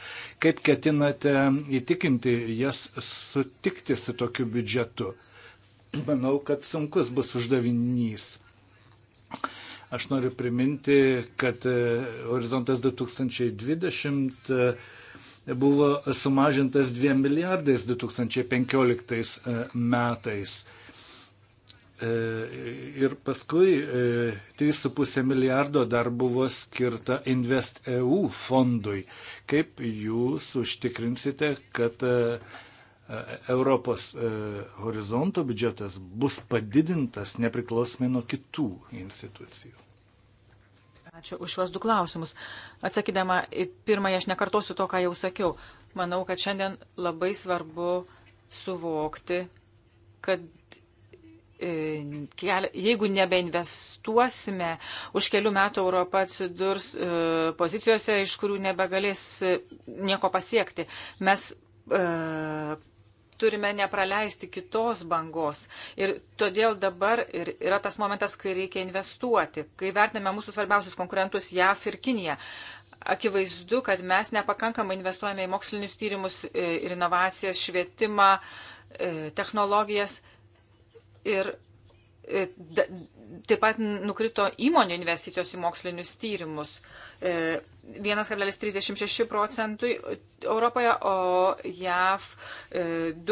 [SPEAKER 4] Kaip ketinate įtikinti jas sutikti su tokiu biudžetu? Manau, kad sunkus bus uždavinys. Aš noriu priminti, kad e, Horizontas 2020 buvo sumažintas 2 milijardais 2015 e, metais. E, ir paskui 3,5 e, milijardo dar buvo skirta InvestEU fondui. Kaip jūs užtikrinsite, kad Europos horizonto biudžetas bus padidintas nepriklausomai nuo kitų institucijų?
[SPEAKER 3] Ačiū už šiuos du klausimus. Atsakydama į pirmąją, aš nekartosiu to, ką jau sakiau. Manau, kad šiandien labai svarbu suvokti, kad e, jeigu nebeinvestuosime, už kelių metų Europa atsidurs e, pozicijose, iš kurių nebegalės e, nieko pasiekti. Mes turime nepraleisti kitos bangos. Ir todėl dabar ir yra tas momentas, kai reikia investuoti, kai vertiname mūsų svarbiausius konkurentus JAF ir Kiniją. Akivaizdu, kad mes nepakankamai investuojame į mokslinius tyrimus e, ir inovacijas, švietimą, e, technologijas. Ir E, taip pat nukrito įmonių investicijos į mokslinius tyrimus. 1,36 e, procentui Europoje, o JAV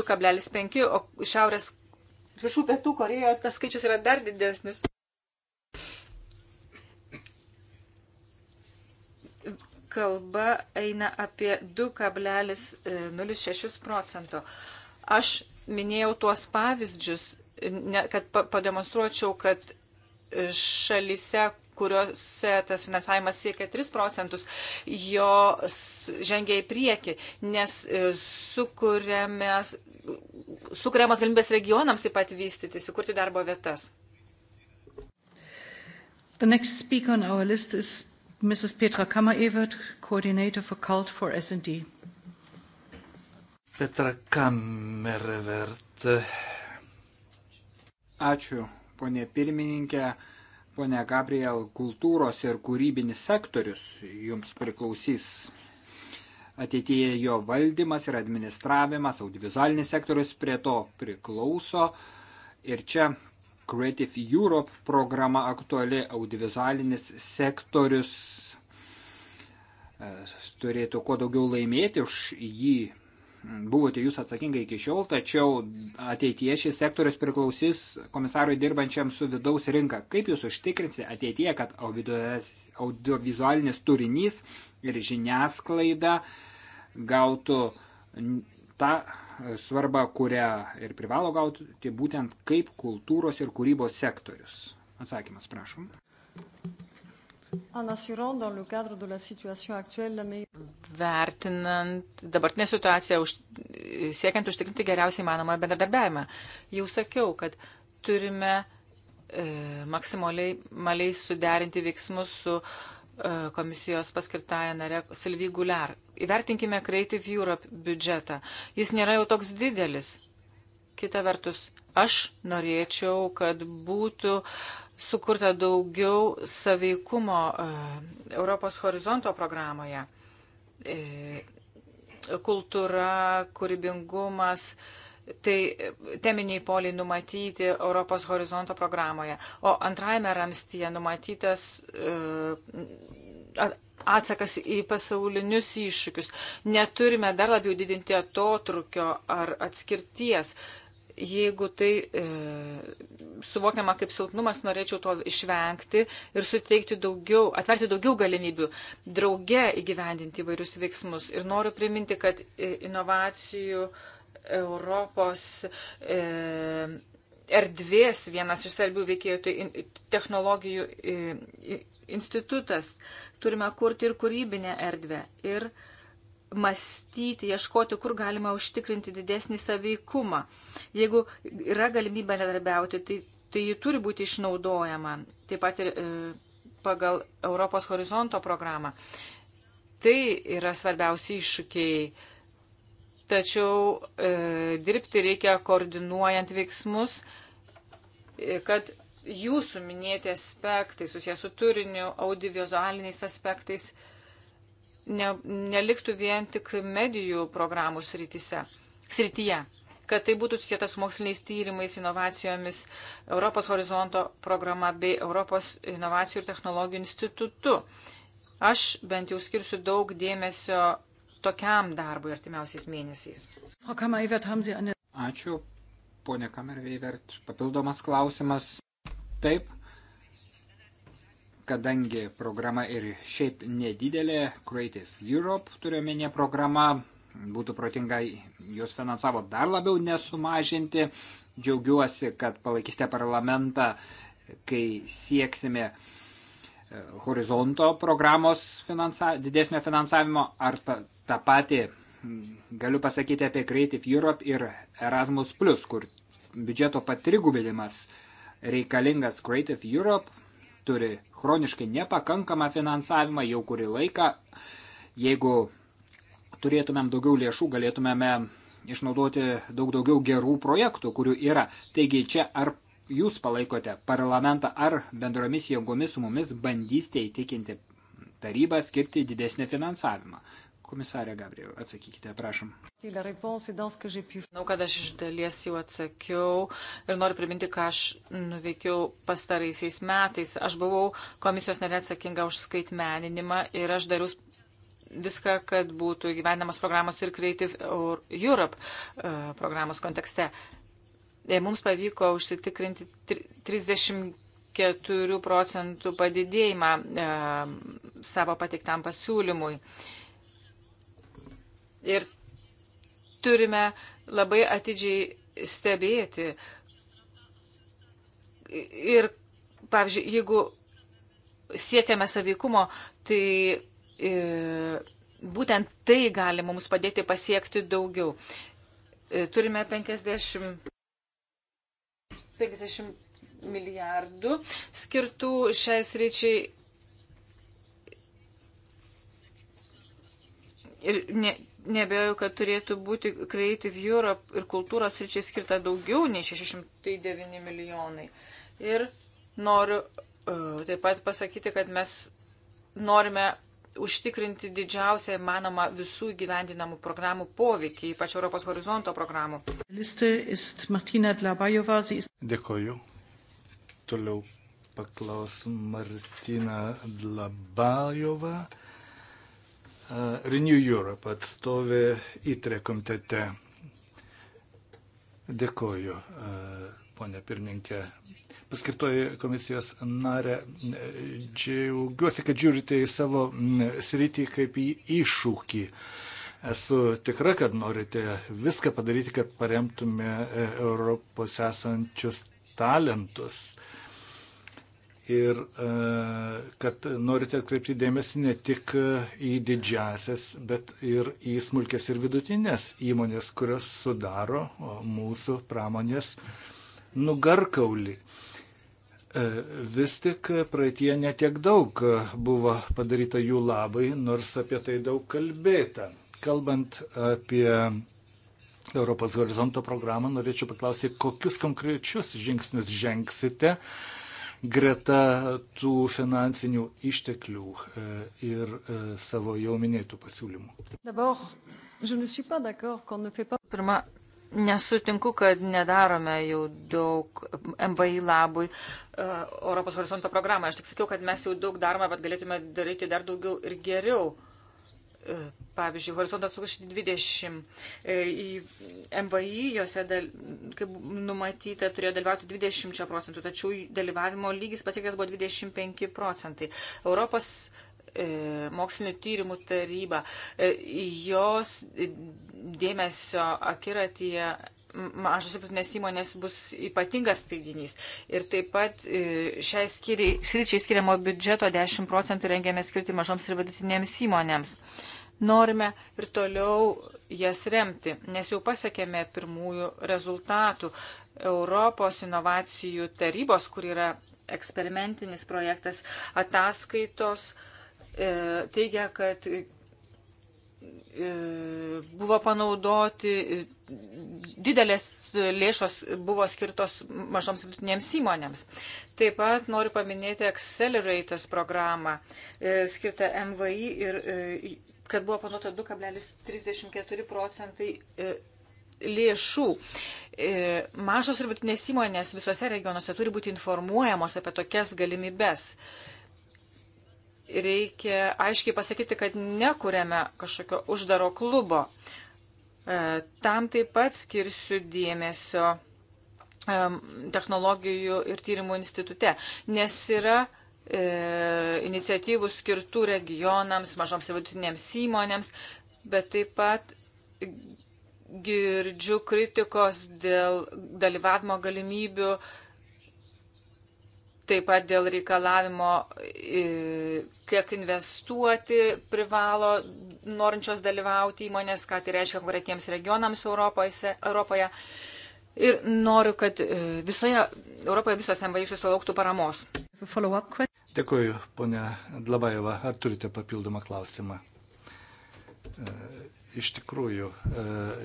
[SPEAKER 3] 2,5, e, o Šiaurės, atsiprašau, Pietų Korejoje tas skaičius yra dar didesnis. Kalba eina apie 2,06 procento. Aš minėjau tuos pavyzdžius ne, kad pademonstruočiau, kad šalise, kuriuose tas finansavimas siekia 3 procentus, jo žengia į priekį, nes sukūrėmės, e, sukūrėmos galimybės regionams taip pat vystytis, įkurti darbo vietas.
[SPEAKER 2] The next speaker on our list is Mrs. Petra Kammer-Evert, Coordinator for CULT for S&D.
[SPEAKER 4] Petra Kammer-Evert,
[SPEAKER 1] Ačiū, ponė pirmininkė. Pone Gabriel, kultūros ir kūrybinis sektorius jums priklausys ateityje jo valdymas ir administravimas, audiovizualinis sektorius prie to priklauso. Ir čia Creative Europe programa aktuali, audiovizualinis sektorius e, turėtų kuo daugiau laimėti, už jį buvote jūs atsakingai iki šiol, tačiau ateityje šis sektorius priklausys komisarui dirbančiam su vidaus rinka. Kaip jūs užtikrinsite ateityje, kad audiovizualinis turinys ir žiniasklaida gautų tą svarbą, kurią ir privalo gauti būtent kaip kultūros ir kūrybos sektorius?
[SPEAKER 3] Atsakymas, prašom. Vertinant dabartinę situaciją, už, siekiant užtikrinti geriausiai manomą bendradarbiavimą, jau sakiau, kad turime e, maksimaliai suderinti veiksmus su e, komisijos paskirtąją narę Silvy Guler. Įvertinkime Creative Europe biudžetą. Jis nėra jau toks didelis. Kita vertus, aš norėčiau, kad būtų sukurta daugiau saveikumo e, Europos horizonto programoje. E, kultūra, kūrybingumas, tai teminiai poliai numatyti Europos horizonto programoje. O antrajame ramstyje numatytas e, atsakas į pasaulinius iššūkius. Neturime dar labiau didinti atotrukio ar atskirties jeigu tai e, suvokiama kaip silpnumas, norėčiau to išvengti ir suteikti daugiau, atverti daugiau galimybių drauge įgyvendinti įvairius veiksmus. Ir noriu priminti, kad e, inovacijų Europos e, erdvės vienas iš svarbių veikėjų tai in, technologijų e, institutas. Turime kurti ir kūrybinę erdvę. Ir e, mąstyti, ieškoti, kur galima užtikrinti didesnį saveikumą. Jeigu yra galimybė nedarbiauti, tai, tai ji turi būti išnaudojama. Taip pat ir e, pagal Europos horizonto programą. Tai yra svarbiausi iššūkiai. Tačiau e, dirbti reikia koordinuojant veiksmus, e, kad jūsų minėti aspektai susijęs su turiniu, audiovizualiniais aspektais e, ne, neliktų vien tik medijų programų srityse, srityje, kad tai būtų susijęta su moksliniais tyrimais, inovacijomis, Europos horizonto programa bei Europos inovacijų ir technologijų institutu. Aš bent jau skirsiu daug dėmesio tokiam darbui artimiausiais mėnesiais.
[SPEAKER 1] Ačiū, ponė Kamerveivert. Papildomas klausimas. Taip, kadangi programa ir šiaip nedidelė, Creative Europe turiuomenė programa, būtų protingai jos finansavo dar labiau nesumažinti. Džiaugiuosi, kad palaikysite parlamentą, kai sieksime e, horizonto programos finansa, didesnio finansavimo ar tą, tą patį galiu pasakyti apie Creative Europe ir Erasmus, kur biudžeto patrigubinimas reikalingas Creative Europe turi chroniškai nepakankamą finansavimą jau kurį laiką. Jeigu turėtumėm daugiau lėšų, galėtumėme išnaudoti daug daugiau gerų projektų, kurių yra. Taigi čia ar jūs palaikote parlamentą, ar bendromis jėgomis su mumis bandysite įtikinti tarybą skirti didesnį finansavimą. Komisarė Gabriel, atsakykite, prašom.
[SPEAKER 2] Žinau,
[SPEAKER 3] kad aš iš dalies jau atsakiau ir noriu priminti, ką aš nuveikiau pastaraisiais metais. Aš buvau komisijos narė atsakinga už skaitmeninimą ir aš dariau viską, kad būtų gyvenamos programos ir Creative Europe e, programos kontekste. E, mums pavyko užsitikrinti 30 4 procentų padidėjimą e, savo pateiktam pasiūlymui. E, Ir turime labai atidžiai stebėti. Ir, pavyzdžiui, jeigu siekiame savykumo, tai e, būtent tai gali mums padėti pasiekti daugiau. E, turime 50, 50 milijardų skirtų šiais ryčiai. Ir ne, nebejoju, kad turėtų būti Creative Europe ir kultūros ryčiai skirta daugiau nei 609 milijonai. Ir noriu uh, taip pat pasakyti, kad mes norime užtikrinti didžiausią įmanomą visų gyvendinamų programų poveikį, ypač Europos horizonto programų.
[SPEAKER 4] Dėkoju. Toliau paklaus Martina Dlabajova. Uh, Renew Europe atstovė įtre komitete. Dėkoju, uh, ponė pirmininkė. Paskirtoji komisijos narė, džiaugiuosi, kad žiūrite į savo mm, sritį kaip į iššūkį. Esu tikra, kad norite viską padaryti, kad paremtume uh, Europos esančius talentus ir e, kad norite atkreipti dėmesį ne tik e, į didžiasias, bet ir į smulkės ir vidutinės įmonės, kurios sudaro mūsų pramonės nugarkaulį. E, vis tik praeitie netiek daug buvo padaryta jų labai, nors apie tai daug kalbėta. Kalbant apie Europos horizonto programą, norėčiau paklausti, kokius konkrečius žingsnius žengsite, uh, greta tų finansinių išteklių e, ir e, savo jau minėtų pasiūlymų.
[SPEAKER 2] Pirma,
[SPEAKER 3] nesutinku, kad nedarome jau daug MVI labui e, Europos horizonto programą. Aš tik sakiau, kad mes jau daug darome, bet galėtume daryti dar daugiau ir geriau. E, pavyzdžiui, horizontas 2020. E, į MVI jose, kaip numatyta, turėjo dalyvauti 20 procentų, tačiau dalyvavimo lygis pasiektas buvo 25 procentai. Europos e, mokslinio tyrimų taryba. Jos dėmesio akiratyje mažos vidutinės įmonės bus ypatingas teiginys. Ir taip pat e, šiai sričiai skiriamo biudžeto 10 procentų rengiame skirti mažoms ir vidutinėms įmonėms. Norime ir toliau jas remti, nes jau pasiekėme pirmųjų rezultatų. Europos inovacijų tarybos, kur yra eksperimentinis projektas, ataskaitos e, teigia, kad E, buvo panaudoti, didelės lėšos buvo skirtos mažoms vidutinėms įmonėms. Taip pat noriu paminėti Accelerators programą, e, skirtą MVI ir e, kad buvo panaudota 2,34 procentai lėšų. Mažos ir vidutinės įmonės visose regionuose turi būti informuojamos apie tokias galimybes reikia aiškiai pasakyti, kad nekuriame kažkokio uždaro klubo. E, tam taip pat skirsiu dėmesio e, technologijų ir tyrimų institute, nes yra e, iniciatyvų skirtų regionams, mažoms ir vidutinėms įmonėms, bet taip pat girdžiu kritikos dėl dalyvavimo galimybių uh, taip pat dėl reikalavimo, e, kiek investuoti privalo norinčios dalyvauti įmonės, ką tai reiškia konkretiems regionams Europoje. Europoje. Ir noriu, kad e, visoje Europoje visos MVI susilauktų paramos.
[SPEAKER 4] Dėkuoju, ponia Dlabajeva. Ar turite papildomą klausimą? E, iš tikrųjų,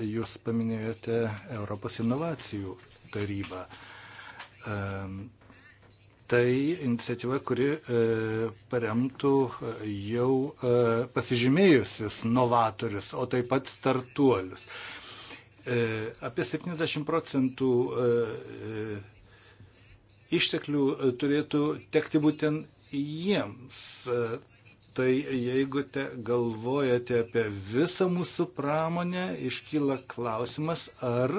[SPEAKER 4] jūs paminėjote Europos inovacijų tarybą tai iniciatyva, kuri e, paremtų e, jau e, pasižymėjusius novatorius, o taip pat startuolius. Apie 70 procentų išteklių turėtų tekti būtent jiems. Tai jeigu te galvojate apie visą mūsų pramonę, iškyla klausimas, ar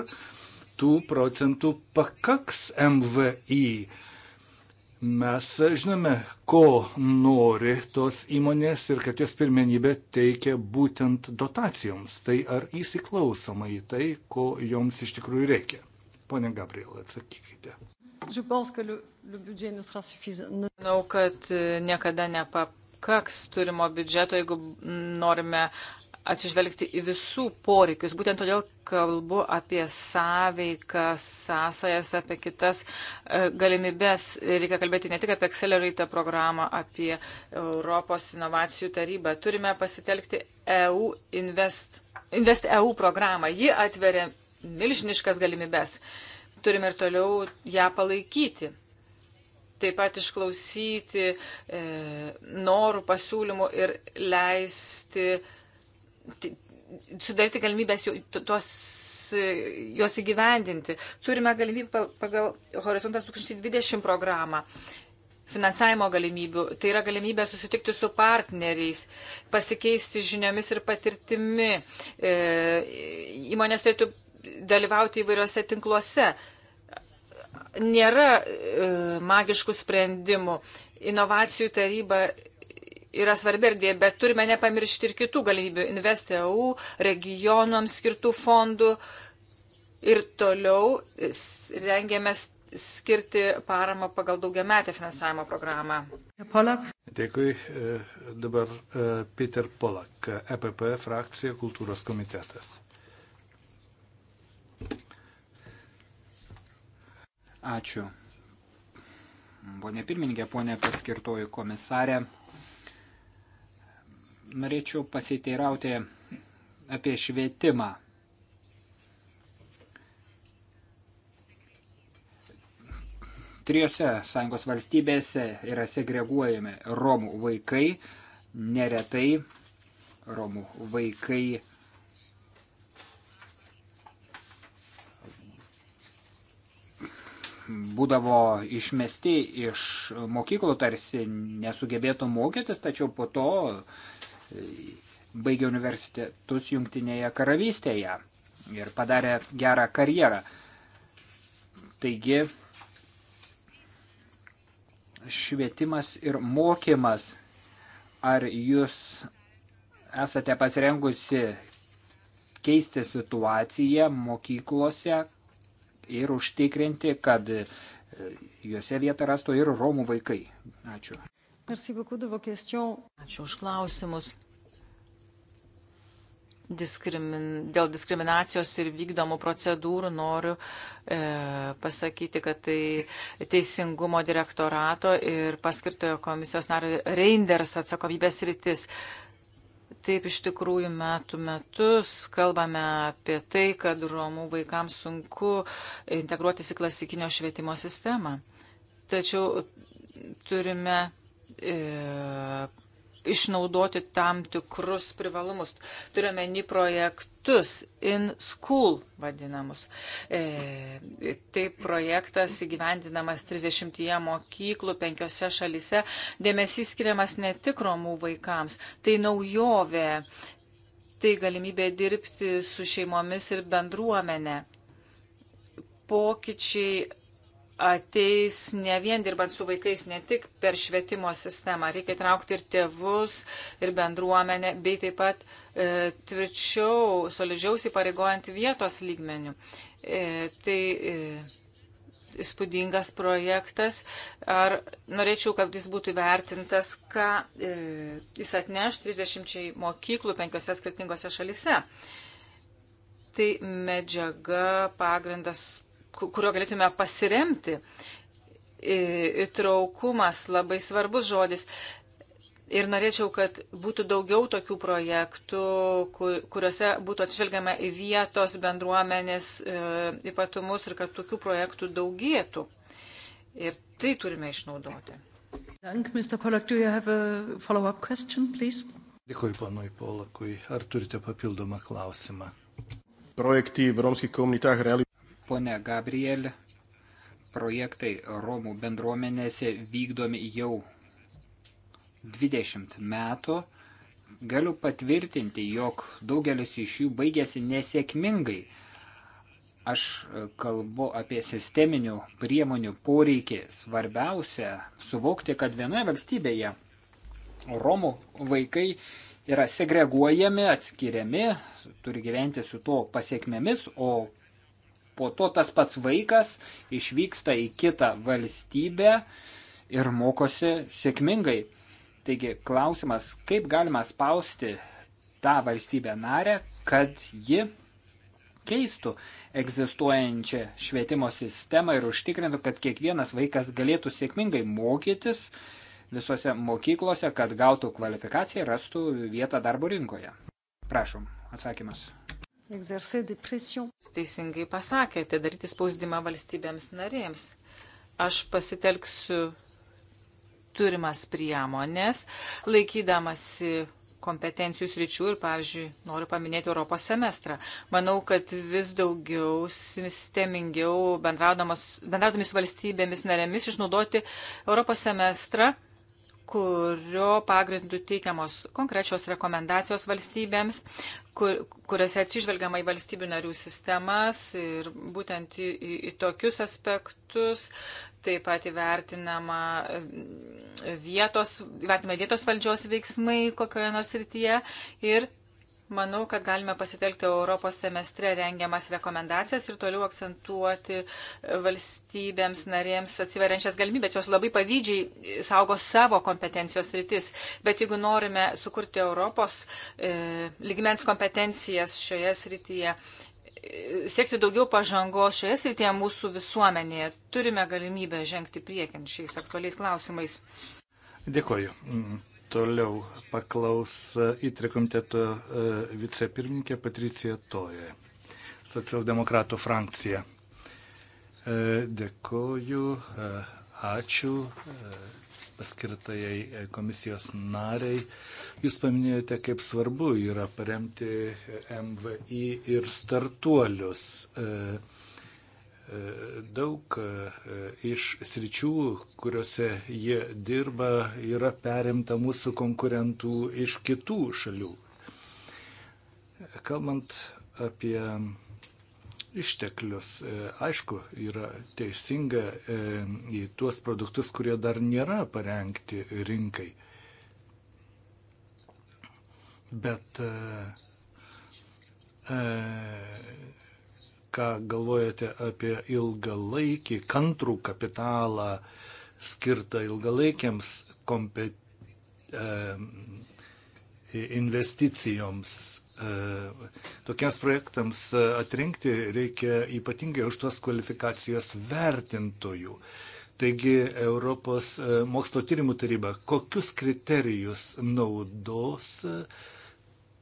[SPEAKER 4] tų procentų pakaks MVI. E, Mes žinome, ko nori tos įmonės ir kad jos pirmenybę teikia būtent dotacijoms. Tai ar įsiklausoma į tai, ko joms iš tikrųjų reikia? Pone Gabriel, atsakykite.
[SPEAKER 3] Manau, kad e, niekada nepapasakosiu pakaks turimo biudžeto, jeigu norime atsižvelgti į visų poreikius. Būtent todėl kalbu apie sąveiką, sąsajas, apie kitas e, galimybės. Reikia kalbėti ne tik apie Accelerate programą, apie Europos inovacijų tarybą. Turime pasitelkti EU Invest, Invest EU programą. Ji atveria milžiniškas galimybės. Turime ir toliau ją palaikyti taip pat išklausyti e, norų, pasiūlymų ir leisti Tai sudaryti galimybės tuos e, juos įgyvendinti. Turime galimybę pagal Horizontas 2020 programą finansavimo galimybių. Tai yra galimybė susitikti su partneriais, pasikeisti žiniomis ir patirtimi. E, įmonės turėtų dalyvauti įvairiuose tinkluose. Nėra e, magiškų sprendimų. Inovacijų taryba yra svarbi erdvė, bet turime nepamiršti ir kitų galimybių - InvestEU, regionams skirtų fondų. Ir toliau rengiamės skirti paramą pagal daugiametę finansavimo programą. Polak.
[SPEAKER 4] Dėkui. E, dabar e, Peter Polak, EPP frakcija, kultūros komitetas. Ačiū. Pone
[SPEAKER 1] pirmininkė, ponė paskirtoji komisarė norėčiau pasiteirauti apie švietimą. Trijose sąjungos valstybėse yra segreguojami Romų vaikai, neretai Romų vaikai būdavo išmesti iš mokyklų, tarsi nesugebėtų mokytis, tačiau po to baigė universitetus Jungtinėje karalystėje ir padarė gerą karjerą. Taigi švietimas ir mokymas, ar jūs esate pasirengusi keisti situaciją mokyklose ir užtikrinti, kad e, juose vietą rastų ir Romų
[SPEAKER 3] vaikai. Ačiū.
[SPEAKER 2] Ačiū už klausimus.
[SPEAKER 3] Diskrimin, dėl diskriminacijos ir vykdomų procedūrų noriu e, pasakyti, kad tai Teisingumo direktorato ir paskirtojo komisijos nario Reinders atsakomybės rytis. Taip iš tikrųjų metų metus kalbame apie tai, kad romų vaikams sunku integruotis į klasikinio švietimo sistemą. Tačiau turime e, išnaudoti tam tikrus privalumus. Turime į projektus in school vadinamus. E, tai projektas įgyvendinamas 30 mokyklų, 5 šalyse. Dėmesys skiriamas ne tik romų vaikams. Tai naujovė. Tai galimybė dirbti su šeimomis ir bendruomenė. Pokyčiai ateis ne vien dirbant su vaikais, ne tik per švietimo sistemą. Reikia traukti ir tėvus, ir bendruomenę, bei taip pat e, tvirčiau, solidžiau įpareigojant vietos lygmenių. E, tai e, įspūdingas projektas. Ar norėčiau, kad jis būtų vertintas, ką e, jis atneš 30 mokyklų penkiose skirtingose šalise. Tai medžiaga, pagrindas kurio galėtume pasiremti. Įtraukumas labai svarbus žodis. Ir norėčiau, kad būtų daugiau tokių projektų, kuriuose būtų atšvilgiama į vietos bendruomenės e, ypatumus ir kad tokių projektų daugėtų. Ir tai turime išnaudoti.
[SPEAKER 2] Dank, Mr. Pollack, do you have a follow-up question, please?
[SPEAKER 4] Dėkui, panui Polakui. Ar turite papildomą klausimą? Projekty v romských komunitách reali...
[SPEAKER 1] Pone Gabriel, projektai Romų bendruomenėse vykdomi jau 20 metų. Galiu patvirtinti, jog daugelis iš jų baigėsi nesėkmingai. Aš kalbu apie sisteminių priemonių poreikį. Svarbiausia suvokti, kad vienoje valstybėje Romų vaikai yra segreguojami, atskiriami, turi gyventi su to pasiekmėmis, o po to tas pats vaikas išvyksta į kitą valstybę ir mokosi sėkmingai. Taigi klausimas, kaip galima spausti tą valstybę narę, kad ji keistų egzistuojančią švietimo sistemą ir užtikrintų, kad kiekvienas vaikas galėtų sėkmingai mokytis visose mokyklose, kad gautų kvalifikaciją ir rastų vietą darbo rinkoje. Prašom, atsakymas.
[SPEAKER 3] Jūs teisingai pasakėte, daryti spausdimą valstybėms narėms. Aš pasitelksiu turimas priemonės, laikydamasi kompetencijų sričių ir, pavyzdžiui, noriu paminėti Europos semestrą. Manau, kad vis daugiau sistemingiau bendraudami su valstybėmis narėmis išnaudoti Europos semestrą kurio pagrindu teikiamos konkrečios rekomendacijos valstybėms, kur, kuriuose atsižvelgiama į valstybių narių sistemas ir būtent į, į, į tokius aspektus, taip pat įvertinama e, vietos, įvertinama vietos valdžios veiksmai kokioje nors rytyje ir Manau, kad galime pasitelkti Europos semestre rengiamas rekomendacijas ir toliau akcentuoti valstybėms narėms atsiveriančias galimybės. Jos labai pavydžiai saugo savo kompetencijos rytis. Bet jeigu norime sukurti Europos e, ligmens kompetencijas šioje srityje, e, siekti daugiau pažangos šioje srityje mūsų visuomenėje, turime galimybę žengti priekin šiais aktualiais klausimais.
[SPEAKER 4] Dėkoju. Mm -hmm. Toliau paklaus įtri e, komiteto e, vicepirmininkė Patricija Toja, socialdemokratų frakcija. E, dėkoju, ačiū paskirtajai komisijos nariai. Jūs paminėjote, kaip svarbu yra paremti MVI ir startuolius. E, daug e, iš sričių, kuriuose jie dirba, yra perimta mūsų konkurentų iš kitų šalių. Kalbant apie išteklius, e, aišku, yra teisinga e, į tuos produktus, kurie dar nėra parengti rinkai. Bet e, ką galvojate apie ilgalaikį kantrų kapitalą skirtą ilgalaikiams kompe, e, investicijoms. E, tokiems projektams atrinkti reikia ypatingai už tos kvalifikacijos vertintojų. Taigi Europos e, mokslo tyrimų taryba kokius kriterijus naudos e,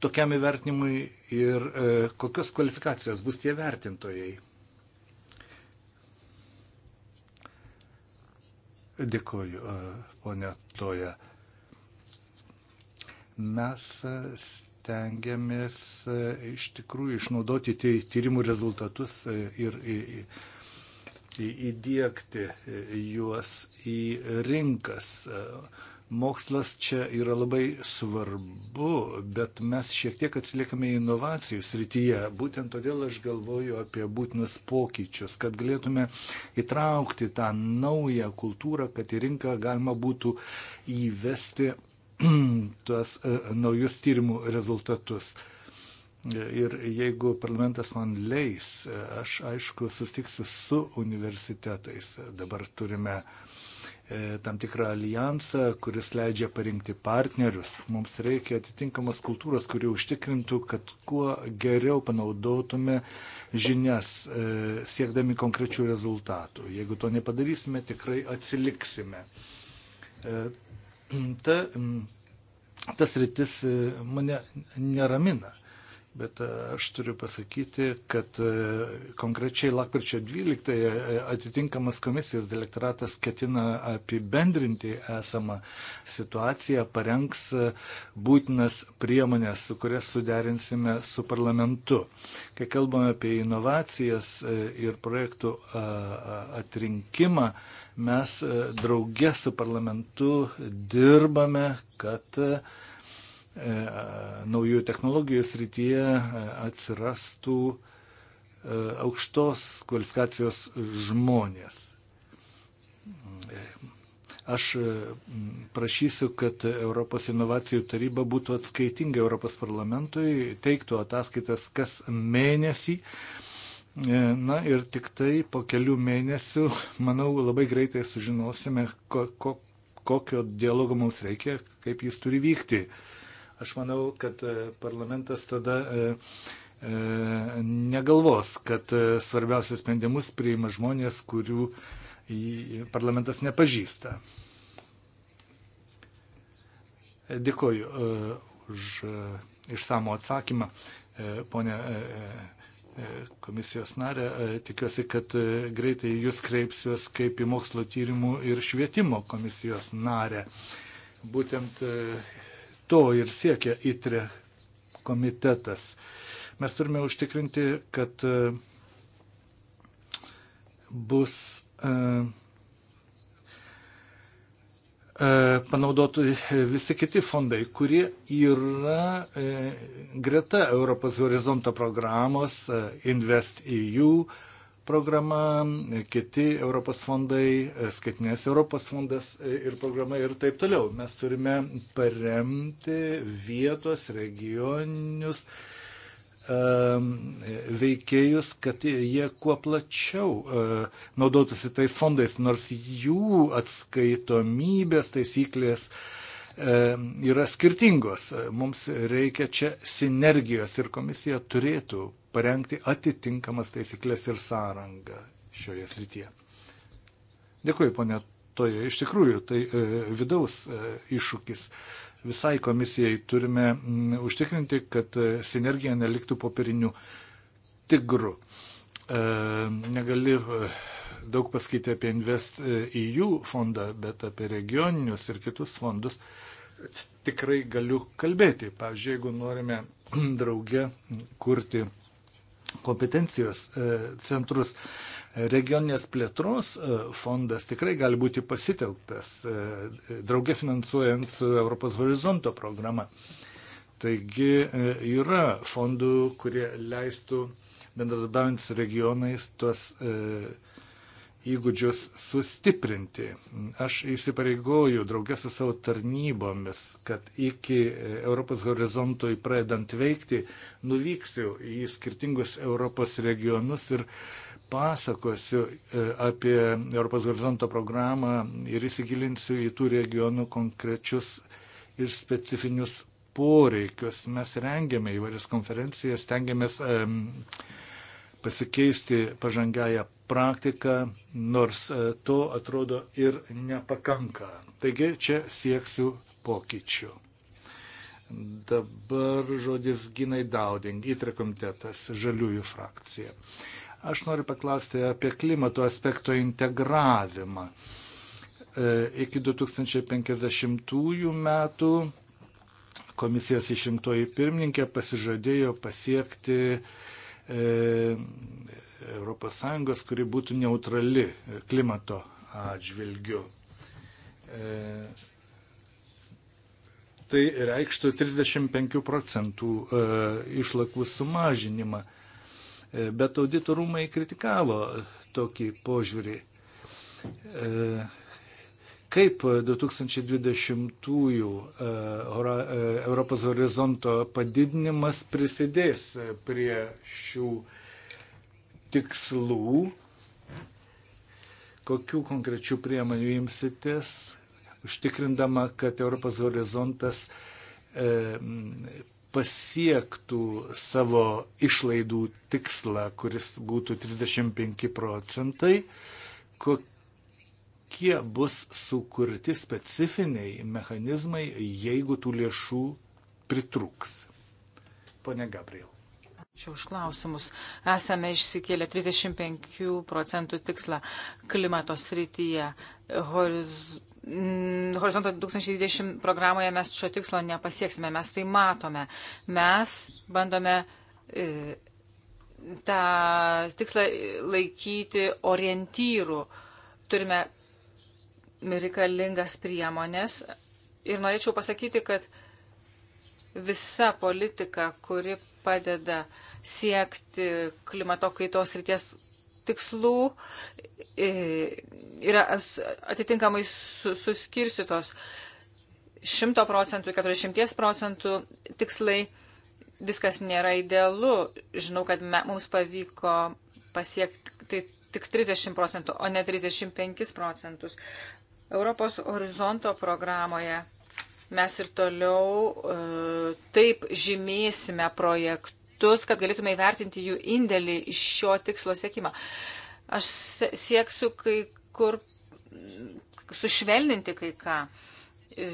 [SPEAKER 4] tokiam įvertinimui ir e, kokios kvalifikacijos bus tie vertintojai. Dėkoju, e, ponia Toja. Mes e, stengiamės iš tikrųjų išnaudoti tyrimų rezultatus ir įdėkti juos į rinkas. Mokslas čia yra labai svarbu, bet mes šiek tiek atsiliekame inovacijų srityje. Būtent todėl aš galvoju apie būtinus pokyčius, kad galėtume įtraukti tą naują kultūrą, kad į rinką galima būtų įvesti tuos e, naujus tyrimų rezultatus. Ir jeigu parlamentas man leis, e, aš aišku sustiksiu su universitetais. Dabar turime uh, E, tam tikrą alijansą, kuris leidžia parinkti partnerius. Mums reikia atitinkamos kultūros, kuri užtikrintų, kad kuo geriau panaudotume žinias, e, siekdami konkrečių rezultatų. Jeigu to nepadarysime, tikrai atsiliksime. E, ta, tas rytis mane neramina. Bet e, aš turiu pasakyti, kad e, konkrečiai lakpirčio 12 e, atitinkamas komisijos direktoratas ketina apibendrinti esamą situaciją, parengs būtinas priemonės, su kurias suderinsime su parlamentu. Kai kalbame apie inovacijas ir projektų atrinkimą, mes draugė su parlamentu dirbame, kad E, naujų technologijų srityje e, atsirastų e, aukštos kvalifikacijos žmonės. Aš prašysiu, kad Europos inovacijų taryba būtų atskaitinga Europos parlamentui, teiktų ataskaitas kas mėnesį. Na ir tik tai po kelių mėnesių, manau, labai greitai sužinosime, ko, ko, kokio dialogo mums reikia, kaip jis turi vykti. Uh, Aš manau, kad e, parlamentas tada e, e, negalvos, kad svarbiausias sprendimus priima žmonės, kurių parlamentas nepažįsta. Dėkoju už išsamų atsakymą, ponė komisijos narė. Tikiuosi, kad greitai jūs kreipsiuos kaip į mokslo tyrimų ir švietimo komisijos narę. Būtent to ir siekia ITRE komitetas. Mes turime užtikrinti, kad e, bus e, e, panaudotų visi kiti fondai, kurie yra greta Europos horizonto programos InvestEU, programa, kiti Europos fondai, skaitinės Europos fondas ir programa ir taip toliau. Mes turime paremti vietos, regioninius um, veikėjus, kad jie kuo plačiau uh, naudotųsi tais fondais, nors jų atskaitomybės taisyklės um, yra skirtingos. Mums reikia čia sinergijos ir komisija turėtų parengti atitinkamas taisyklės ir sąrangą šioje srityje. Dėkuoju, ponė Toje. Iš tikrųjų, tai e, vidaus e, iššūkis. Visai komisijai turime m, užtikrinti, kad e, sinergija neliktų popierinių tigrų. E, negali e, daug pasakyti apie Invest EU fondą, bet apie regioninius ir kitus fondus tikrai galiu kalbėti. Pavyzdžiui, jeigu norime drauge kurti kompetencijos e, centrus. Regioninės plėtros e, fondas tikrai gali būti pasitelktas, e, draugė finansuojant su Europos horizonto programa. Taigi yra fondų, kurie leistų bendradarbiaujant su regionais tuos e, įgūdžius sustiprinti. Aš įsipareigoju draugę su savo tarnybomis, kad iki Europos horizontui pradedant veikti, nuvyksiu į skirtingus Europos regionus ir pasakosiu e, apie Europos horizonto programą ir įsigilinsiu į tų regionų konkrečius ir specifinius poreikius. Mes rengiame įvairias konferencijas, stengiamės um, e, pasikeisti pažangiają praktiką, nors e, to atrodo ir nepakanka. Taigi čia sieksiu pokyčių. Dabar žodis Ginai Dauding, įtre komitetas, žaliųjų frakcija. Aš noriu paklausti apie klimato aspekto integravimą. E, iki 2050 metų komisijos išrinktoji pirmininkė pasižadėjo pasiekti uh, ES, kuri būtų neutrali klimato atžvilgiu. E, tai reikštų 35 procentų e, išlakų sumažinimą. E, bet auditorumai kritikavo tokį požiūrį. Kaip 2020-ųjų e, e, e, Europos horizonto padidinimas prisidės prie šių tikslų, kokių konkrečių priemonių imsitės, užtikrindama, kad Europos horizontas pasiektų savo išlaidų tikslą, kuris būtų 35 procentai, kokių kokie bus sukurti specifiniai mechanizmai, jeigu tų lėšų pritrūks. Pone Gabriel.
[SPEAKER 3] Ačiū už klausimus. Esame išsikėlę 35 procentų tikslą klimato srityje. Horiz... Mm, horizonto 2020 programoje mes šio tikslo nepasieksime, mes tai matome. Mes bandome e, tą tikslą laikyti orientyrų. Turime reikalingas priemonės. Ir norėčiau pasakyti, kad visa politika, kuri padeda siekti klimato kaitos ryties tikslų, yra atitinkamai suskirsitos 100 procentų, 40 procentų tikslai. Viskas nėra idealu. Žinau, kad me, mums pavyko pasiekti tai tik 30 procentų, o ne 35 procentus. Europos horizonto programoje mes ir toliau e, taip žymėsime projektus, kad galėtume įvertinti jų indėlį iš šio tikslo siekimą. Aš sieksiu kai kur sušvelninti kai ką. E,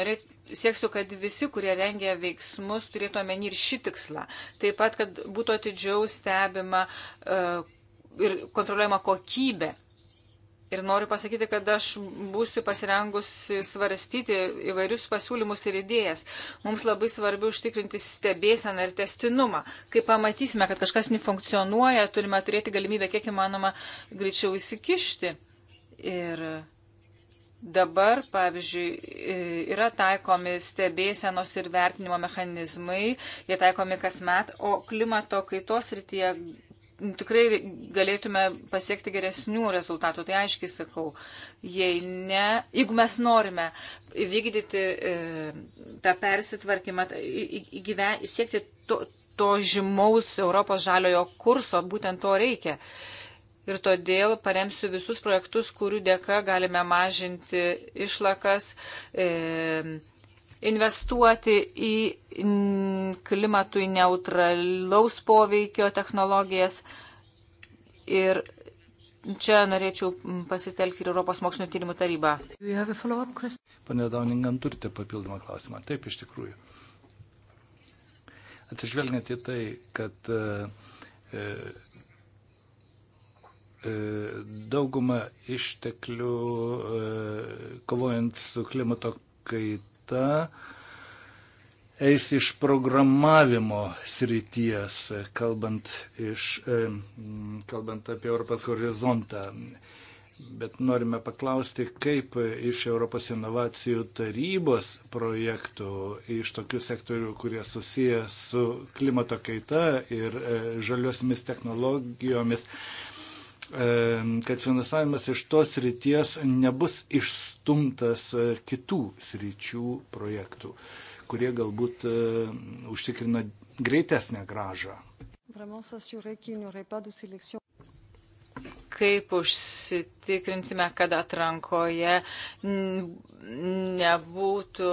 [SPEAKER 3] norėt, sieksiu, kad visi, kurie rengia veiksmus, turėtų omeny ir šį tikslą. Taip pat, kad būtų atidžiau stebima uh, ir kontroliuojama kokybė Ir noriu pasakyti, kad aš būsiu pasirengusi svarstyti įvairius pasiūlymus ir idėjas. Mums labai svarbu užtikrinti stebėseną ir testinumą. Kai pamatysime, kad kažkas nefunkcionuoja, turime turėti galimybę kiek įmanoma greičiau įsikišti. Ir dabar, pavyzdžiui, e, yra taikomi stebėsenos ir vertinimo mechanizmai, jie taikomi kasmet, o klimato kaitos rytyje tikrai galėtume pasiekti geresnių rezultatų, tai aiškiai sakau. Jei ne, jeigu mes norime vykdyti e, tą persitvarkymą, tai įgyven, siekti to, to žymaus Europos žaliojo kurso, būtent to reikia. Ir todėl paremsiu visus projektus, kurių dėka galime mažinti išlakas. E, investuoti į klimatui neutralaus poveikio technologijas. Ir čia norėčiau pasitelkti ir Europos mokslinio tyrimų tarybą.
[SPEAKER 4] Pane Dauningam, turite papildomą klausimą. Taip, iš tikrųjų. Atsižvelgiant į tai, kad e, e, e dauguma išteklių e, kovojant su klimato kaita kita eis iš programavimo srities, kalbant, iš, e, kalbant apie Europos horizontą. Bet norime paklausti, kaip iš Europos inovacijų tarybos projektų, iš tokių sektorių, kurie susiję su klimato kaita ir e, žaliosiomis technologijomis, kad finansavimas iš tos ryties nebus išstumtas e, kitų sričių projektų, kurie galbūt e, užtikrina greitesnę gražą.
[SPEAKER 3] Kaip užsitikrinsime, kad atrankoje nebūtų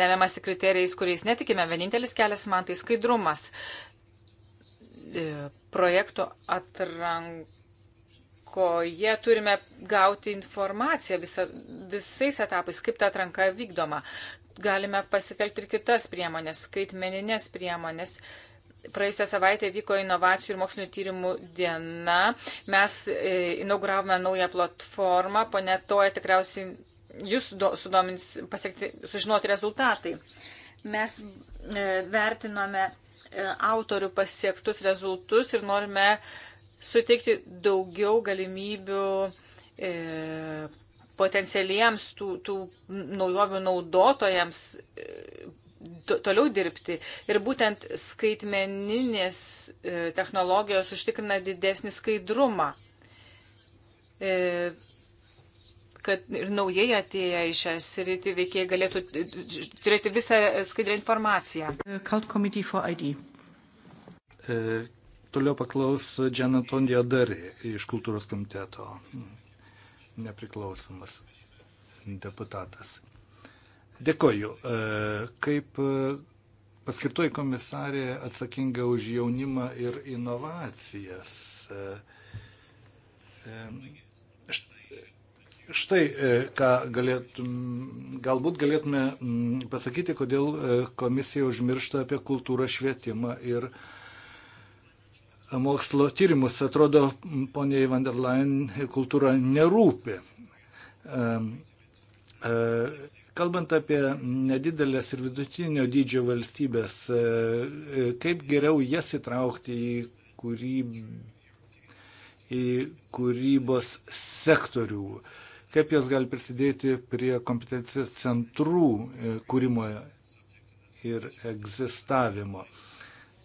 [SPEAKER 3] remiamasi kriterijais, kuriais netikime. Vienintelis kelias man tai skaidrumas. E, projektų atrankoje atrankoje turime gauti informaciją visa, visais etapais, kaip ta atranka vykdoma. Galime pasitelkti ir kitas priemonės, skaitmeninės priemonės. Praėjusią savaitę vyko inovacijų ir mokslinio tyrimų diena. Mes e, inauguravome naują platformą, ponė Toja tikriausiai jūs sudomins pasiekti, sužinoti rezultatai. Mes e, vertinome e, autorių pasiektus rezultus ir norime suteikti daugiau galimybių e, potencialiems tų, tų naujovių naudotojams e, toliau dirbti. Ir būtent skaitmeninės e, technologijos užtikrina didesnį skaidrumą. E, kad ir naujai atėję į šią sritį veikėjai galėtų e, turėti visą skaidrę informaciją.
[SPEAKER 2] Cloud Committee for ID.
[SPEAKER 4] E, Toliau paklaus Džanaton Jodari iš kultūros komiteto, nepriklausomas deputatas. Dėkoju. E, kaip e, paskirtoji komisarė atsakinga už jaunimą ir inovacijas. E, štai, ką galėtum, galbūt galėtume pasakyti, kodėl komisija užmiršta apie kultūrą, švietimą ir inovacijas mokslo tyrimus. Atrodo, poniai van der Leyen kultūra nerūpi. E, kalbant apie nedidelės ir vidutinio dydžio valstybės, e, e, kaip geriau jas įtraukti į, kūryb... į kūrybos sektorių, kaip jos gali prisidėti prie kompetencijos centrų kūrimo ir egzistavimo.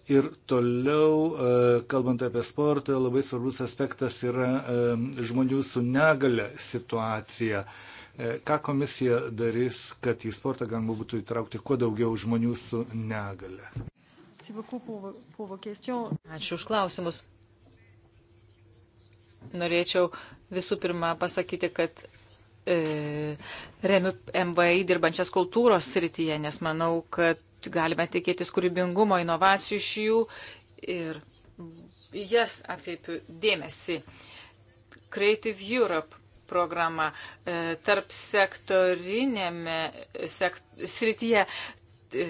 [SPEAKER 4] Ir toliau, e, kalbant apie sportą, labai svarbus aspektas yra e, žmonių su negale situacija. E, ką komisija darys, kad į sportą galima būtų įtraukti kuo daugiau žmonių su negale?
[SPEAKER 2] Ačiū už klausimus.
[SPEAKER 3] Norėčiau visų pirma pasakyti, kad e, remiu MVI dirbančias kultūros srityje, nes manau, kad galime tikėtis kūrybingumo, inovacijų iš jų ir jas atkreipiu dėmesį. Creative Europe programa e, tarp sektorinėme sekt, srityje e,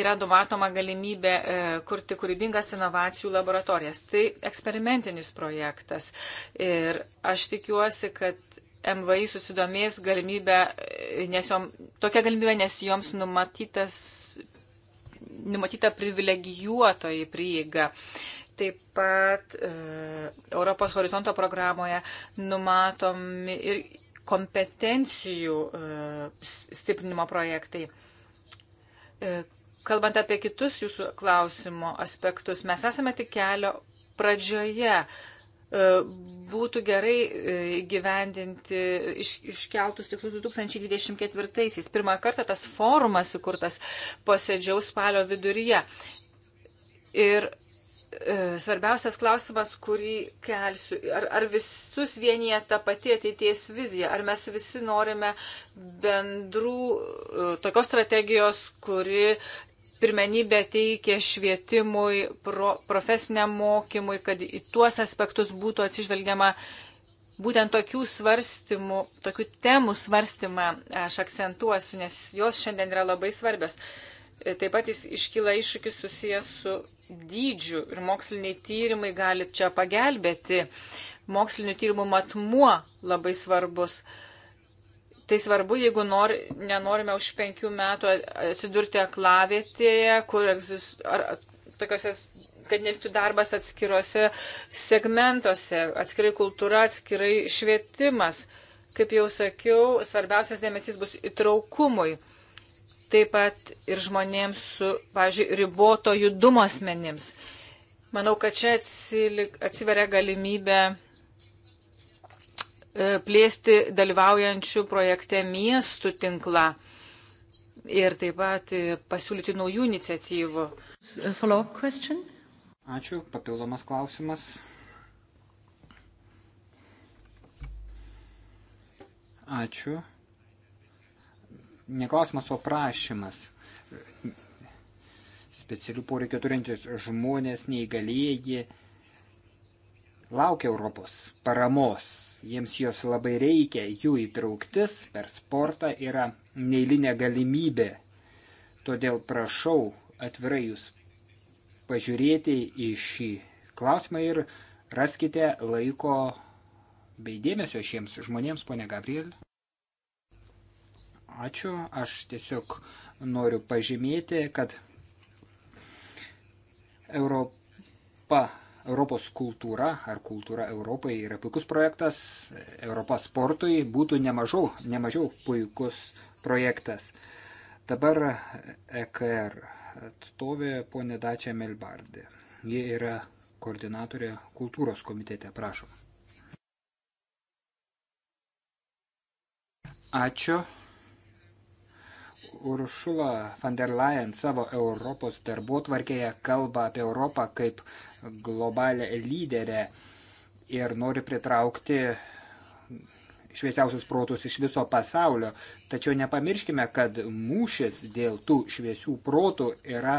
[SPEAKER 3] yra numatoma galimybė e, kurti kūrybingas inovacijų laboratorijas. Tai eksperimentinis projektas ir aš tikiuosi, kad MVI susidomės galimybę, nes jom, tokia galimybė, nes joms numatytas numatyta privilegijuotoji prieiga. Taip pat e, Europos horizonto programoje numatomi ir kompetencijų e, stiprinimo projektai. E, kalbant apie kitus jūsų klausimo aspektus, mes esame tik kelio pradžioje. E, E, būtų gerai e, gyvendinti iš, iškeltus tikslus 2024-aisiais. Pirmą kartą tas forumas įkurtas posėdžiaus spalio viduryje. Ir e, svarbiausias klausimas, kurį kelsiu. Ar, ar visus vienyje ta pati ateities vizija? Ar mes visi norime bendrų tokios strategijos, kuri pirmenybę teikia švietimui, pro, profesiniam mokymui, kad į tuos aspektus būtų atsižvelgiama. Būtent tokių svarstymų, tokių temų svarstymą aš akcentuosiu, nes jos šiandien yra labai svarbios. Taip pat jis iškyla iššūkis susijęs su dydžiu ir moksliniai tyrimai gali čia pagelbėti. Mokslinių tyrimų matmuo labai svarbus. Uh, Tai svarbu, jeigu nor, nenorime už penkių metų atsidurti aklavietėje, kur egzistuoja, tokiuose, kad nevyktų darbas atskiruose segmentuose, atskirai kultūra, atskirai švietimas. Kaip jau sakiau, svarbiausias dėmesys bus įtraukumui. Taip pat ir žmonėms su, pažiūrėjau, riboto judumo asmenims. Manau, kad čia atsiveria galimybė E, plėsti dalyvaujančių projekte miestų tinklą ir taip pat e, pasiūlyti naujų iniciatyvų.
[SPEAKER 1] Ačiū, papildomas klausimas. Ačiū. Neklausimas, o prašymas. Specialių poreikio turintys žmonės, neįgalėjai, laukia Europos paramos jiems jos labai reikia, jų įtrauktis per sportą yra neįlinė galimybė. Todėl prašau atvirai jūs pažiūrėti į šį klausimą ir raskite laiko bei dėmesio šiems žmonėms, ponė Gabriel. Ačiū, aš tiesiog noriu pažymėti, kad Europa Europos kultūra ar kultūra Europai yra puikus projektas, Europos sportui būtų nemažiau, nemažiau puikus projektas. Dabar EKR atstovė ponė Dačia Melbardė. Ji yra koordinatorė kultūros komitete, prašom. Ačiū. Uršula van der Leyen savo Europos darbo tvarkėje kalba apie Europą kaip globalę lyderę ir nori pritraukti šviesiausius protus iš viso pasaulio. Tačiau nepamirškime, kad mūšis dėl tų šviesių protų yra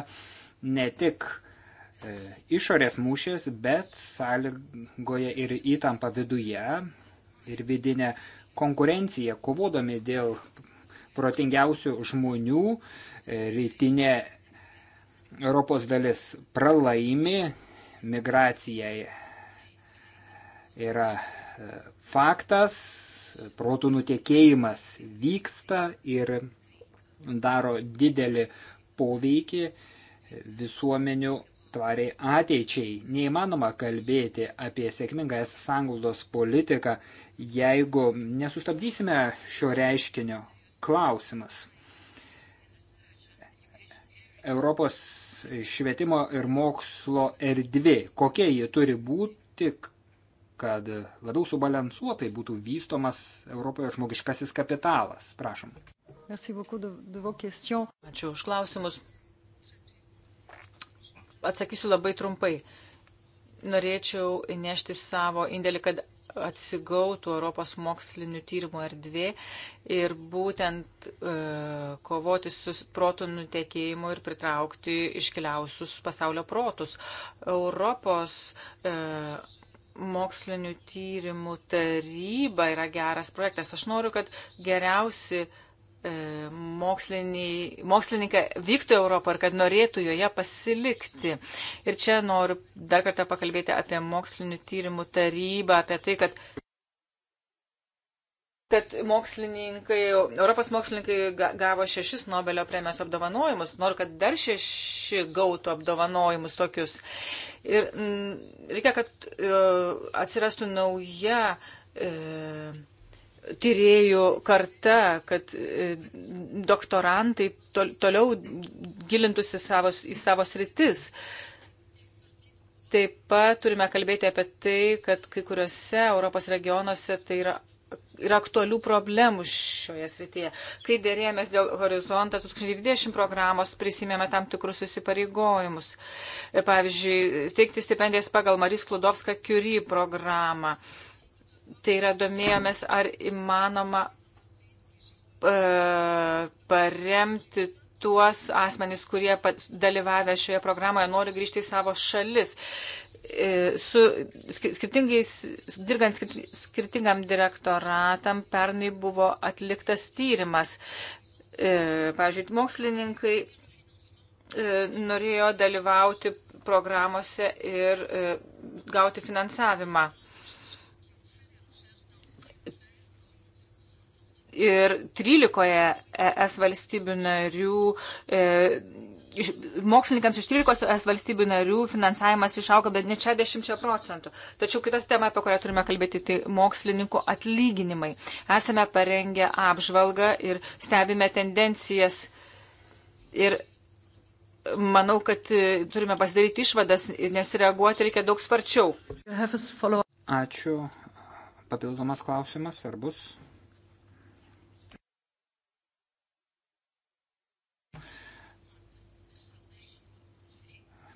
[SPEAKER 1] ne tik e, išorės mūšis, bet sąlygoje ir įtampa viduje ir vidinė konkurencija, kovodami dėl protingiausių žmonių e, rytinė Europos dalis pralaimi, migracija yra e, faktas, protų nutiekėjimas vyksta ir daro didelį poveikį visuomenių tvariai ateičiai. Neįmanoma kalbėti apie sėkmingą es sanglaudos politiką, jeigu nesustabdysime šio reiškinio klausimas. Europos švietimo ir mokslo erdvė, kokia ji turi būti, kad labiau subalansuotai būtų vystomas Europoje žmogiškasis kapitalas. Prašom.
[SPEAKER 2] Ačiū už klausimus.
[SPEAKER 3] Atsakysiu labai trumpai norėčiau nešti savo indėlį, kad atsigautų Europos mokslinių tyrimų erdvė ir būtent e, kovoti su protų nutekėjimu ir pritraukti iškeliausius pasaulio protus. Europos e, mokslinių tyrimų taryba yra geras projektas. Aš noriu, kad geriausi e, E, mokslininkai vyktų Europą ir kad norėtų joje pasilikti. Ir čia noriu dar kartą pakalbėti apie mokslinių tyrimų tarybą, apie tai, kad kad mokslininkai, Europos mokslininkai gavo šešis Nobelio premijos apdovanojimus, noriu, kad dar šeši gautų apdovanojimus tokius. Ir m, mm, reikia, kad e, atsirastų nauja e, tyriejų karta, kad e, doktorantai tol, toliau gilintųsi savo, į savo sritis. Taip pat turime kalbėti apie tai, kad kai kuriuose Europos regionuose tai yra, yra aktualių problemų šioje srityje. Kai dėrėjomės dėl Horizontas 2020 programos, prisimėme tam tikrus įsipareigojimus. E, pavyzdžiui, steigti stipendijas pagal Maris Kludovską Curie programą Tai yra domėjomės, ar įmanoma e, paremti tuos asmenys, kurie dalyvavę šioje programoje nori grįžti į savo šalis. E, su skirtingais, dirbant skirtingam direktoratam, pernai buvo atliktas tyrimas. E, pavyzdžiui, mokslininkai norėjo dalyvauti programuose ir gauti finansavimą. ir 13 ES valstybių narių. E, Iš, mokslininkams iš 13 ES valstybių narių finansavimas išaugo, bet ne 60 procentų. Tačiau kitas tema, apie kurią turime kalbėti, tai mokslininkų atlyginimai. Esame parengę apžvalgą ir stebime tendencijas. Ir manau, kad e, turime pasidaryti išvadas, nes reaguoti reikia daug sparčiau.
[SPEAKER 1] Ačiū. Papildomas klausimas, ar bus?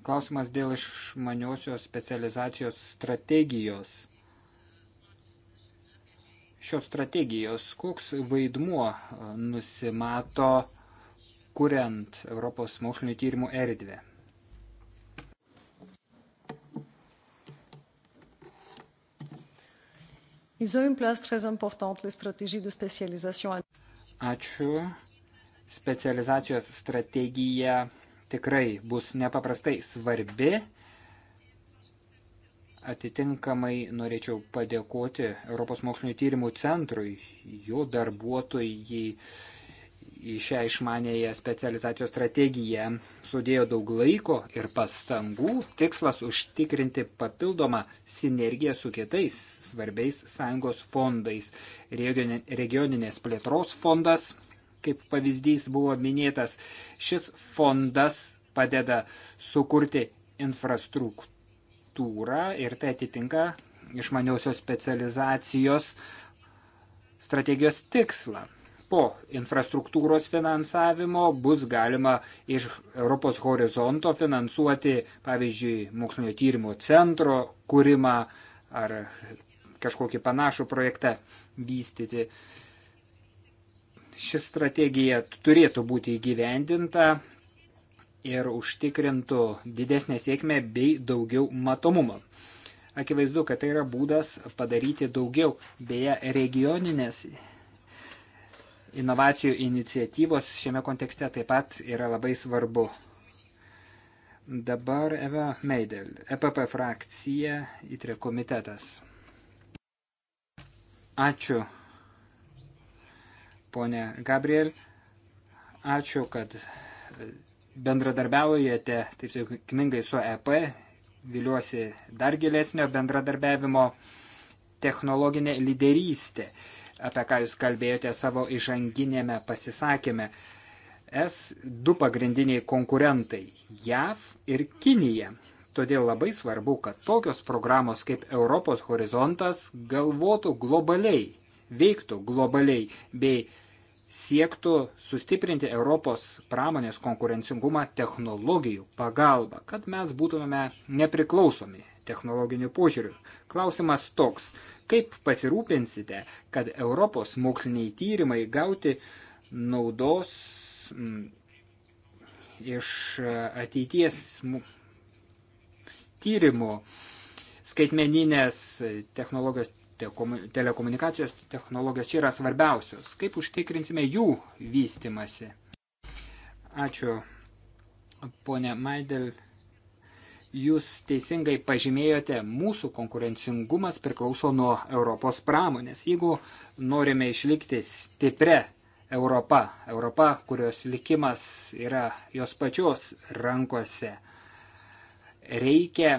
[SPEAKER 1] Klausimas dėl išmaniosios specializacijos strategijos. Šios strategijos koks vaidmuo e, nusimato kuriant Europos mokslinio tyrimų erdvę?
[SPEAKER 2] Ils ont une place très importante, les stratégies de spécialisation.
[SPEAKER 1] Ačiū. Specializacijos strategija tikrai bus nepaprastai svarbi. Atitinkamai norėčiau padėkoti Europos mokslinio tyrimų centrui, jo darbuotojai į šią išmanėją specializacijos strategiją sudėjo daug laiko ir pastangų. Tikslas užtikrinti papildomą sinergiją su kitais svarbiais sąjungos fondais. Regioninės plėtros fondas kaip pavyzdys buvo minėtas, šis fondas padeda sukurti infrastruktūrą ir tai atitinka išmaniausios specializacijos strategijos tikslą. Po infrastruktūros finansavimo bus galima iš Europos horizonto finansuoti, pavyzdžiui, mokslinio tyrimo centro kūrimą ar kažkokį panašų projektą vystyti ši strategija turėtų būti įgyvendinta ir užtikrintų didesnę sėkmę bei daugiau matomumo. Akivaizdu, kad tai yra būdas padaryti daugiau. Beje, regioninės inovacijų iniciatyvos šiame kontekste taip pat yra labai svarbu. Dabar Eva Meidel, EPP frakcija, ITRE komitetas. Ačiū ponė Gabriel. Ačiū, kad e, bendradarbiaujate taip sėkmingai su EP. Viliuosi dar gilesnio bendradarbiavimo technologinė lyderystė, apie ką jūs kalbėjote savo įžanginėme pasisakėme. Es du pagrindiniai konkurentai - JAV ir Kinija. Todėl labai svarbu, kad tokios programos kaip Europos horizontas galvotų globaliai veiktų globaliai bei siektų sustiprinti Europos pramonės konkurencingumą technologijų pagalba, kad mes būtumėme nepriklausomi technologiniu požiūriu. Klausimas toks, kaip pasirūpinsite, kad Europos moksliniai tyrimai gauti naudos m, mm, iš e, ateities m, tyrimų skaitmeninės technologijos telekomunikacijos technologijos čia yra svarbiausios. Kaip užtikrinsime jų vystimasi? Ačiū, ponė Maidel. Jūs teisingai pažymėjote, mūsų konkurencingumas priklauso nuo Europos pramonės. Jeigu norime išlikti stipre Europa, Europa, kurios likimas yra jos pačios rankose, reikia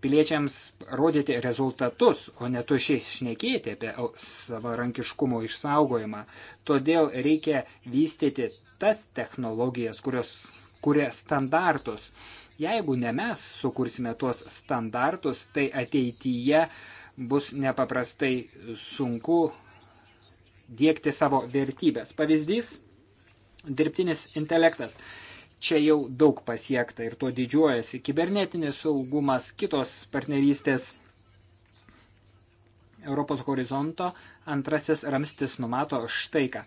[SPEAKER 1] piliečiams rodyti rezultatus, o ne tušiai šnekėti apie savarankiškumo išsaugojimą. Todėl reikia vystyti tas technologijas, kurios kuria standartus. Jeigu ne mes sukursime tuos standartus, tai ateityje bus nepaprastai sunku dėkti savo vertybės. Pavyzdys - dirbtinis intelektas čia jau daug pasiekta ir tuo didžiuojasi. Kibernetinis saugumas, kitos partnerystės Europos horizonto antrasis ramstis numato štai ką.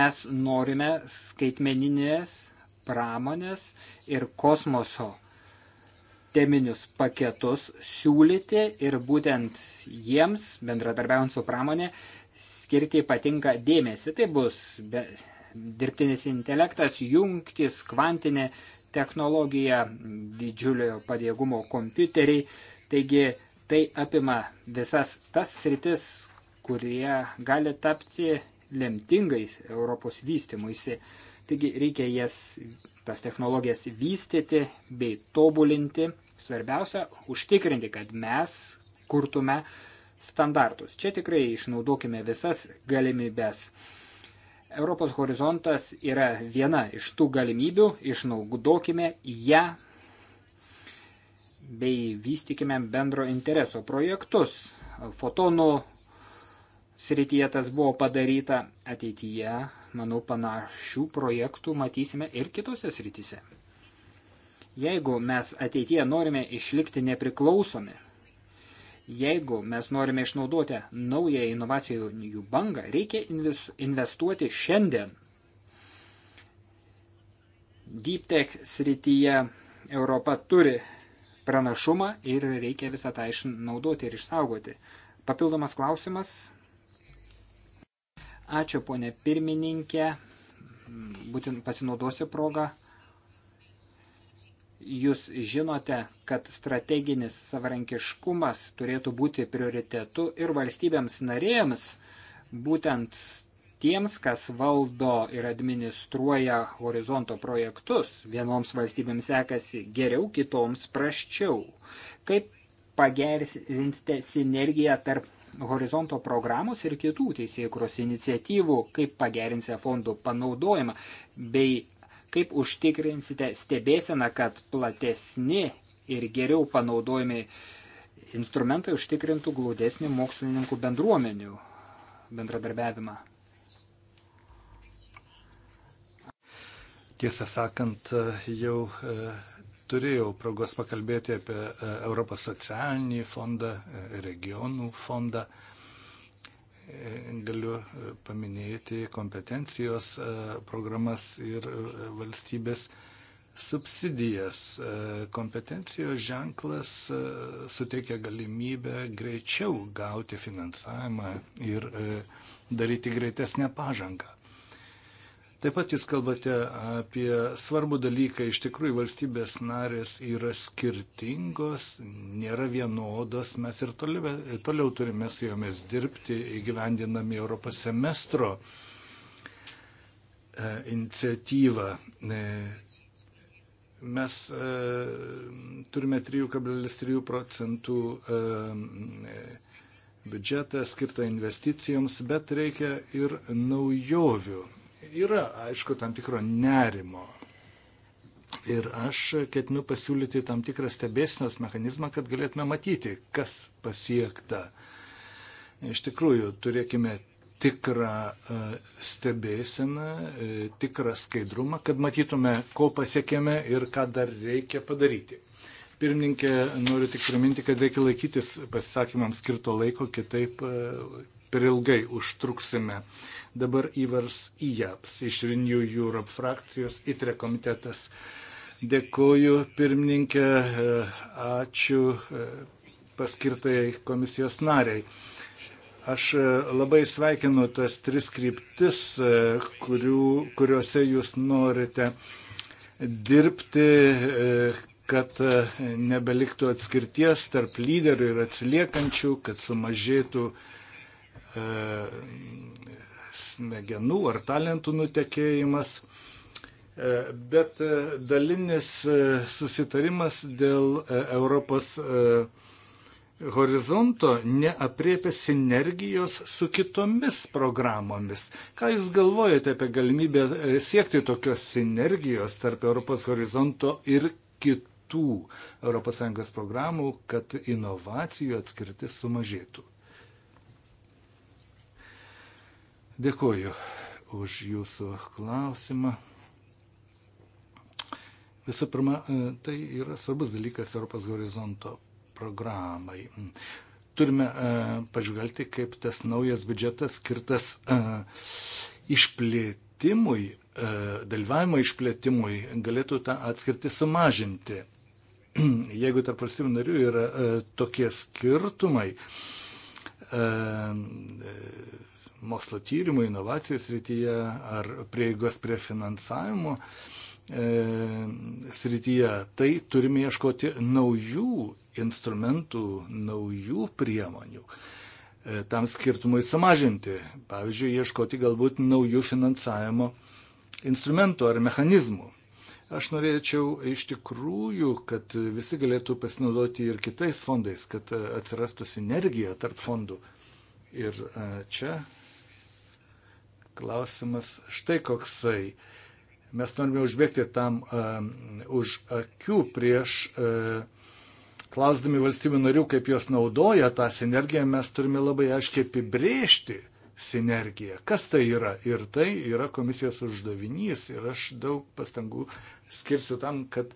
[SPEAKER 1] Mes norime skaitmeninės pramonės ir kosmoso teminius paketus siūlyti ir būtent jiems, bendradarbiaujant su pramonė, skirti ypatingą dėmesį. Tai bus be, dirbtinis intelektas, jungtis, kvantinė technologija, didžiulio padėgumo kompiuteriai. Taigi tai apima visas tas sritis, kurie gali tapti lemtingais Europos vystimuisi. Taigi reikia jas, tas technologijas vystyti bei tobulinti. Svarbiausia - užtikrinti, kad mes kurtume standartus. Čia tikrai išnaudokime visas galimybės. Europos horizontas yra viena iš tų galimybių, išnaudokime ją bei vystykime bendro intereso projektus. Fotonų srityje tas buvo padaryta ateityje, manau, panašių projektų matysime ir kitose srityse. Jeigu mes ateityje norime išlikti nepriklausomi, Jeigu mes norime išnaudoti naują inovacijų bangą, reikia investuoti šiandien. Deep Tech srityje Europa turi pranašumą ir reikia visą tą išnaudoti ir išsaugoti. Papildomas klausimas. Ačiū, ponė pirmininkė. Būtent pasinaudosiu progą Jūs žinote, kad strateginis savarankiškumas turėtų būti prioritetu ir valstybėms narėjams, būtent tiems, kas valdo ir administruoja horizonto projektus. Vienoms valstybėms sekasi geriau, kitoms praščiau. Kaip pagerinsite sinergiją tarp horizonto programos ir kitų teisėjų kuros iniciatyvų, kaip pagerinsite fondų panaudojimą, bei Kaip užtikrinsite stebėseną, kad platesni ir geriau panaudojami instrumentai užtikrintų glaudesnį mokslininkų bendruomenių bendradarbiavimą?
[SPEAKER 4] Tiesą sakant, jau e, turėjau progos pakalbėti apie e, Europos socialinį fondą, e, regionų fondą. E, galiu e, paminėti kompetencijos e, programas ir e, valstybės subsidijas. Kompetencijos ženklas suteikia galimybę greičiau gauti finansavimą ir daryti greitesnę pažangą. Taip pat jūs kalbate apie svarbų dalyką, iš tikrųjų valstybės narės yra skirtingos, nėra vienodos, mes ir toliau, toliau turime su jomis dirbti, įgyvendinami Europos semestro e, iniciatyvą. E, mes e, turime 3,3 procentų biudžetą skirtą investicijoms, bet reikia ir naujovių yra, aišku, tam tikro nerimo. Ir aš ketinu pasiūlyti tam tikrą stebėsinos mechanizmą, kad galėtume matyti, kas pasiekta. Iš tikrųjų, turėkime tikrą e, stebėsiną, e, tikrą skaidrumą, kad matytume, ko pasiekėme ir ką dar reikia padaryti. Pirmininkė, noriu tik priminti, kad reikia laikytis pasisakymams skirto laiko, kitaip e, per ilgai užtruksime dabar įvars IAPS iš Renew Europe frakcijos ITRE komitetas. Dėkuoju pirmininkė, ačiū e, paskirtai komisijos nariai. Aš e, labai sveikinu tas tris kryptis, e, kurių, kuriuose jūs norite dirbti, kad nebeliktų atskirties tarp lyderių ir atsiliekančių, kad sumažėtų e, smegenų ar talentų nutekėjimas. E, bet e, dalinis e, susitarimas dėl Europos horizonto neapriepia sinergijos su kitomis programomis. Ką Jūs galvojate apie galimybę siekti tokios sinergijos tarp Europos horizonto ir kitų ES programų, kad inovacijų atskirtis sumažėtų? Dėkuoju už jūsų klausimą. Visų pirma, e, tai yra svarbus dalykas Europos horizonto programai. Turime e, pažvelgti, kaip tas naujas biudžetas skirtas e, išplėtimui, dalyvavimo išplėtimui galėtų tą atskirtį sumažinti. Jeigu tarp valstybių narių yra tokie skirtumai, mokslo tyrimų, inovacijų srityje ar prieigos prie finansavimo e, srityje, tai turime ieškoti naujų instrumentų, naujų priemonių e, tam skirtumui sumažinti. Pavyzdžiui, ieškoti galbūt naujų finansavimo instrumentų ar mechanizmų. Aš norėčiau iš tikrųjų, kad visi galėtų pasinaudoti ir kitais fondais, kad atsirastų sinergija tarp fondų. Ir e, čia Klausimas štai koksai. Mes norime užbėgti tam um, už akių prieš uh, klausdami valstybių narių, kaip jos naudoja tą sinergiją, mes turime labai aiškiai apibrėžti sinergiją. Kas tai yra? Ir tai yra komisijos uždavinys ir aš daug pastangų skirsiu tam, kad,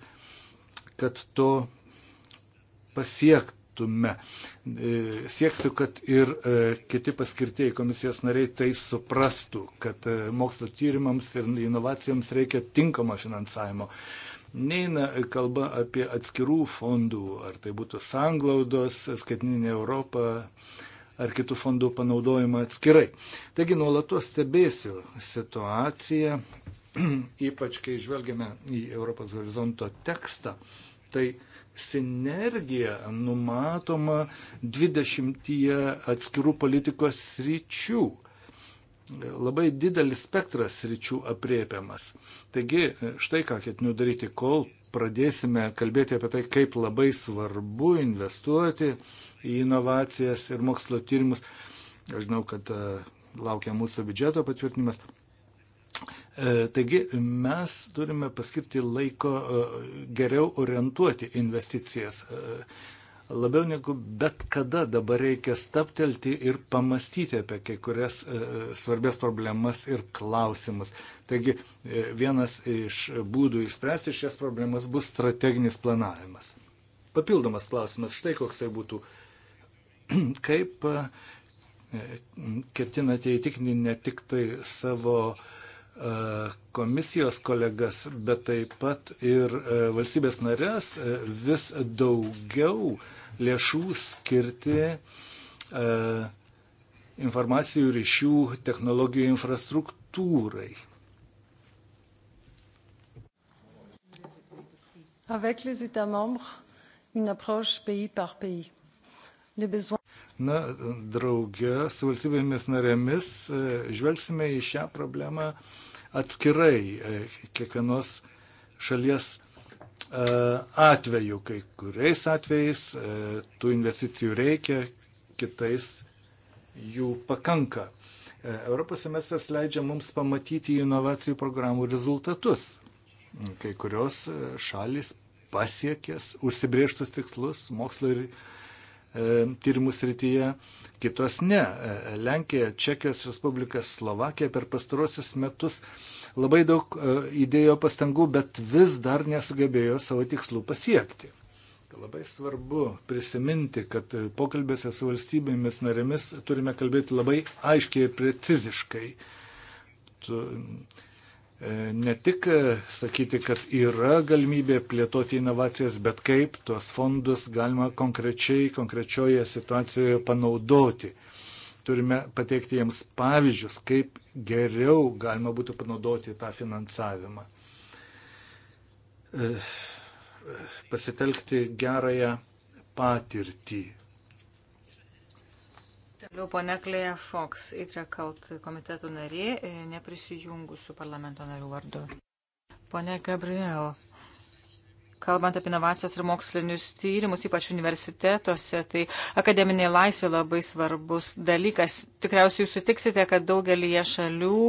[SPEAKER 4] kad to pasiektų dirbtume. Sieksiu, kad ir e, kiti paskirtieji komisijos nariai tai suprastų, kad e, mokslo tyrimams ir inovacijoms reikia tinkamo finansavimo. Neina kalba apie atskirų fondų, ar tai būtų sanglaudos, skaitminė Europa, ar kitų fondų panaudojimą atskirai. Taigi nuolatos stebėsiu situaciją, ypač kai žvelgiame į Europos horizonto tekstą, tai sinergija numatoma 20 atskirų politikos sričių. Labai didelis spektras sričių apriepiamas. Taigi, štai ką ketinu daryti, kol pradėsime kalbėti apie tai, kaip labai svarbu investuoti į inovacijas ir mokslo tyrimus. Aš žinau, kad e, laukia mūsų biudžeto patvirtinimas. E, taigi mes turime paskirti laiko e, geriau orientuoti investicijas. E, labiau negu bet kada dabar reikia staptelti ir pamastyti apie kai kurias svarbės problemas ir klausimus. Taigi vienas iš būdų išspręsti šias problemas bus strateginis planavimas. Papildomas klausimas, štai koksai būtų. Kaip ketinate įtikinti ne tik tai savo uh, E, komisijos kolegas, bet taip pat ir e, valstybės narės e, vis daugiau lėšų skirti informacijų ryšių technologijų infrastruktūrai.
[SPEAKER 2] Avec les États membres, une approche pays par pays. Les besoins
[SPEAKER 4] na, drauge su valstybėmis narėmis žvelgsime į šią problemą atskirai e, kiekvienos šalies e, atveju. Kai kuriais atvejais e, tų investicijų reikia, kitais jų pakanka. Europos semestras leidžia mums pamatyti inovacijų programų rezultatus. Kai kurios šalis pasiekės užsibrieštus tikslus mokslo ir E, tyrimų srityje, kitos ne. E, Lenkija, Čekijos Respublika, Slovakija per pastarosius metus labai daug e, įdėjo pastangų, bet vis dar nesugebėjo savo tikslų pasiekti. Labai svarbu prisiminti, kad pokalbėse su valstybėmis narėmis turime kalbėti labai aiškiai ir preciziškai. Tu, E, ne tik e, sakyti, kad yra galimybė plėtoti inovacijas, bet kaip tuos fondus galima konkrečiai, konkrečioje situacijoje panaudoti. Turime pateikti jiems pavyzdžius, kaip geriau galima būtų panaudoti tą finansavimą. E, pasitelkti gerąją patirtį
[SPEAKER 3] Toliau ponia Kleja Fox, įtrekalt komiteto narė, e, neprisijungusių parlamento narių vardu. Pone Gabriel, kalbant apie inovacijas ir mokslinius tyrimus, ypač universitetuose, tai akademinė laisvė labai svarbus dalykas. Tikriausiai jūs sutiksite, kad daugelį šalių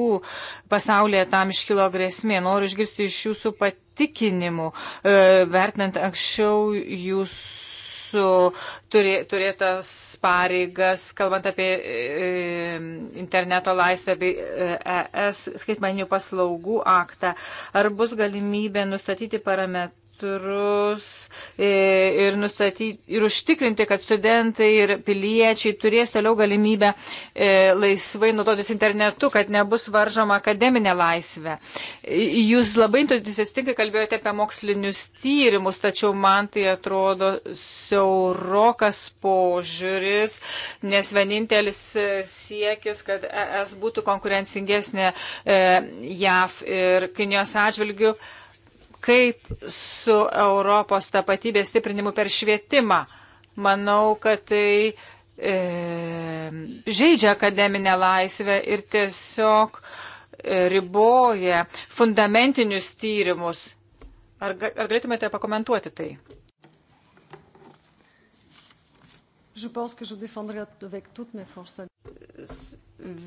[SPEAKER 3] pasaulyje tam iškilo grėsmė. Noriu išgirsti iš jūsų patikinimų, e, vertinant anksčiau jūsų mūsų turė, turėtas pareigas, kalbant apie e, e interneto laisvę bei ES e skaitmaninių paslaugų aktą. Ar bus galimybė nustatyti parametrus? ministrus e, ir, nustatyti, ir užtikrinti, kad studentai ir piliečiai turės toliau galimybę e, laisvai naudotis internetu, kad nebus varžoma akademinė laisvė. Jūs labai entuziastingai kalbėjote apie mokslinius tyrimus, tačiau man tai atrodo siaurokas požiūris, nes vienintelis e, siekis, kad ES būtų konkurencingesnė JAV ir Kinijos atžvilgių. Uh, kaip su Europos tapatybės stiprinimu per švietimą. Manau, kad tai e, žaidžia akademinę laisvę ir tiesiog e, riboja fundamentinius tyrimus. Ar, ar galėtumėte pakomentuoti tai?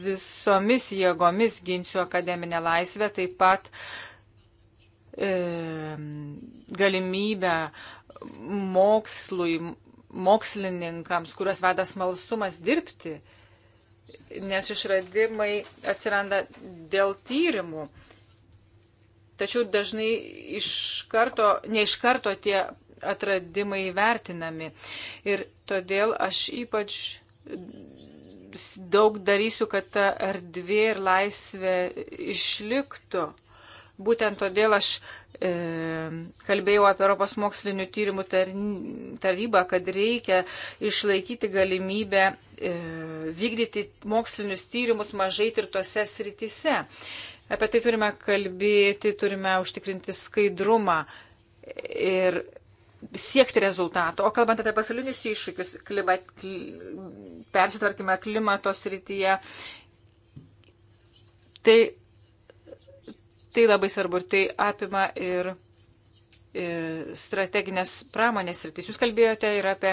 [SPEAKER 3] Visomis jėgomis ginsiu akademinę laisvę, taip pat uh, E, galimybę mokslui, mokslininkams, kuriuos veda smalsumas dirbti, nes išradimai atsiranda dėl tyrimų. Tačiau dažnai iš karto, ne iš karto tie atradimai vertinami. Ir todėl aš ypač daug darysiu, kad ta erdvė ir laisvė išliktų. Būtent todėl aš e, kalbėjau apie Europos mokslinių tyrimų tarybą, kad reikia išlaikyti galimybę e, vykdyti mokslinius tyrimus mažai ir tose sritise. Apie tai turime kalbėti, turime užtikrinti skaidrumą ir siekti rezultato. O kalbant apie pasaulinius iššūkius, klimat, kl, persitvarkime klimato srityje, tai Tai labai svarbu ir tai apima ir, ir e, strateginės pramonės rytis. Jūs kalbėjote ir apie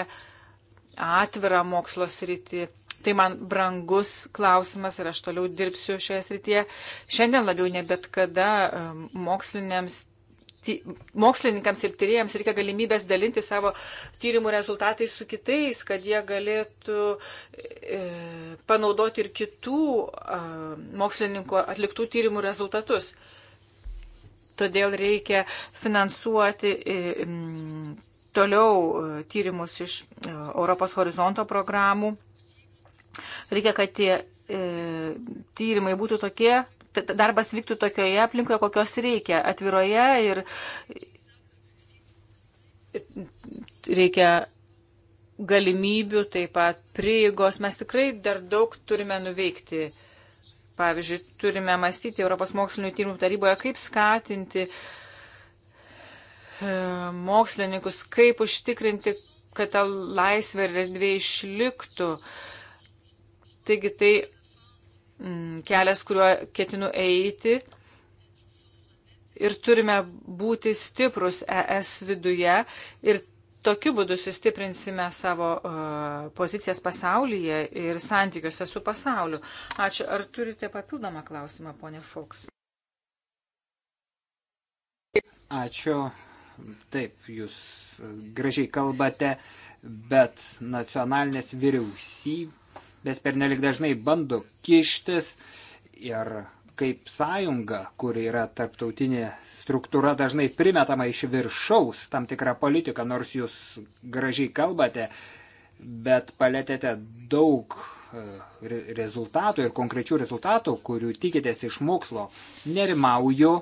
[SPEAKER 3] atvirą mokslo sritį. Tai man brangus klausimas ir aš toliau dirbsiu šioje srityje. Šiandien labiau ne bet kada e, moksliniams mokslininkams ir tyriejams reikia galimybės dalinti savo tyrimų rezultatais su kitais, kad jie galėtų e, panaudoti ir kitų e, mokslininkų atliktų tyrimų rezultatus. E, todėl reikia finansuoti e, toliau e, tyrimus iš e, Europos horizonto programų. Reikia, kad tie tyrimai būtų tokie, darbas vyktų tokioje aplinkoje, kokios reikia, atviroje ir reikia galimybių, taip pat prieigos. Mes tikrai dar daug turime nuveikti. Pavyzdžiui, turime mąstyti Europos mokslinio tyrimų taryboje, kaip skatinti e, mokslininkus, kaip užtikrinti, kad ta laisvė ir erdvė išliktų. Taigi tai mm, kelias, kuriuo ketinu eiti. Ir turime būti stiprus ES viduje ir Tokiu būdu sustiprinsime savo uh, pozicijas pasaulyje ir santykiuose su pasauliu. Ačiū. Ar turite papildomą klausimą, ponė Fox?
[SPEAKER 1] Ačiū. Taip, jūs gražiai kalbate, bet nacionalinės vyriausybės pernelik dažnai bando kištis ir kaip sąjunga, kur yra tarptautinė struktūra dažnai primetama iš viršaus tam tikrą politiką, nors jūs gražiai kalbate, bet palėtėte daug e, rezultatų ir konkrečių rezultatų, kurių tikitės iš mokslo. Nerimauju,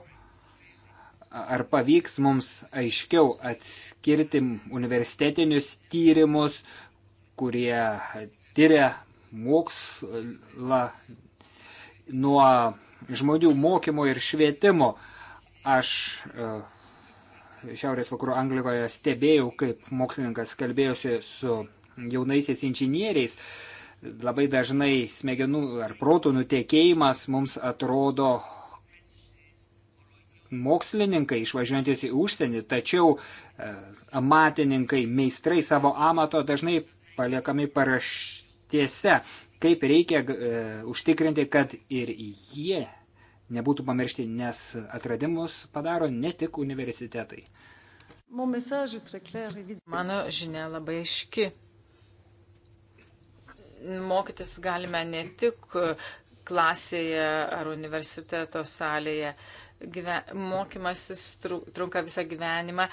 [SPEAKER 1] ar pavyks mums aiškiau atskirti universitetinius tyrimus, kurie tyria mokslą nuo žmonių mokymo ir švietimo. Uh, Aš e, Šiaurės vakarų Anglijoje stebėjau, kaip mokslininkas kalbėjosi su jaunaisiais inžinieriais. Labai dažnai smegenų ar protų nutekėjimas mums atrodo mokslininkai išvažiuojantys į užsienį, tačiau e, amatininkai, meistrai savo amato dažnai paliekami paraštėse. Kaip reikia e, užtikrinti, kad ir jie nebūtų pamiršti, nes atradimus padaro ne tik universitetai.
[SPEAKER 2] Mano
[SPEAKER 3] žinia labai aiški. Mokytis galime ne tik klasėje ar universiteto salėje. Gyve, mokymasis trunka visą gyvenimą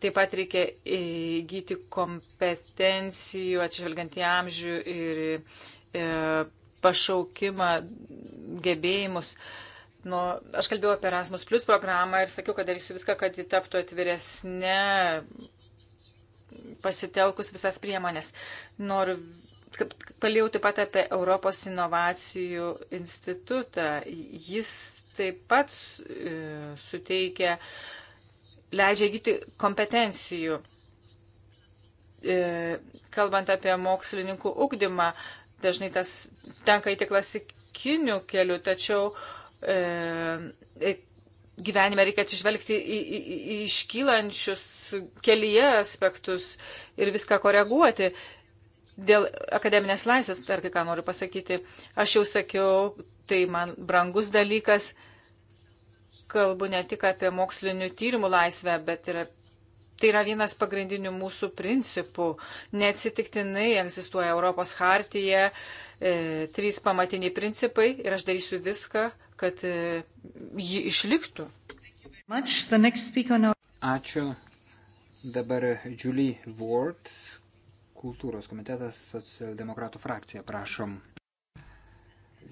[SPEAKER 3] Taip pat reikia įgyti kompetencijų atžvelgiant į amžių ir e, pašaukimą, gebėjimus. E, nu, aš kalbėjau apie Erasmus Plus programą ir sakiau, kad darysiu viską, kad ji taptų atviresnė, pasitelkus visas priemonės. Noriu Palėjau taip pat apie Europos inovacijų institutą. Jis taip pat e, suteikia, leidžia įgyti kompetencijų. E, kalbant apie mokslininkų ugdymą, dažnai tas tenka įti klasikinių kelių, tačiau e, gyvenime reikia atsižvelgti į, į, į iškylančius kelyje aspektus ir viską koreguoti. Dėl akademinės laisvės, dar kai ką noriu pasakyti, aš jau sakiau, tai man brangus dalykas, kalbu ne tik apie mokslinių tyrimų laisvę, bet ir tai yra vienas pagrindinių mūsų principų. Neatsitiktinai egzistuoja Europos hartyje e, trys pamatiniai principai ir aš darysiu viską, e, kad e, ji išliktų.
[SPEAKER 1] Ačiū. Dabar Julie Ward, kultūros komitetas, socialdemokratų frakcija, prašom.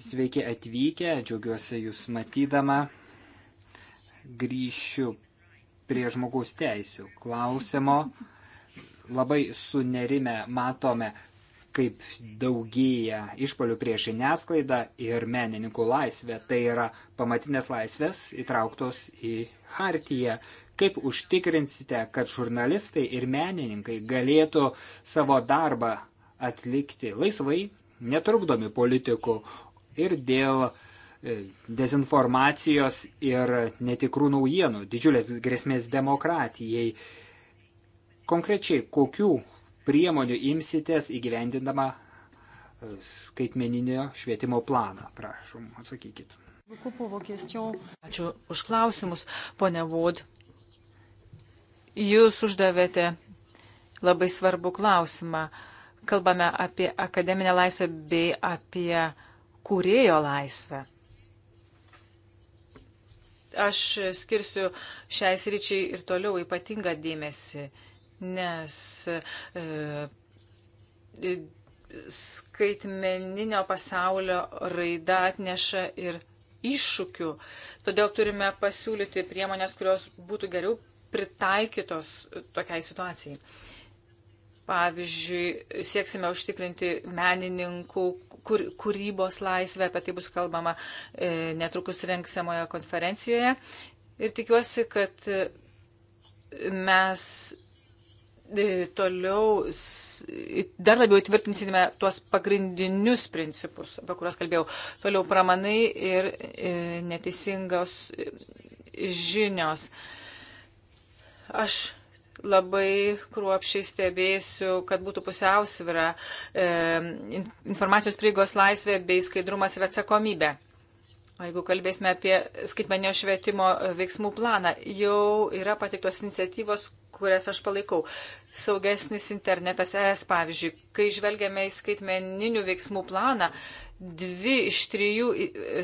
[SPEAKER 1] Sveiki atvykę, džiaugiuosi Jūs matydama. Grįšiu prie žmogaus teisių klausimo. Labai sunerime matome, kaip daugėja išpolių prieš žiniasklaidą ir menininkų laisvę. Tai yra pamatinės laisvės įtrauktos į hartiją. Kaip užtikrinsite, kad žurnalistai ir menininkai galėtų savo darbą atlikti laisvai, netrukdomi politikų ir dėl e, dezinformacijos ir netikrų naujienų, didžiulės grėsmės demokratijai. Konkrečiai, kokių priemonių imsitės įgyvendindama e, skaitmeninio švietimo planą? Prašom, atsakykit.
[SPEAKER 3] Ačiū už klausimus, ponia Vod. Jūs uždavėte labai svarbų klausimą. Kalbame apie akademinę laisvę bei apie kūrėjo laisvę. Aš skirsiu šiais ryčiai ir toliau ypatingą dėmesį, nes e, skaitmeninio pasaulio raida atneša ir iššūkių. Todėl turime pasiūlyti priemonės, kurios būtų geriau pritaikytos tokiai situacijai. Pavyzdžiui, sieksime užtikrinti menininkų kur, kūrybos laisvę, apie tai bus kalbama e, netrukus renksiamoje konferencijoje. Ir tikiuosi, kad mes E, toliau dar labiau įtvirtinsime tuos pagrindinius principus, apie kuriuos kalbėjau. Toliau pramanai ir e, neteisingos e, žinios. Aš labai kruopšiai stebėsiu, kad būtų pusiausvyra e, informacijos prieigos laisvė bei skaidrumas ir atsakomybė. O jeigu kalbėsime apie skaitmenio švietimo veiksmų planą, jau yra patiktos iniciatyvos, kurias aš palaikau. Saugesnis internetas ES, pavyzdžiui, kai žvelgiame į skaitmeninių veiksmų planą, dvi iš trijų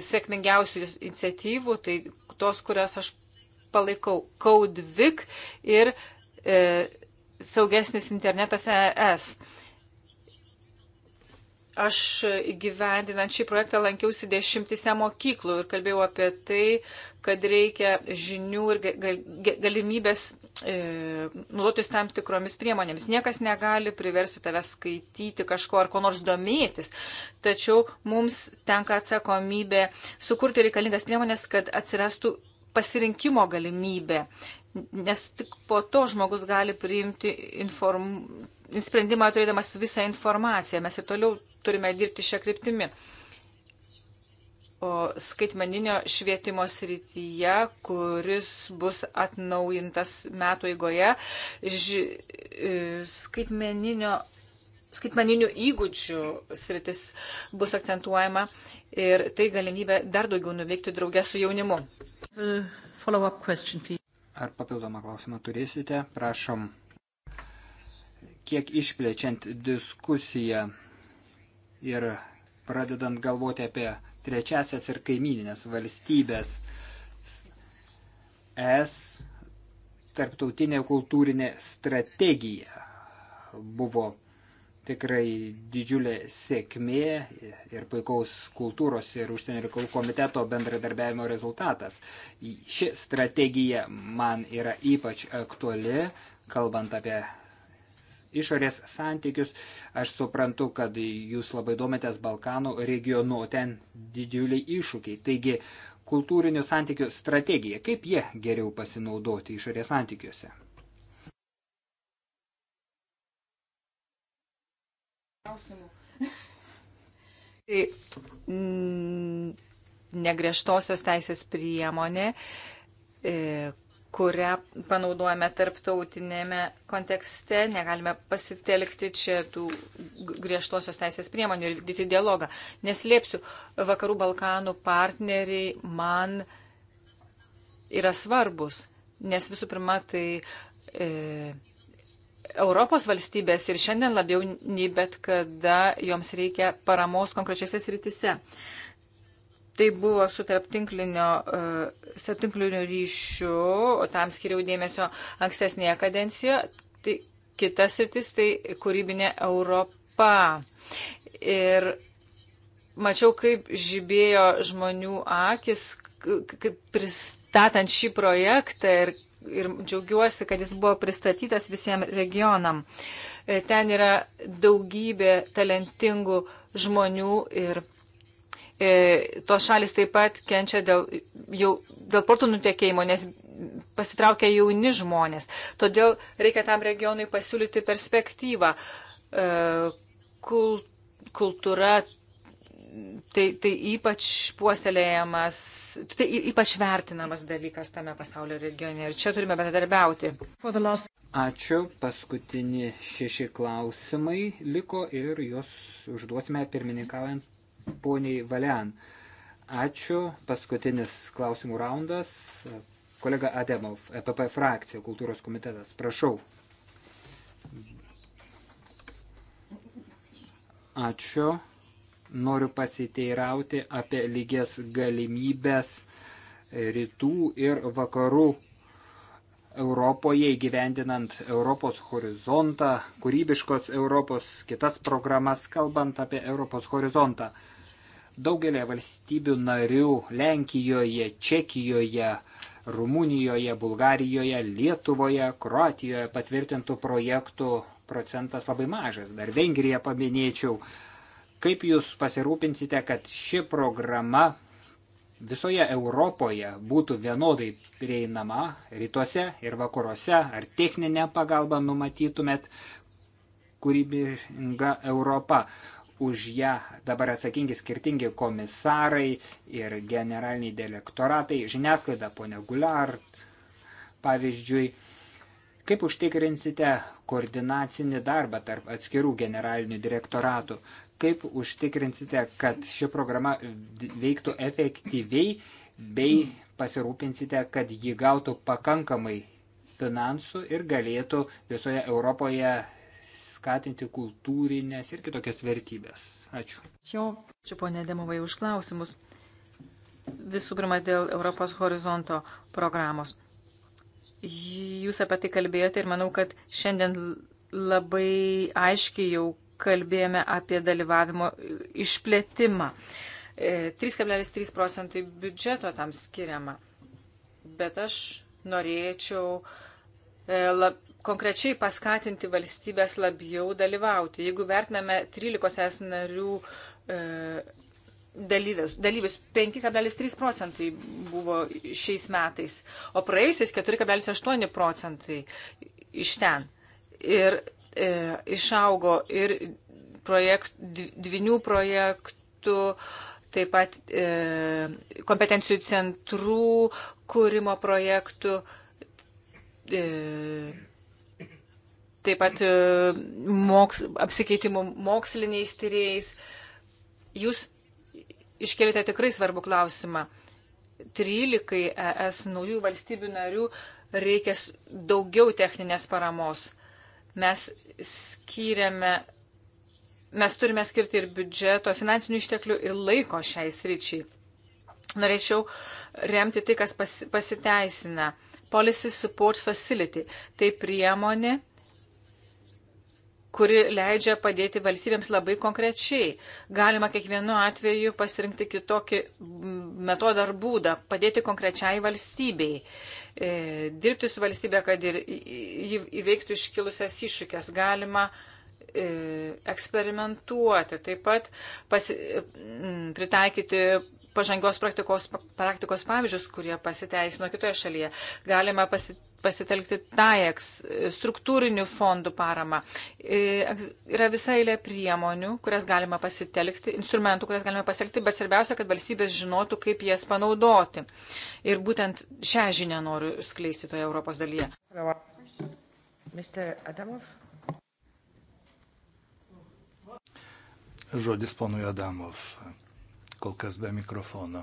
[SPEAKER 3] sėkmingiausių iniciatyvų, tai tos, kurias aš palaikau, Codevik ir e, saugesnis internetas ES. E, Aš gyvendinant šį projektą lankiausi dešimtise mokyklų ir kalbėjau apie tai, kad reikia žinių ir galimybės e, nulotis tam tikromis priemonėmis. Niekas negali priversti tave skaityti kažko ar ko nors domėtis, tačiau mums tenka atsakomybė sukurti reikalingas priemonės, kad atsirastų pasirinkimo galimybė, nes tik po to žmogus gali priimti inform, sprendimą turėdamas visą informaciją. Mes ir toliau turime dirbti šią kryptimį. O skaitmeninio švietimo srityje, kuris bus atnaujintas metų eigoje, ž, e, skaitmeninio skaitmeninių įgūdžių sritis bus akcentuojama ir tai galimybė dar daugiau nuveikti draugę su jaunimu. Uh,
[SPEAKER 1] question, Ar papildomą klausimą turėsite? Prašom kiek išplečiant diskusiją ir pradedant galvoti apie trečiasias ir kaimininės valstybės. Es tarptautinė kultūrinė strategija buvo tikrai didžiulė sėkmė ir puikaus kultūros ir užsienio reikalų komiteto bendradarbiavimo rezultatas. Ši strategija man yra ypač aktuali, kalbant apie išorės santykius. Aš suprantu, kad jūs labai domitės Balkanų regionu, ten didžiuliai iššūkiai. Taigi, kultūrinių santykių strategija, kaip jie geriau pasinaudoti išorės santykiuose?
[SPEAKER 3] Tai mm, negriežtosios teisės priemonė, e, kurią panaudojame tarptautinėme kontekste, negalime pasitelkti čia tų griežtosios teisės priemonių ir vykdyti dialogą. Neslėpsiu, vakarų Balkanų partneriai man yra svarbus, nes visų pirma, tai e, Europos valstybės ir šiandien labiau nei bet kada joms reikia paramos konkrečiose sritise. E, Tai buvo e, su tarptinkliniu ryšiu, o tam skiriau dėmesio ankstesnėje kadencijoje. Tai kitas rytis tai kūrybinė Europa. Ir mačiau, kaip žibėjo žmonių akis, kaip pristatant šį projektą ir, ir džiaugiuosi, kad jis buvo pristatytas visiems regionam. E, ten yra daugybė talentingų žmonių ir E, tos šalis taip pat kenčia dėl, jau, dėl portų nutekėjimo, nes pasitraukia jauni žmonės. Todėl reikia tam regionui pasiūlyti perspektyvą. E, kul, kultūra tai, tai ypač puoselėjamas, tai ypač vertinamas dalykas tame pasaulio regione ir čia turime bendradarbiauti.
[SPEAKER 1] Ačiū, paskutini šeši klausimai liko ir juos užduosime pirmininkaujant poniai Valian. Ačiū. Paskutinis klausimų raundas. Kolega Ademov, EPP frakcija, kultūros komitetas. Prašau. Ačiū. Noriu pasiteirauti apie lygias galimybės rytų ir vakarų Europoje įgyvendinant Europos horizontą, kūrybiškos Europos, kitas programas, kalbant apie Europos horizontą. Daugelė valstybių narių Lenkijoje, Čekijoje, Rumunijoje, Bulgarijoje, Lietuvoje, Kroatijoje patvirtintų projektų procentas labai mažas. Dar Vengriją paminėčiau. Kaip jūs pasirūpinsite, kad ši programa visoje Europoje būtų vienodai prieinama rytuose ir vakaruose, ar techninę pagalbą numatytumėt kūrybinga Europa už ją dabar atsakingi skirtingi komisarai ir generaliniai direktoratai, žiniasklaida ponia Guliart, pavyzdžiui, kaip užtikrinsite koordinacinį darbą tarp atskirų generalinių direktoratų, kaip užtikrinsite, kad ši programa veiktų efektyviai bei pasirūpinsite, kad ji gautų pakankamai finansų ir galėtų visoje Europoje skatinti kultūrinės ir kitokias vertybės. Ačiū.
[SPEAKER 2] Ačiū, Ačiū ponė Demovai,
[SPEAKER 3] už klausimus. Visų pirma, dėl Europos horizonto programos. Jūs apie tai kalbėjote ir manau, kad šiandien labai aiškiai jau kalbėjome apie dalyvavimo išplėtimą. 3,3 e, procentai biudžeto tam skiriama. Bet aš norėčiau uh, E, lab, konkrečiai paskatinti valstybės labiau dalyvauti. Jeigu vertiname 13 es narių e, dalyvius, dalyvius 5,3 procentai buvo šiais metais, o praėjusiais 4,8 procentai iš ten. Ir e, išaugo ir projekt, dvinių projektų, taip pat e, kompetencijų centrų kūrimo projektų. E, E, taip pat e, moks, apsikeitimu moksliniais tyrėjais. Jūs iškelite tikrai svarbų klausimą. 13 ES naujų valstybių narių reikia daugiau techninės paramos. Mes skiriame, mes turime skirti ir biudžeto, finansinių išteklių ir laiko šiai sričiai. Norėčiau remti tai, kas pas, pasiteisina. Uh, Policy Support Facility. Tai priemonė, kuri leidžia padėti valstybėms labai konkrečiai. Galima kiekvienu atveju pasirinkti kitokį metodą ar būdą, padėti konkrečiai valstybei e, dirbti su valstybė, kad ir jį įveiktų iškilusias iššūkės. Galima e, eksperimentuoti, taip pat pasi, e, m, pritaikyti pažangios praktikos, praktikos pavyzdžius, kurie pasiteisino kitoje šalyje. Galima pasiteisino pasitelkti TAEX, struktūrinių fondų paramą. E, yra visa eilė priemonių, kurias galima pasitelkti, instrumentų, kurias galima pasitelkti, bet svarbiausia, kad valstybės žinotų, kaip jas panaudoti. Ir būtent šią žinią noriu skleisti toje Europos dalyje.
[SPEAKER 4] Žodis ponui Adamov, kol kas be mikrofono.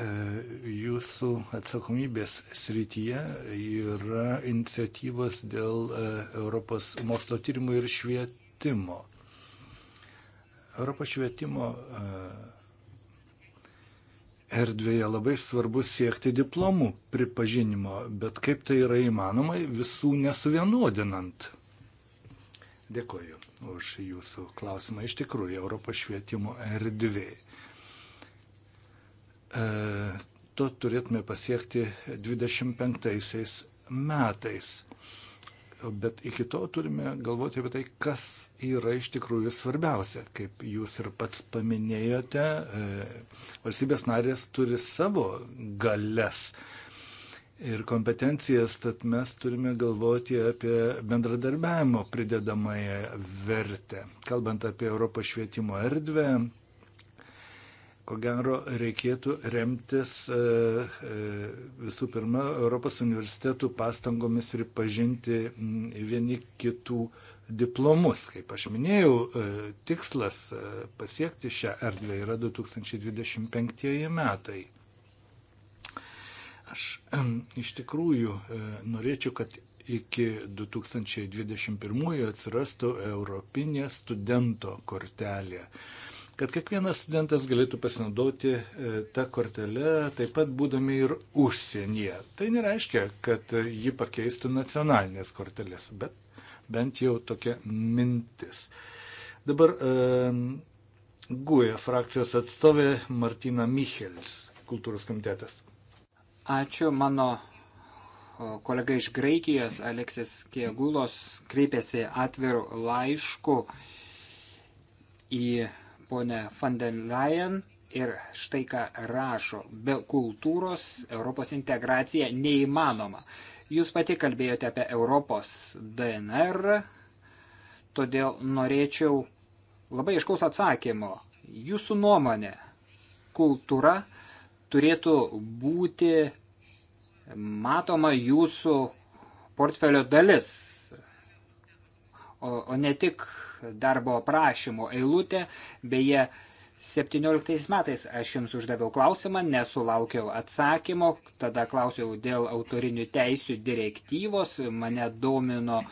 [SPEAKER 4] E, jūsų atsakomybės srityje yra iniciatyvos dėl e, Europos mokslo tyrimų ir švietimo. Europos švietimo e, erdvėje labai svarbu siekti diplomų pripažinimo, bet kaip tai yra įmanoma visų nesuvienodinant. Dėkoju už jūsų klausimą. Iš tikrųjų, Europos švietimo erdvė E, to turėtume pasiekti 25 metais. Bet iki to turime galvoti apie tai, kas yra iš tikrųjų svarbiausia. Kaip jūs ir pats paminėjote, e, valstybės narės turi savo galės ir kompetencijas, tad mes turime galvoti apie bendradarbiavimo pridedamąją vertę. Kalbant apie Europos švietimo erdvę, ko gero reikėtų remtis e, e, visų pirma Europos universitetų pastangomis pripažinti mm, vieni kitų diplomus. Kaip aš minėjau, e, tikslas pasiekti šią erdvę yra 2025 metai. Aš iš tikrųjų norėčiau, kad iki 2021 atsirastų Europinė studento kortelė kad kiekvienas studentas galėtų pasinaudoti e, tą kortelę, taip pat būdami ir užsienyje. Tai nereiškia, kad e, ji pakeistų nacionalinės kortelės, bet bent jau tokia mintis. Dabar e, GUE frakcijos atstovė Martina Michels, kultūros komitetas. Ačiū mano kolega iš Graikijos,
[SPEAKER 1] Aleksis Kiegulos, kreipėsi atvirų laiškų į ponė van den Leyen ir štai ką rašo, be kultūros Europos integracija neįmanoma. Jūs pati kalbėjote apie Europos DNR, todėl norėčiau labai iškaus atsakymo. Jūsų nuomonė, kultūra turėtų būti matoma jūsų portfelio dalis, o, o ne tik darbo aprašymo eilutė. Beje, 17 metais aš jums uždaviau klausimą, nesulaukiau atsakymo, tada klausiau dėl autorinių teisių direktyvos, mane domino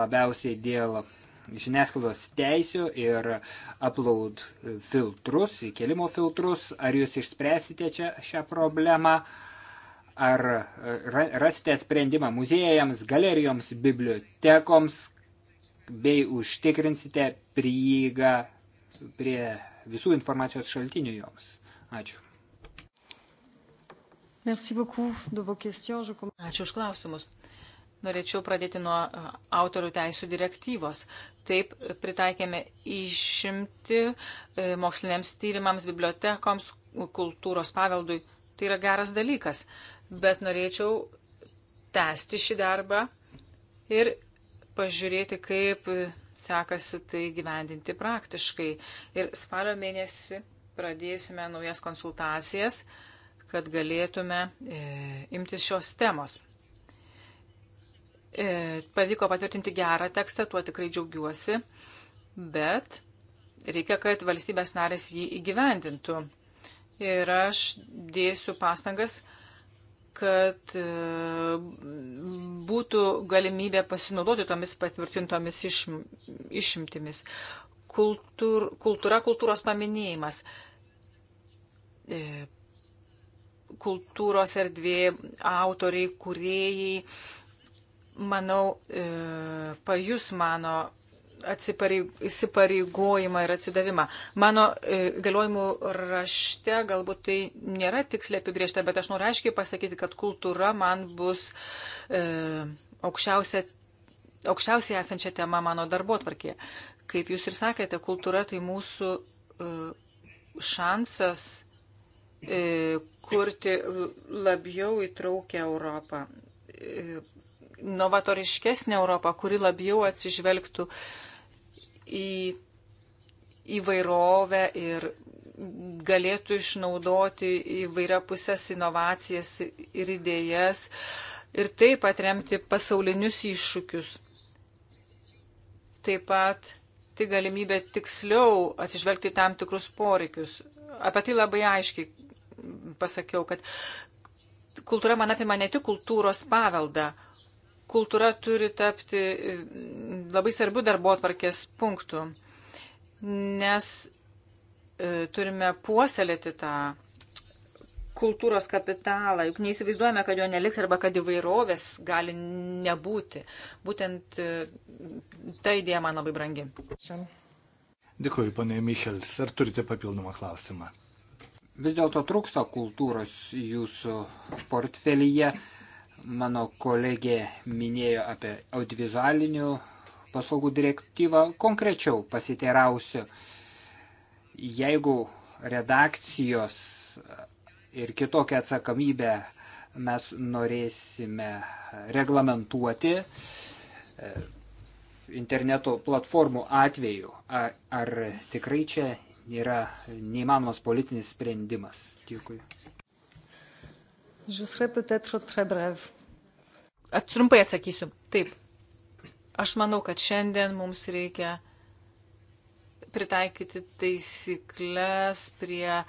[SPEAKER 1] labiausiai dėl žiniasklaidos teisių ir upload filtrus, įkelimo filtrus. Ar jūs išspręsite čia šią problemą? Ar rasite sprendimą muziejams, galerijoms, bibliotekoms, bei užtikrinsite prieigą prie visų informacijos šaltinių joms. Ačiū.
[SPEAKER 2] Ačiū už klausimus.
[SPEAKER 3] Norėčiau pradėti nuo e, autorių teisų direktyvos. Taip e, pritaikėme išimti e, moksliniams tyrimams, bibliotekoms, kultūros paveldui. Tai yra geras dalykas. Bet norėčiau tęsti šį darbą ir pažiūrėti, kaip sekasi tai gyvendinti praktiškai. Ir spalio mėnesį pradėsime naujas konsultacijas, kad galėtume e, imtis šios temos. E, pavyko patvirtinti gerą tekstą, tuo tikrai džiaugiuosi, bet reikia, kad valstybės narės jį įgyvendintų. Ir aš dėsiu pastangas, kad e, būtų galimybė pasinaudoti tomis patvirtintomis išm, išimtimis. Kultūr, kultūra, kultūros paminėjimas. E, kultūros erdvė, autoriai, kurėjai, manau, e, pajus mano įsipareigojimą ir atsidavimą. Mano e, galiojimų rašte galbūt tai nėra tiksliai apibriešta, bet aš noriu aiškiai pasakyti, kad kultūra man bus e, aukščiausia, aukščiausiai esančia tema mano darbo tvarkėje. Kaip jūs ir sakėte, kultūra tai mūsų e, šansas e, kurti labiau įtraukę Europą. E, novatoriškesnė Europa, kuri labiau atsižvelgtų e, į įvairovę ir galėtų išnaudoti įvairiapusės inovacijas ir idėjas ir taip atremti pasaulinius iššūkius. Taip pat tai galimybė tiksliau atsižvelgti tam tikrus poreikius. Apie tai labai aiškiai pasakiau, kad kultūra man apima ne tik kultūros paveldą, kultūra turi tapti e, labai svarbių darbo atvarkės punktų, nes e, turime puoselėti tą kultūros kapitalą, juk neįsivaizduojame, kad jo neliks arba kad įvairovės gali nebūti. Būtent e, ta idėja man labai brangi.
[SPEAKER 4] Dėkuoju, ponė Michelis. Ar turite papildomą klausimą? Vis dėlto trūksta
[SPEAKER 1] kultūros jūsų portfelyje. Mano kolegė minėjo apie audiovizualinių paslaugų direktyvą. Konkrečiau pasiteirausiu, jeigu redakcijos ir kitokią atsakomybę mes norėsime reglamentuoti e, interneto platformų atveju. Ar, ar tikrai čia yra neįmanomas politinis sprendimas? Dėkui.
[SPEAKER 2] Trumpai atsakysiu.
[SPEAKER 3] Taip. Aš manau, kad šiandien mums reikia pritaikyti taisyklės prie e,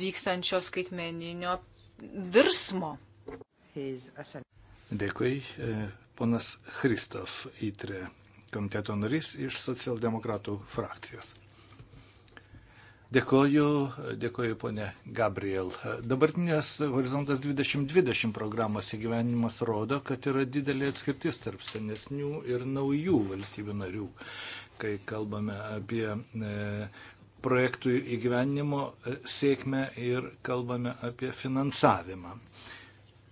[SPEAKER 3] vykstančio skaitmeninio virsmo.
[SPEAKER 4] Dėkui, e, ponas Kristof Itre, komiteto narys iš socialdemokratų frakcijos. Dėkoju, dėkoju ponė Gabriel. Dabartinės Horizontas 2020 programos įgyvenimas rodo, kad yra didelė atskirtis tarp senesnių ir naujų valstybių narių, kai kalbame apie e, projektų įgyvenimo e, sėkmę ir kalbame apie finansavimą.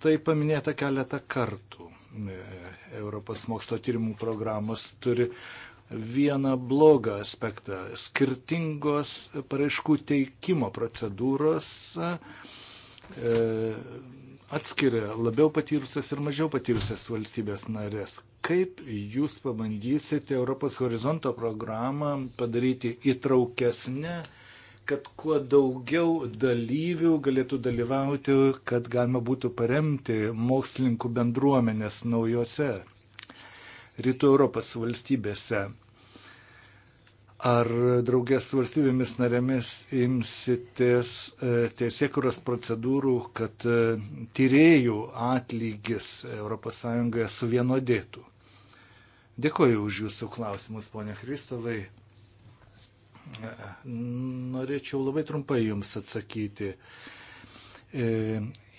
[SPEAKER 4] Tai paminėta keletą kartų. E, Europos mokslo tyrimų programos turi vieną blogą aspektą. Skirtingos paraiškų teikimo procedūros e, atskiria labiau patyrusias ir mažiau patyrusias valstybės narės. Kaip jūs pabandysite Europos horizonto programą padaryti įtraukesnę, kad kuo daugiau dalyvių galėtų dalyvauti, kad galima būtų paremti mokslininkų bendruomenės naujose rytų Europos valstybėse. Ar draugės su valstybėmis narėmis imsitės e, teisėkuros procedūrų, kad e, tyriejų atlygis ES suvienodėtų? Dėkoju už Jūsų klausimus, ponė Kristovai. E, norėčiau labai trumpai Jums atsakyti.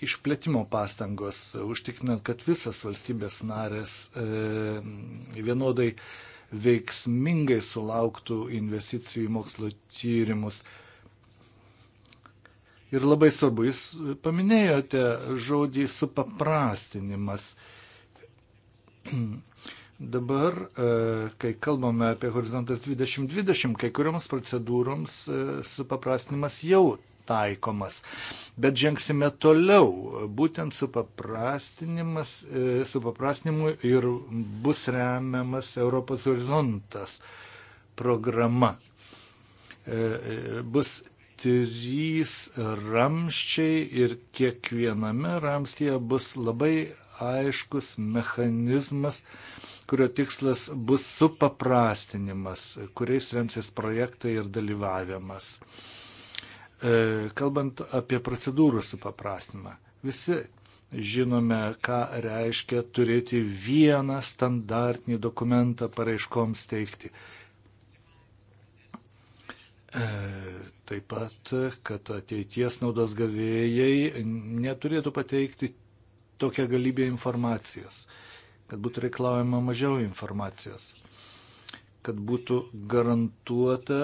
[SPEAKER 4] Išplėtimo pastangos, užtikrinant, kad visas valstybės narės vienodai veiksmingai sulauktų investicijų į mokslo tyrimus. Ir labai svarbu, jūs paminėjote žodį supaprastinimas. Dabar, e, kai kalbame apie Horizontas 2020, kai kurioms procedūroms e, supaprastinimas jau taikomas. Bet žengsime toliau. Būtent e, supaprastinimu ir bus remiamas Europos horizontas programa. E, e, bus trys ramščiai ir kiekviename ramstyje bus labai aiškus mechanizmas, kurio tikslas bus supaprastinimas, kuriais remsis projektai ir dalyvavimas. Uh, E, kalbant apie procedūrų supaprastinimą, visi žinome, ką reiškia turėti vieną standartinį dokumentą paraiškoms teikti. E, taip pat, kad ateities naudos gavėjai neturėtų pateikti tokią galybę informacijos, kad būtų reikalaujama mažiau informacijos, kad būtų garantuota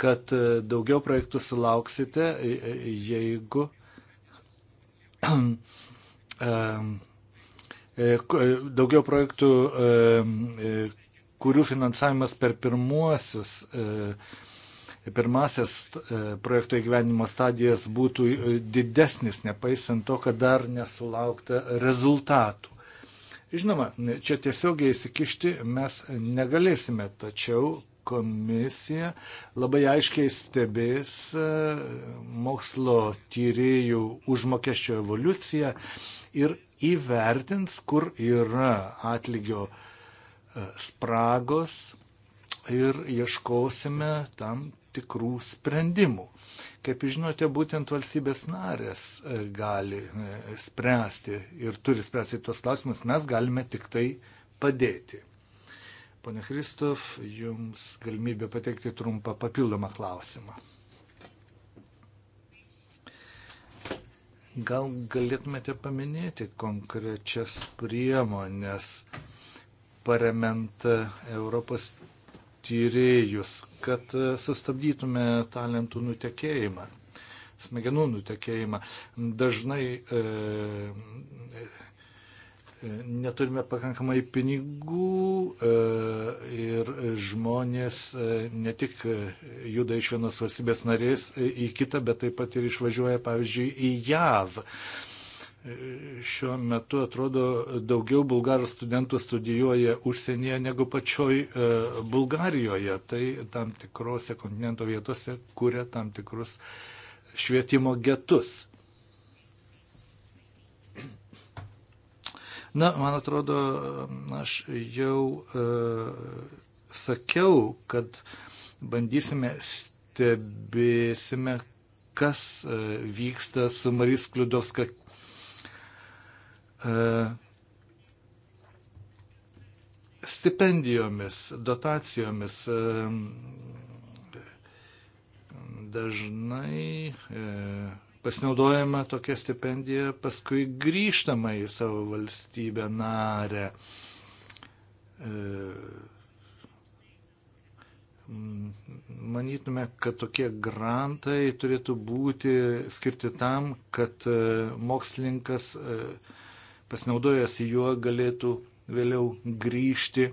[SPEAKER 4] kad e, daugiau projektų sulauksite, e, e, jeigu daugiau projektų, kurių finansavimas per pirmuosius, pirmasis projekto įgyvenimo stadijas būtų didesnis, nepaisant to, kad dar nesulaukta rezultatų. Žinoma, čia tiesiogiai įsikišti mes negalėsime, tačiau komisija labai aiškiai stebės e, mokslo tyriejų užmokesčio evoliuciją ir įvertins, kur yra atlygio e, spragos ir ieškosime tam tikrų sprendimų. Kaip žinote, būtent valstybės narės e, gali spręsti ir turi spręsti tuos klausimus, mes galime tik tai padėti. Pone Kristof, jums galimybė pateikti trumpą papildomą klausimą. Gal galėtumėte paminėti konkrečias priemonės paremant Europos tyriejus, kad sustabdytume talentų nutekėjimą, smegenų nutekėjimą. Dažnai e, neturime pakankamai pinigų e, ir žmonės e, ne tik juda iš vienos valstybės narės į kitą, bet taip pat ir išvažiuoja, pavyzdžiui, į JAV. E, šiuo metu atrodo daugiau bulgarų studentų studijuoja užsienyje negu pačioj Bulgarijoje. Tai tam tikrose kontinento vietose kuria tam tikrus švietimo getus. Na, man atrodo, aš jau e, sakiau, kad bandysime stebėsime, kas e, vyksta su Marys Kliudovska. E, stipendijomis, dotacijomis. E, dažnai e, pasinaudojama tokia stipendija, paskui grįžtama į savo valstybę narę. E, manytume, kad tokie grantai turėtų būti skirti tam, kad e, mokslininkas e, pasinaudojęs juo galėtų vėliau grįžti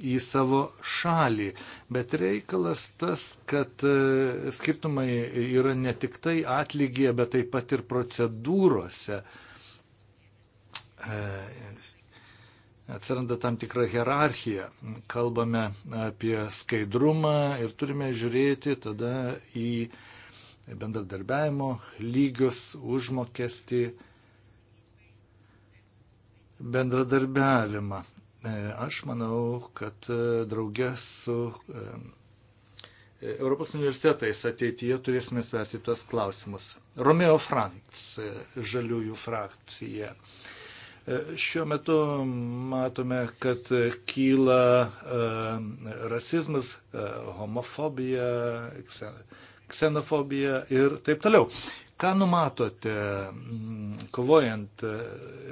[SPEAKER 4] į savo šalį. Bet reikalas tas, kad e, skirtumai yra ne tik tai atlygyje, bet taip pat ir procedūrose. E, atsiranda tam tikra hierarchija. Kalbame apie skaidrumą ir turime žiūrėti tada į bendradarbiavimo lygius, užmokestį, bendradarbiavimą. E, aš manau, kad e, draugė su e, Europos universitetais ateityje turėsime spręsti tuos klausimus. Romeo Franks, žaliųjų frakcija. Šiuo metu matome, kad kyla rasizmas, homofobija, ksenofobija ir taip toliau. Ką numatote, mm, kovojant,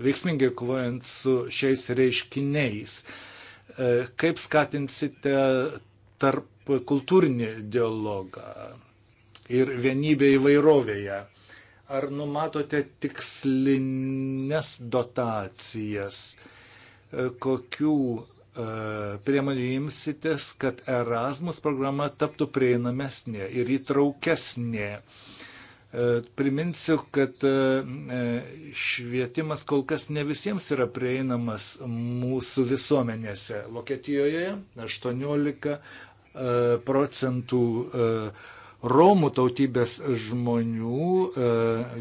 [SPEAKER 4] veiksmingai kovojant su šiais reiškiniais? E, kaip skatinsite tarp kultūrinį dialogą ir vienybę įvairovėje? Ar numatote tikslinės dotacijas? E, kokių e, priemonių imsitės, kad Erasmus programa taptų prieinamesnė ir įtraukesnė? E, priminsiu, kad e, e, švietimas kol kas ne visiems yra prieinamas mūsų visuomenėse. Vokietijoje 18 procentų Romų tautybės žmonių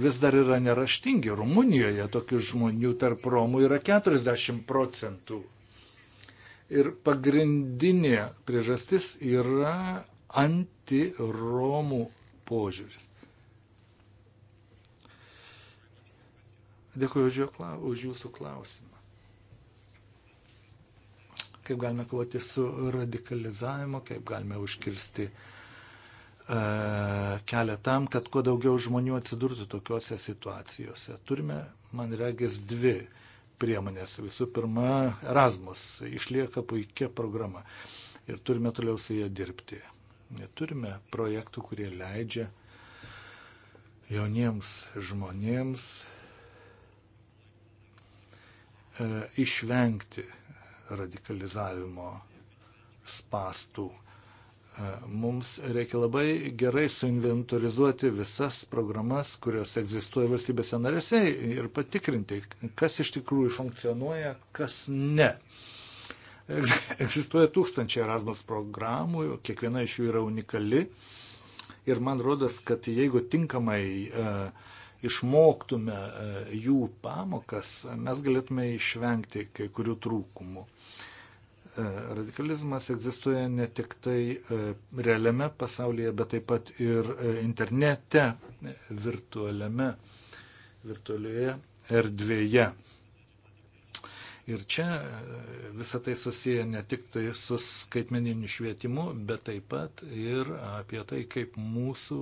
[SPEAKER 4] vis dar yra neraštingi. Rumunijoje tokių žmonių tarp Romų yra 40 procentų. Ir pagrindinė priežastis yra antiromų požiūris. Dėkuoju už jūsų klausimą. Kaip galime kovoti su radikalizavimu, kaip galime užkirsti e, kelią tam, kad kuo daugiau žmonių atsidurtų tokiuose situacijose. Turime, man regis, dvi priemonės. Visų pirma, Erasmus išlieka puikia programa ir turime toliau su ją dirbti. Turime projektų, kurie leidžia jauniems žmonėms E, išvengti radikalizavimo spastų. E, mums reikia labai gerai suinventorizuoti visas programas, kurios egzistuoja valstybėse narėse ir patikrinti, kas iš tikrųjų funkcionuoja, kas ne. Egzistuoja tūkstančiai Erasmus programų, kiekviena iš jų yra unikali ir man rodos, kad jeigu tinkamai uh, išmoktume e, jų pamokas, mes galėtume išvengti kai kurių trūkumų. E, radikalizmas egzistuoja ne tik tai e, realiame pasaulyje, bet taip pat ir internete, virtualiame, virtualioje erdvėje. Ir čia visą tai susiję ne tik tai su skaitmeniniu švietimu, bet taip pat ir apie tai, kaip mūsų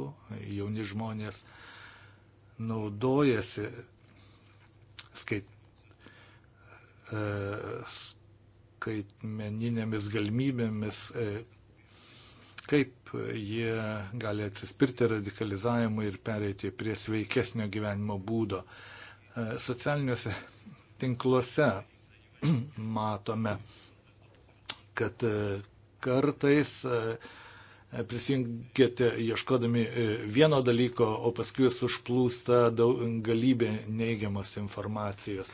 [SPEAKER 4] jauni žmonės naudojasi skait, e, skaitmeninėmis galimybėmis, e, kaip jie gali atsispirti radikalizavimui ir pereiti prie sveikesnio gyvenimo būdo. E, socialiniuose tinkluose matome, kad e, kartais e, E, prisijungiate ieškodami e, vieno dalyko, o paskui jūs užplūsta daug, galybė neigiamos informacijos.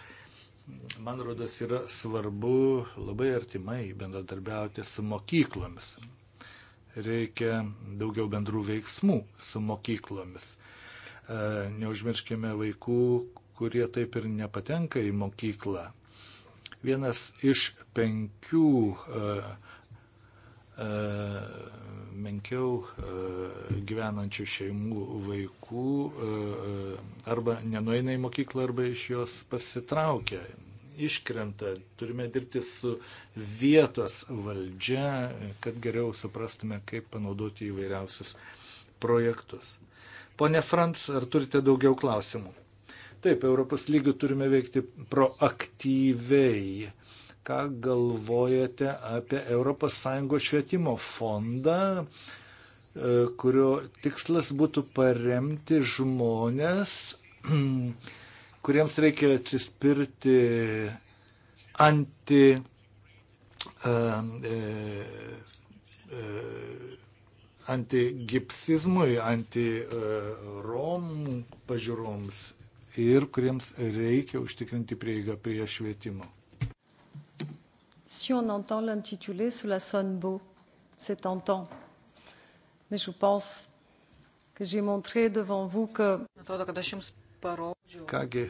[SPEAKER 4] Man rodos, yra svarbu labai artimai bendradarbiauti su mokyklomis. Reikia daugiau bendrų veiksmų su mokyklomis. E, neužmirškime vaikų, kurie taip ir nepatenka į mokyklą. Vienas iš penkių menkiau e, gyvenančių šeimų vaikų e, e, arba nenueina į mokyklą, arba iš jos pasitraukia, iškrenta. Turime dirbti su vietos valdžia, kad geriau suprastume, kaip panaudoti įvairiausius projektus. Pone Frans, ar turite daugiau klausimų? Taip, Europos lygių turime veikti proaktyviai ką galvojate apie ES švietimo fondą, e, kurio tikslas būtų paremti žmonės, kuriems reikia atsispirti anti e, e, antigipsizmui, antiromų pažiūroms ir kuriems reikia užtikrinti prieigą prie švietimo.
[SPEAKER 2] Si on entend l'intitulé, cela sonne beau, c'est tentant. Mais je pense que j'ai montré devant vous que... Atrodo, kad aš jums
[SPEAKER 3] parodžiau.
[SPEAKER 4] Kągi,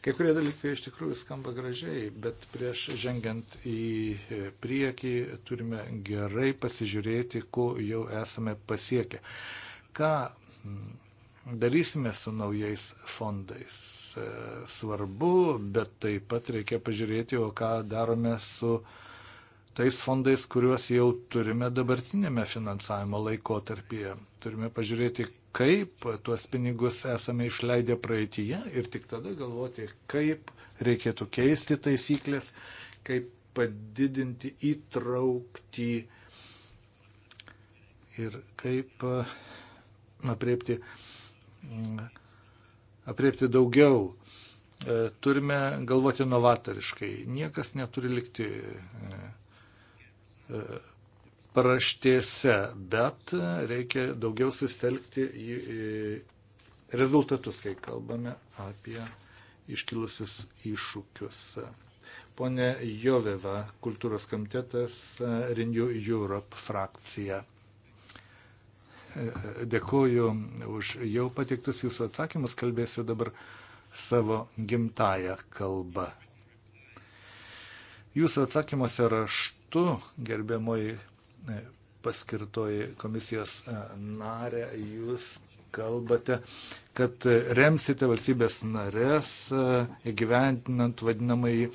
[SPEAKER 4] Kai kurie dalykai iš tikrųjų skamba gražiai, bet prieš žengiant į priekį turime gerai pasižiūrėti, ko jau esame pasiekę. Ką darysime su naujais fondais. E, svarbu, bet taip pat reikia pažiūrėti, o ką darome su tais fondais, kuriuos jau turime dabartinėme finansavimo laikotarpyje. Turime pažiūrėti, kaip tuos pinigus esame išleidę praeitįje ir tik tada galvoti, kaip reikėtų keisti taisyklės, kaip padidinti įtraukti ir kaip apriepti uh, apriepti daugiau. E, turime galvoti novatoriškai. Niekas neturi likti e, e, paraštėse, bet reikia daugiau sustelkti į rezultatus, kai kalbame apie iškilusius iššūkius. Pone Joveva, kultūros komitetas Renew Europe frakcija. Dėkuoju už jau patiktus jūsų atsakymus, kalbėsiu dabar savo gimtają kalbą. Jūsų atsakymuose raštu, gerbiamoji e, paskirtoji komisijos e, narė, jūs kalbate, kad e, remsite valstybės narės įgyventinant vadinamąjį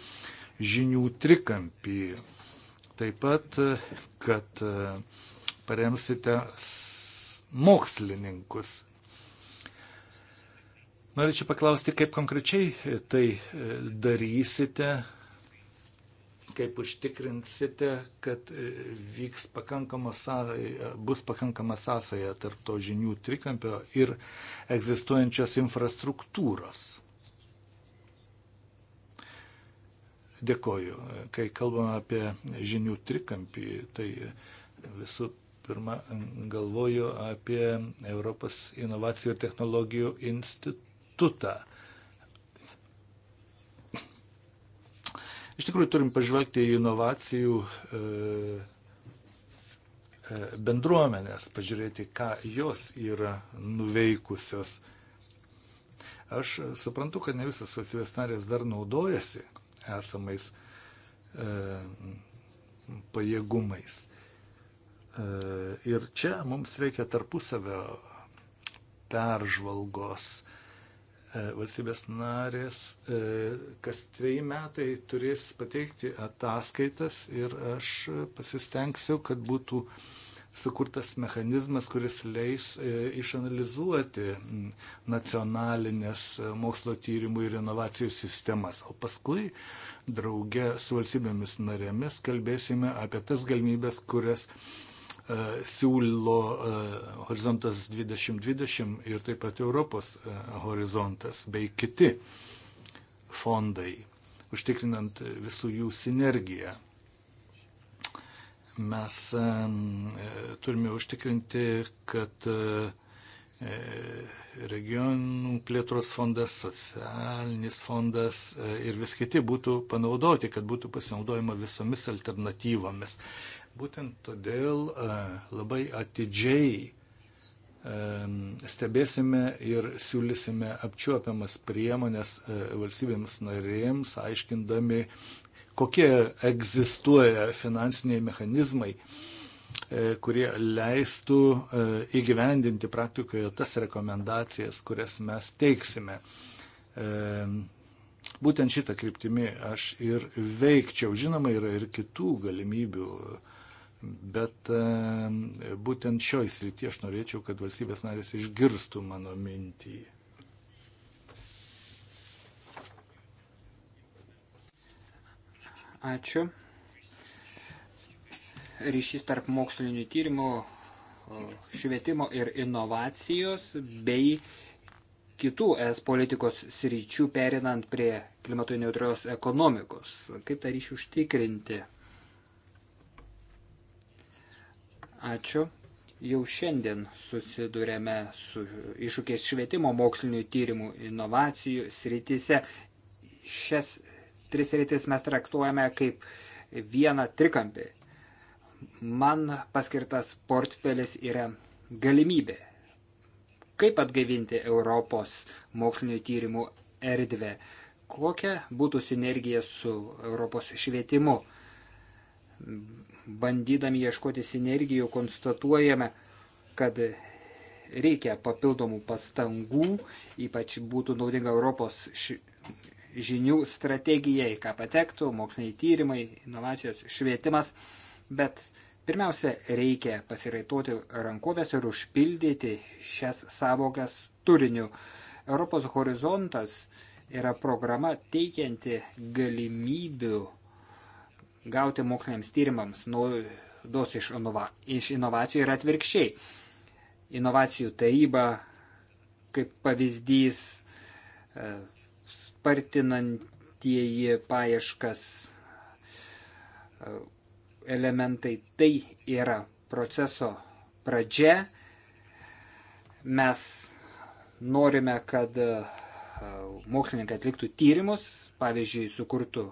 [SPEAKER 4] žinių trikampį. Taip pat, kad paremsite mokslininkus. Norėčiau paklausti, kaip konkrečiai e, tai e, darysite, kaip užtikrinsite, kad e, vyks pakankama sąsaja, bus pakankama sąsaja tarp to žinių trikampio ir egzistuojančios infrastruktūros. Dėkoju. Kai kalbame apie žinių trikampį, tai visų pirma galvoju apie Europos inovacijų ir technologijų institutą. Iš tikrųjų turim pažvelgti į inovacijų e, e, bendruomenės, pažiūrėti, ką jos yra nuveikusios. Aš suprantu, kad ne visas valstybės narės dar naudojasi esamais e, pajėgumais. E, ir čia mums reikia tarpusavio peržvalgos. E, valstybės narės e, kas treji metai turės pateikti ataskaitas ir aš pasistengsiu, kad būtų sukurtas mechanizmas, kuris leis išanalizuoti nacionalinės mokslo tyrimų ir inovacijų sistemas. O paskui drauge su valstybėmis narėmis kalbėsime apie tas galimybės, kurias E, siūlo e, Horizontas 2020 ir taip pat Europos e, horizontas bei kiti fondai, užtikrinant visų jų sinergiją. Mes turime užtikrinti, kad regionų plėtros fondas, socialinis fondas ir vis kiti būtų panaudoti, kad būtų pasinaudojama visomis alternatyvomis. Būtent todėl e, labai atidžiai e, stebėsime ir siūlysime apčiuopiamas priemonės e, valstybėms narėms, aiškindami, kokie egzistuoja finansiniai mechanizmai, kurie leistų įgyvendinti praktikoje tas rekomendacijas, kurias mes teiksime. Būtent šitą kryptimį aš ir veikčiau. Žinoma, yra ir kitų galimybių Bet e, būtent šioj srityje aš norėčiau, kad valstybės narės išgirstų mano mintį.
[SPEAKER 1] Ačiū. Ryšys tarp mokslinių tyrimų, švietimo ir inovacijos bei kitų es politikos sričių perinant prie klimato neutrios ekonomikos. Kaip tą ryšį užtikrinti? Ačiū. Jau šiandien susidurėme su iššūkiais švietimo, mokslinių tyrimų, inovacijų srityse. Šias tris sritis mes traktuojame kaip vieną trikampį. Man paskirtas portfelis yra galimybė. Kaip atgaivinti Europos mokslinių tyrimų erdvę? Kokia būtų sinergija su Europos švietimu? bandydami ieškoti sinergijų, konstatuojame, kad reikia papildomų pastangų, ypač būtų naudinga Europos žinių strategijai, ką patektų, moksliniai tyrimai, inovacijos, švietimas, bet pirmiausia, reikia pasiraitoti rankovės ir užpildyti šias savokas turiniu. Europos horizontas yra programa teikianti galimybių gauti moksliniams tyrimams naudos iš, inova, iš inovacijų ir atvirkščiai. Inovacijų taryba kaip pavyzdys e, spartinantieji paieškas e, elementai tai yra proceso pradžia. Mes norime, kad e, mokslininkai atliktų tyrimus, pavyzdžiui, sukurtų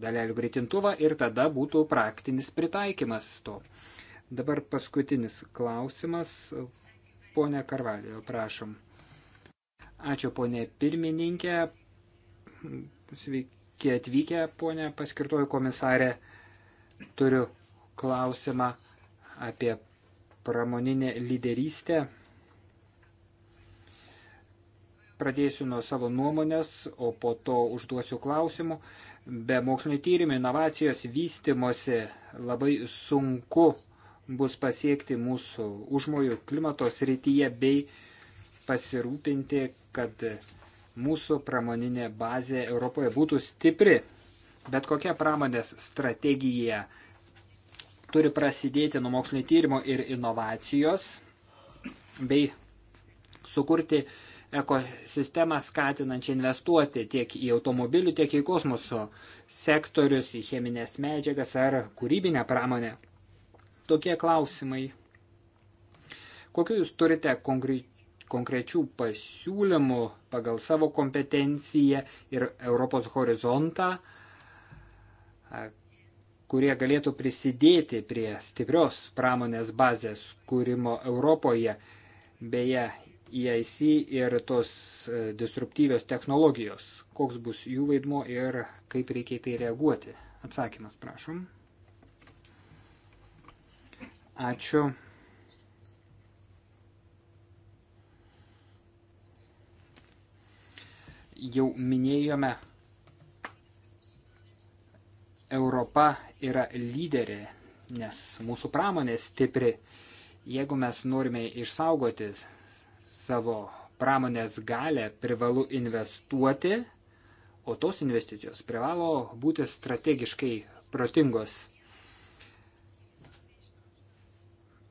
[SPEAKER 1] dalelių greitintuvą ir tada būtų praktinis pritaikymas to. Dabar paskutinis klausimas. Pone Karvalijo, prašom. Ačiū, ponė pirmininkė. Sveiki atvykę, ponė paskirtoji komisarė. Turiu klausimą apie pramoninę lyderystę. Pradėsiu nuo savo nuomonės, o po to užduosiu klausimų. Be mokslinio tyrimo, inovacijos vystimosi labai sunku bus pasiekti mūsų užmojų klimato srityje bei pasirūpinti, kad mūsų pramoninė bazė Europoje būtų stipri. Bet kokia pramonės strategija turi prasidėti nuo mokslinio tyrimo ir inovacijos bei sukurti ekosistemą skatinančią investuoti tiek į automobilių, tiek į kosmoso sektorius, į cheminės medžiagas ar kūrybinę pramonę. Tokie klausimai. Kokiu jūs turite konkrečių pasiūlymų pagal savo kompetenciją ir Europos horizontą, kurie galėtų prisidėti prie stiprios pramonės bazės kūrimo Europoje. Beje, EIC ir tos e, disruptyvios technologijos, koks bus jų vaidmo ir kaip reikia į tai reaguoti. Atsakymas, prašom. Ačiū. Jau minėjome, Europa yra lyderė, nes mūsų pramonė stipri. Jeigu mes norime išsaugotis savo pramonės galę privalu investuoti, o tos investicijos privalo būti strategiškai protingos.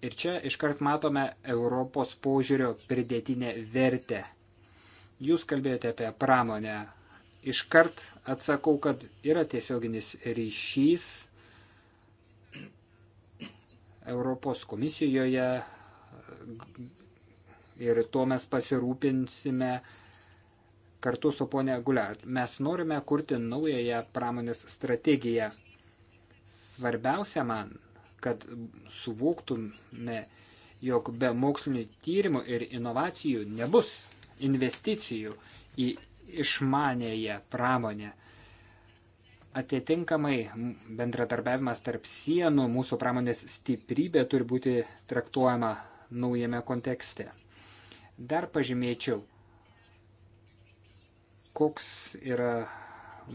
[SPEAKER 1] Ir čia iškart matome Europos požiūrio pridėtinę vertę. Jūs kalbėjote apie pramonę. Iškart atsakau, kad yra tiesioginis ryšys Europos komisijoje ir tuo mes pasirūpinsime kartu su ponia Guliat. Mes norime kurti naująją pramonės strategiją. Svarbiausia man, kad suvoktume, jog be mokslinių tyrimų ir inovacijų nebus investicijų į išmanėją pramonę. Atitinkamai bendradarbiavimas tarp sienų mūsų pramonės stiprybė turi būti traktuojama naujame kontekste. Dar pažymėčiau, koks yra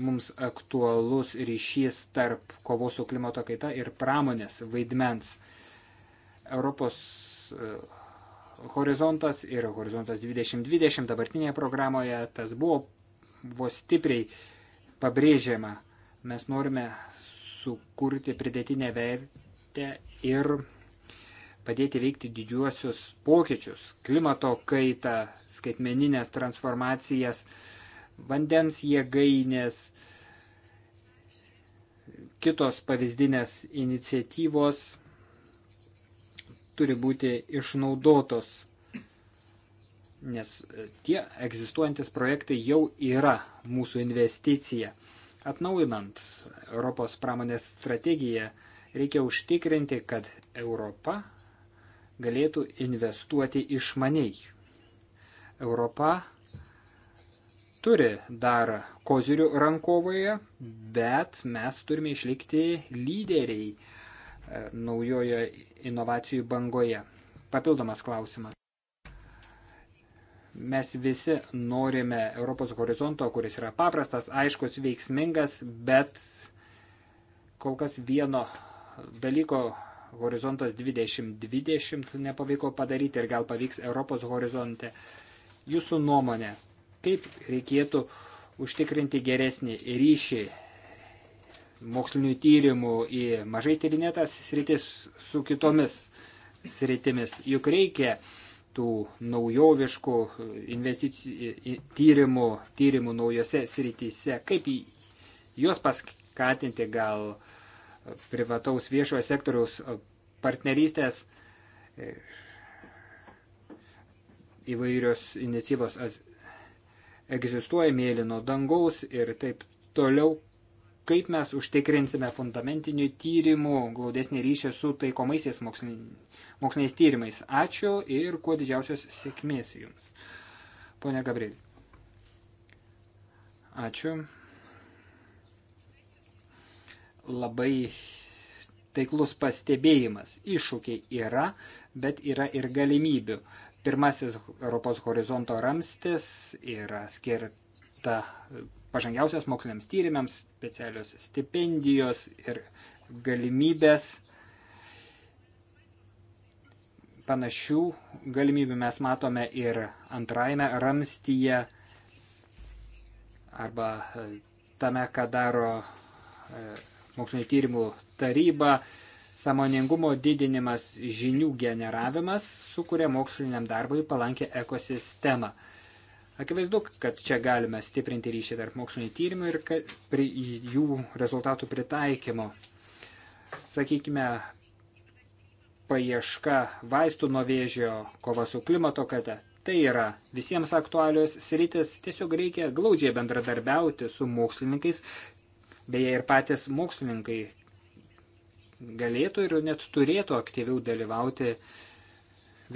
[SPEAKER 1] mums aktualus ryšys tarp kovos su klimato kaita ir pramonės vaidmens. Europos e, horizontas ir horizontas 2020 dabartinėje programoje tas buvo vos stipriai pabrėžiama. Mes norime sukurti pridėtinę vertę ir padėti veikti didžiuosius pokyčius - klimato kaitą, skaitmeninės transformacijas, vandens jėgainės, kitos pavyzdinės iniciatyvos turi būti išnaudotos, nes tie egzistuojantis projektai jau yra mūsų investicija. Atnaujinant Europos pramonės strategiją, reikia užtikrinti, kad Europa galėtų investuoti išmaniai. Europa turi dar kozirių rankovoje, bet mes turime išlikti lyderiai e, naujojo inovacijų bangoje. Papildomas klausimas. Mes visi norime Europos horizonto, kuris yra paprastas, aiškus, veiksmingas, bet kol kas vieno dalyko horizontas 2020 nepavyko padaryti ir gal pavyks Europos horizonte. Jūsų nuomonė, kaip reikėtų užtikrinti geresnį ryšį mokslinių tyrimų į mažai tyrinėtas sritis su kitomis sritimis. Juk reikia tų naujoviškų investicijų tyrimų, tyrimų naujose srityse. Kaip juos paskatinti gal uh, privataus viešojo sektoriaus partnerystės e, įvairios iniciatyvos egzistuoja mėlyno dangaus ir taip toliau. Kaip mes užtikrinsime fundamentinių tyrimų glaudesnį ryšį su taikomaisiais moksliniais tyrimais? Ačiū ir kuo didžiausios sėkmės jums. Pone Gabriel. Ačiū labai taiklus pastebėjimas. Iššūkiai yra, bet yra ir galimybių. Pirmasis Europos horizonto ramstis yra skirta pažangiausias moksliniams tyrimams, specialios stipendijos ir galimybės. Panašių galimybių mes matome ir antrajame ramstyje arba tame, ką daro e, mokslinio tyrimų taryba, samoningumo didinimas, žinių generavimas sukuria moksliniam darbui palankę ekosistemą. Akivaizdu, kad čia galime stiprinti ryšį tarp mokslinio tyrimų ir jų rezultatų pritaikymo. Sakykime, paieška vaistų nuo vėžio, kova su klimato kata. Tai yra visiems aktualios sritis, tiesiog reikia glaudžiai bendradarbiauti su mokslininkais, Beje, ir patys mokslininkai galėtų ir net turėtų aktyviau dalyvauti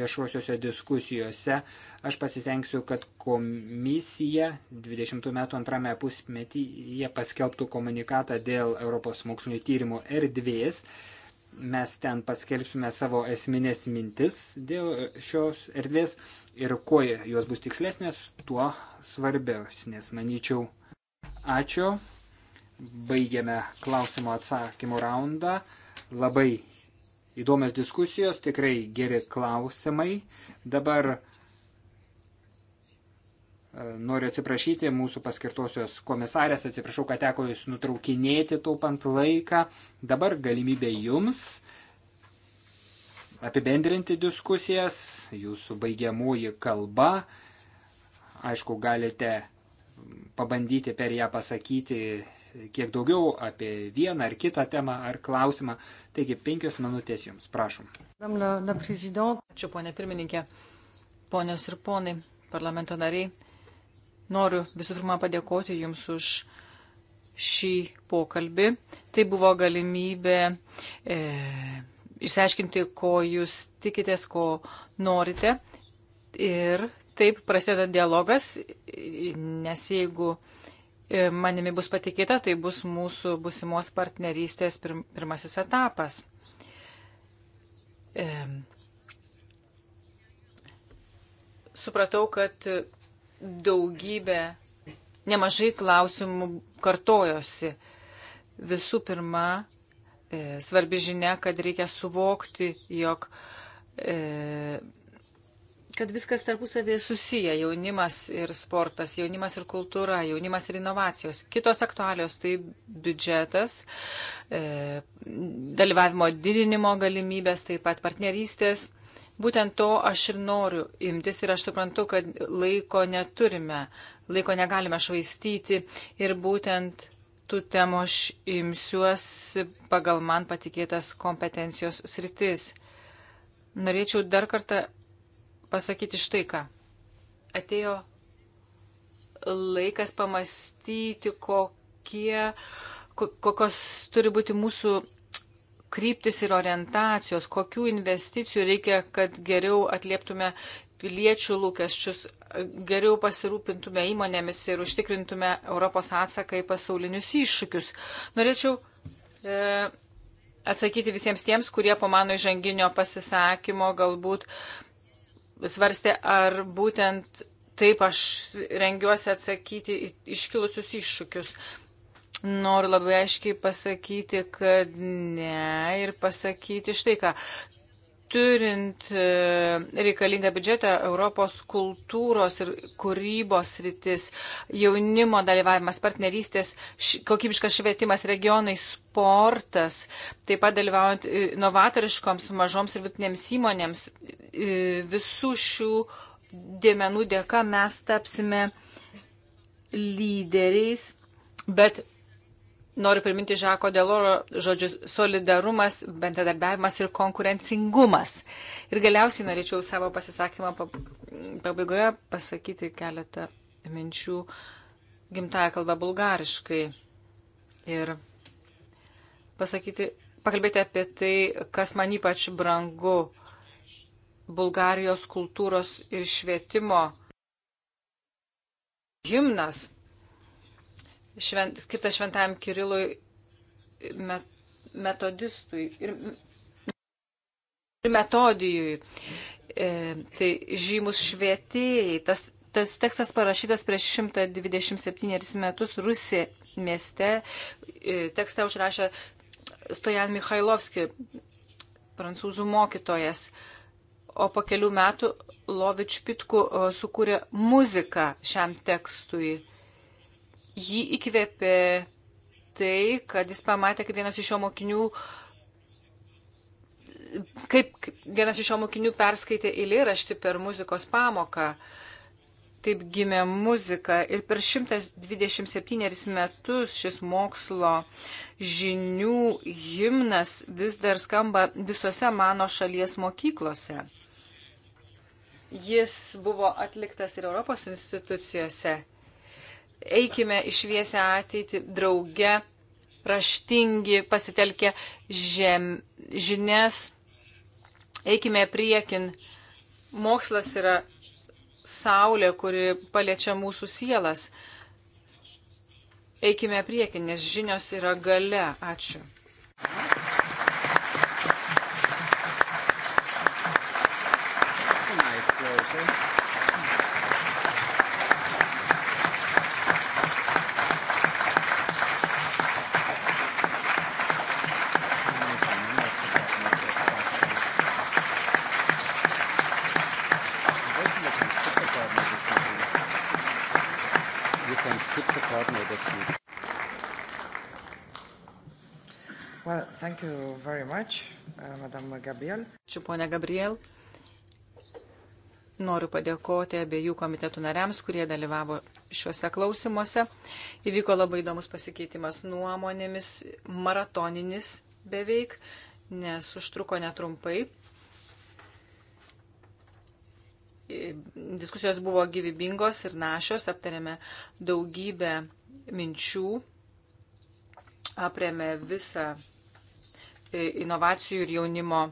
[SPEAKER 1] viešuosiuose diskusijose. Aš pasistengsiu, kad komisija 20 metų antrame pusmetyje paskelbtų komunikatą dėl Europos mokslinio tyrimų erdvės. Mes ten paskelbsime savo esminės mintis dėl šios erdvės ir kuo jos bus tikslesnės, tuo svarbiausnės, manyčiau. Ačiū baigiame klausimo atsakymų raundą. Labai įdomios diskusijos, tikrai geri klausimai. Dabar e, noriu atsiprašyti mūsų paskirtosios komisarės, atsiprašau, kad teko jūs nutraukinėti taupant laiką. Dabar galimybė jums apibendrinti diskusijas, jūsų baigiamoji kalba. Aišku, galite pabandyti per ją pasakyti kiek daugiau apie vieną ar kitą temą ar klausimą. Taigi penkios minutės jums, prašom.
[SPEAKER 3] Ačiū, ponė pirmininkė, ponios ir ponai, parlamento nariai. Noriu visų pirma padėkoti jums už šį pokalbį. Tai buvo galimybė e, išsiaiškinti, ko jūs tikitės, ko norite. Ir taip prasideda dialogas, nes jeigu e, manimi bus patikėta, tai bus mūsų busimos partnerystės pirmasis etapas. E, supratau, kad daugybė, nemažai klausimų kartojosi. Visų pirma, e, svarbi žinia, kad reikia suvokti, jog e, kad viskas tarpusavėje susiję - jaunimas ir sportas, jaunimas ir kultūra, jaunimas ir inovacijos. Kitos aktualios - tai biudžetas, e, dalyvavimo didinimo galimybės, taip pat partnerystės. Būtent to aš ir noriu imtis ir aš suprantu, kad laiko neturime, laiko negalime švaistyti ir būtent tų temų aš imsiuos pagal man patikėtas kompetencijos sritis. Norėčiau dar kartą pasakyti štai ką. Atėjo laikas pamastyti, kokie, kokios turi būti mūsų kryptis ir orientacijos, kokių investicijų reikia, kad geriau atlieptume piliečių lūkesčius, geriau pasirūpintume įmonėmis ir užtikrintume Europos atsaką į pasaulinius iššūkius. Norėčiau e, atsakyti visiems tiems, kurie po mano įžanginio pasisakymo galbūt e, svarstė, ar būtent taip aš rengiuosi atsakyti į iškilusius iššūkius. Noriu labai aiškiai pasakyti, kad ne ir pasakyti štai ką. Turint e, reikalingą biudžetą, Europos kultūros ir kūrybos rytis, jaunimo dalyvavimas, partnerystės, kokybiškas švietimas, regionai, sportas, taip pat dalyvaujant e, novatoriškoms mažoms ir vidutinėms įmonėms, E, visų šių dėmenų dėka mes tapsime lyderiais, bet noriu priminti Žako Deloro žodžius - solidarumas, bendradarbiavimas ir konkurencingumas. Ir galiausiai norėčiau savo pasisakymą pabaigoje pasakyti keletą minčių gimtają kalbą bulgariškai ir pasakyti, pakalbėti apie tai, kas man ypač brangu Bulgarijos kultūros ir švietimo himnas, švent, skirtas šventajam Kirilui met, metodistui ir, ir metodijui. E, tai žymus švietėjai. Tas, tas tekstas parašytas prieš 127 metus Rusija mieste. E, tekstą užrašė Stojan Mikhailovski, prancūzų mokytojas. E, o po kelių metų Lovič Pitku e, sukūrė muziką šiam tekstui. Jį įkvėpė tai, kad jis pamatė, kaip vienas iš jo mokinių kaip vienas iš jo mokinių perskaitė eilėraštį per muzikos pamoką. Taip gimė muzika ir per 127 metus šis mokslo žinių himnas vis dar skamba visose mano šalies mokyklose. Jis buvo atliktas ir Europos institucijose. Eikime išviesę ateitį drauge, raštingi, pasitelkę žem, žinias. Eikime priekin. Mokslas yra saulė, kuri paliečia mūsų sielas. Eikime priekin, nes žinios yra gale. Ačiū. Gabriel. Ačiū, ponia Gabriel. Noriu padėkoti abiejų komitetų nariams, kurie dalyvavo šiuose klausimuose. Įvyko labai įdomus pasikeitimas nuomonėmis, maratoninis beveik, nes užtruko netrumpai. Diskusijos buvo gyvybingos ir našios, aptarėme daugybę minčių, aprėmė visą inovacijų ir jaunimo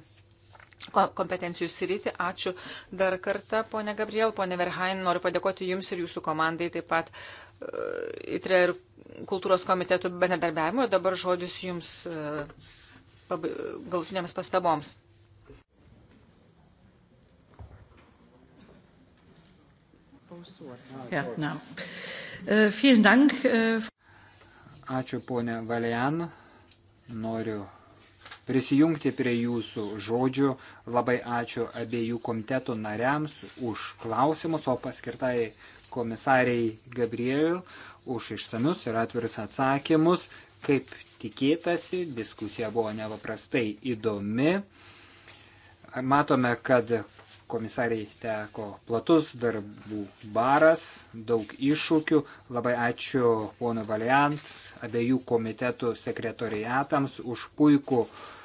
[SPEAKER 3] kompetencijų sritį. Ačiū dar kartą, ponė Gabriel, ponė Verhain, noriu padėkoti Jums ir Jūsų komandai, taip pat e, ITRE ir kultūros komitetų bendradarbiavimo. Dabar žodis Jums e, galutinėms pastaboms.
[SPEAKER 2] Ja, no. E, Ačiū,
[SPEAKER 1] ponė Valian. Noriu prisijungti prie jūsų žodžių. Labai ačiū abiejų komitetų nariams už klausimus, o paskirtai komisariai Gabrieliu už išsamius ir atvirus atsakymus. Kaip tikėtasi, diskusija buvo nepaprastai įdomi. Matome, kad komisariai teko platus darbų baras, daug iššūkių. Labai ačiū pono Valiant, abiejų komitetų sekretoriatams už puikų uh,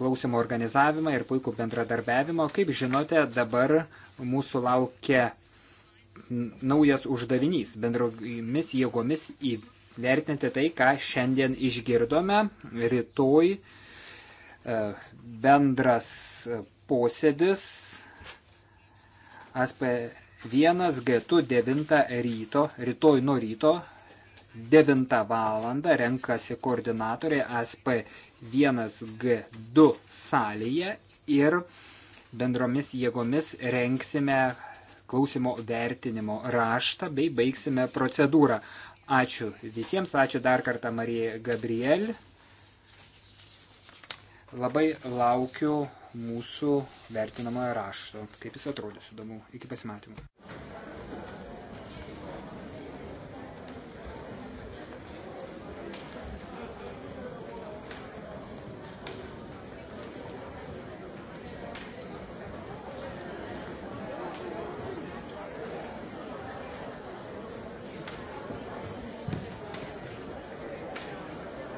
[SPEAKER 1] klausimo organizavimą ir puikų bendradarbiavimą. Kaip žinote, dabar mūsų laukia naujas uždavinys bendromis jėgomis įvertinti tai, ką šiandien išgirdome. Rytoj e, bendras posėdis ASP1 G2 9 ryto, rytoj nuo ryto 9 val. renkasi koordinatoriai ASP 1G2 salėje ir bendromis jėgomis renksime klausimo vertinimo raštą bei baigsime procedūrą. Ačiū visiems, ačiū dar kartą Marija Gabriel. Labai laukiu mūsų vertinamojo rašto, kaip jis atrodys įdomu. Iki pasimatymų.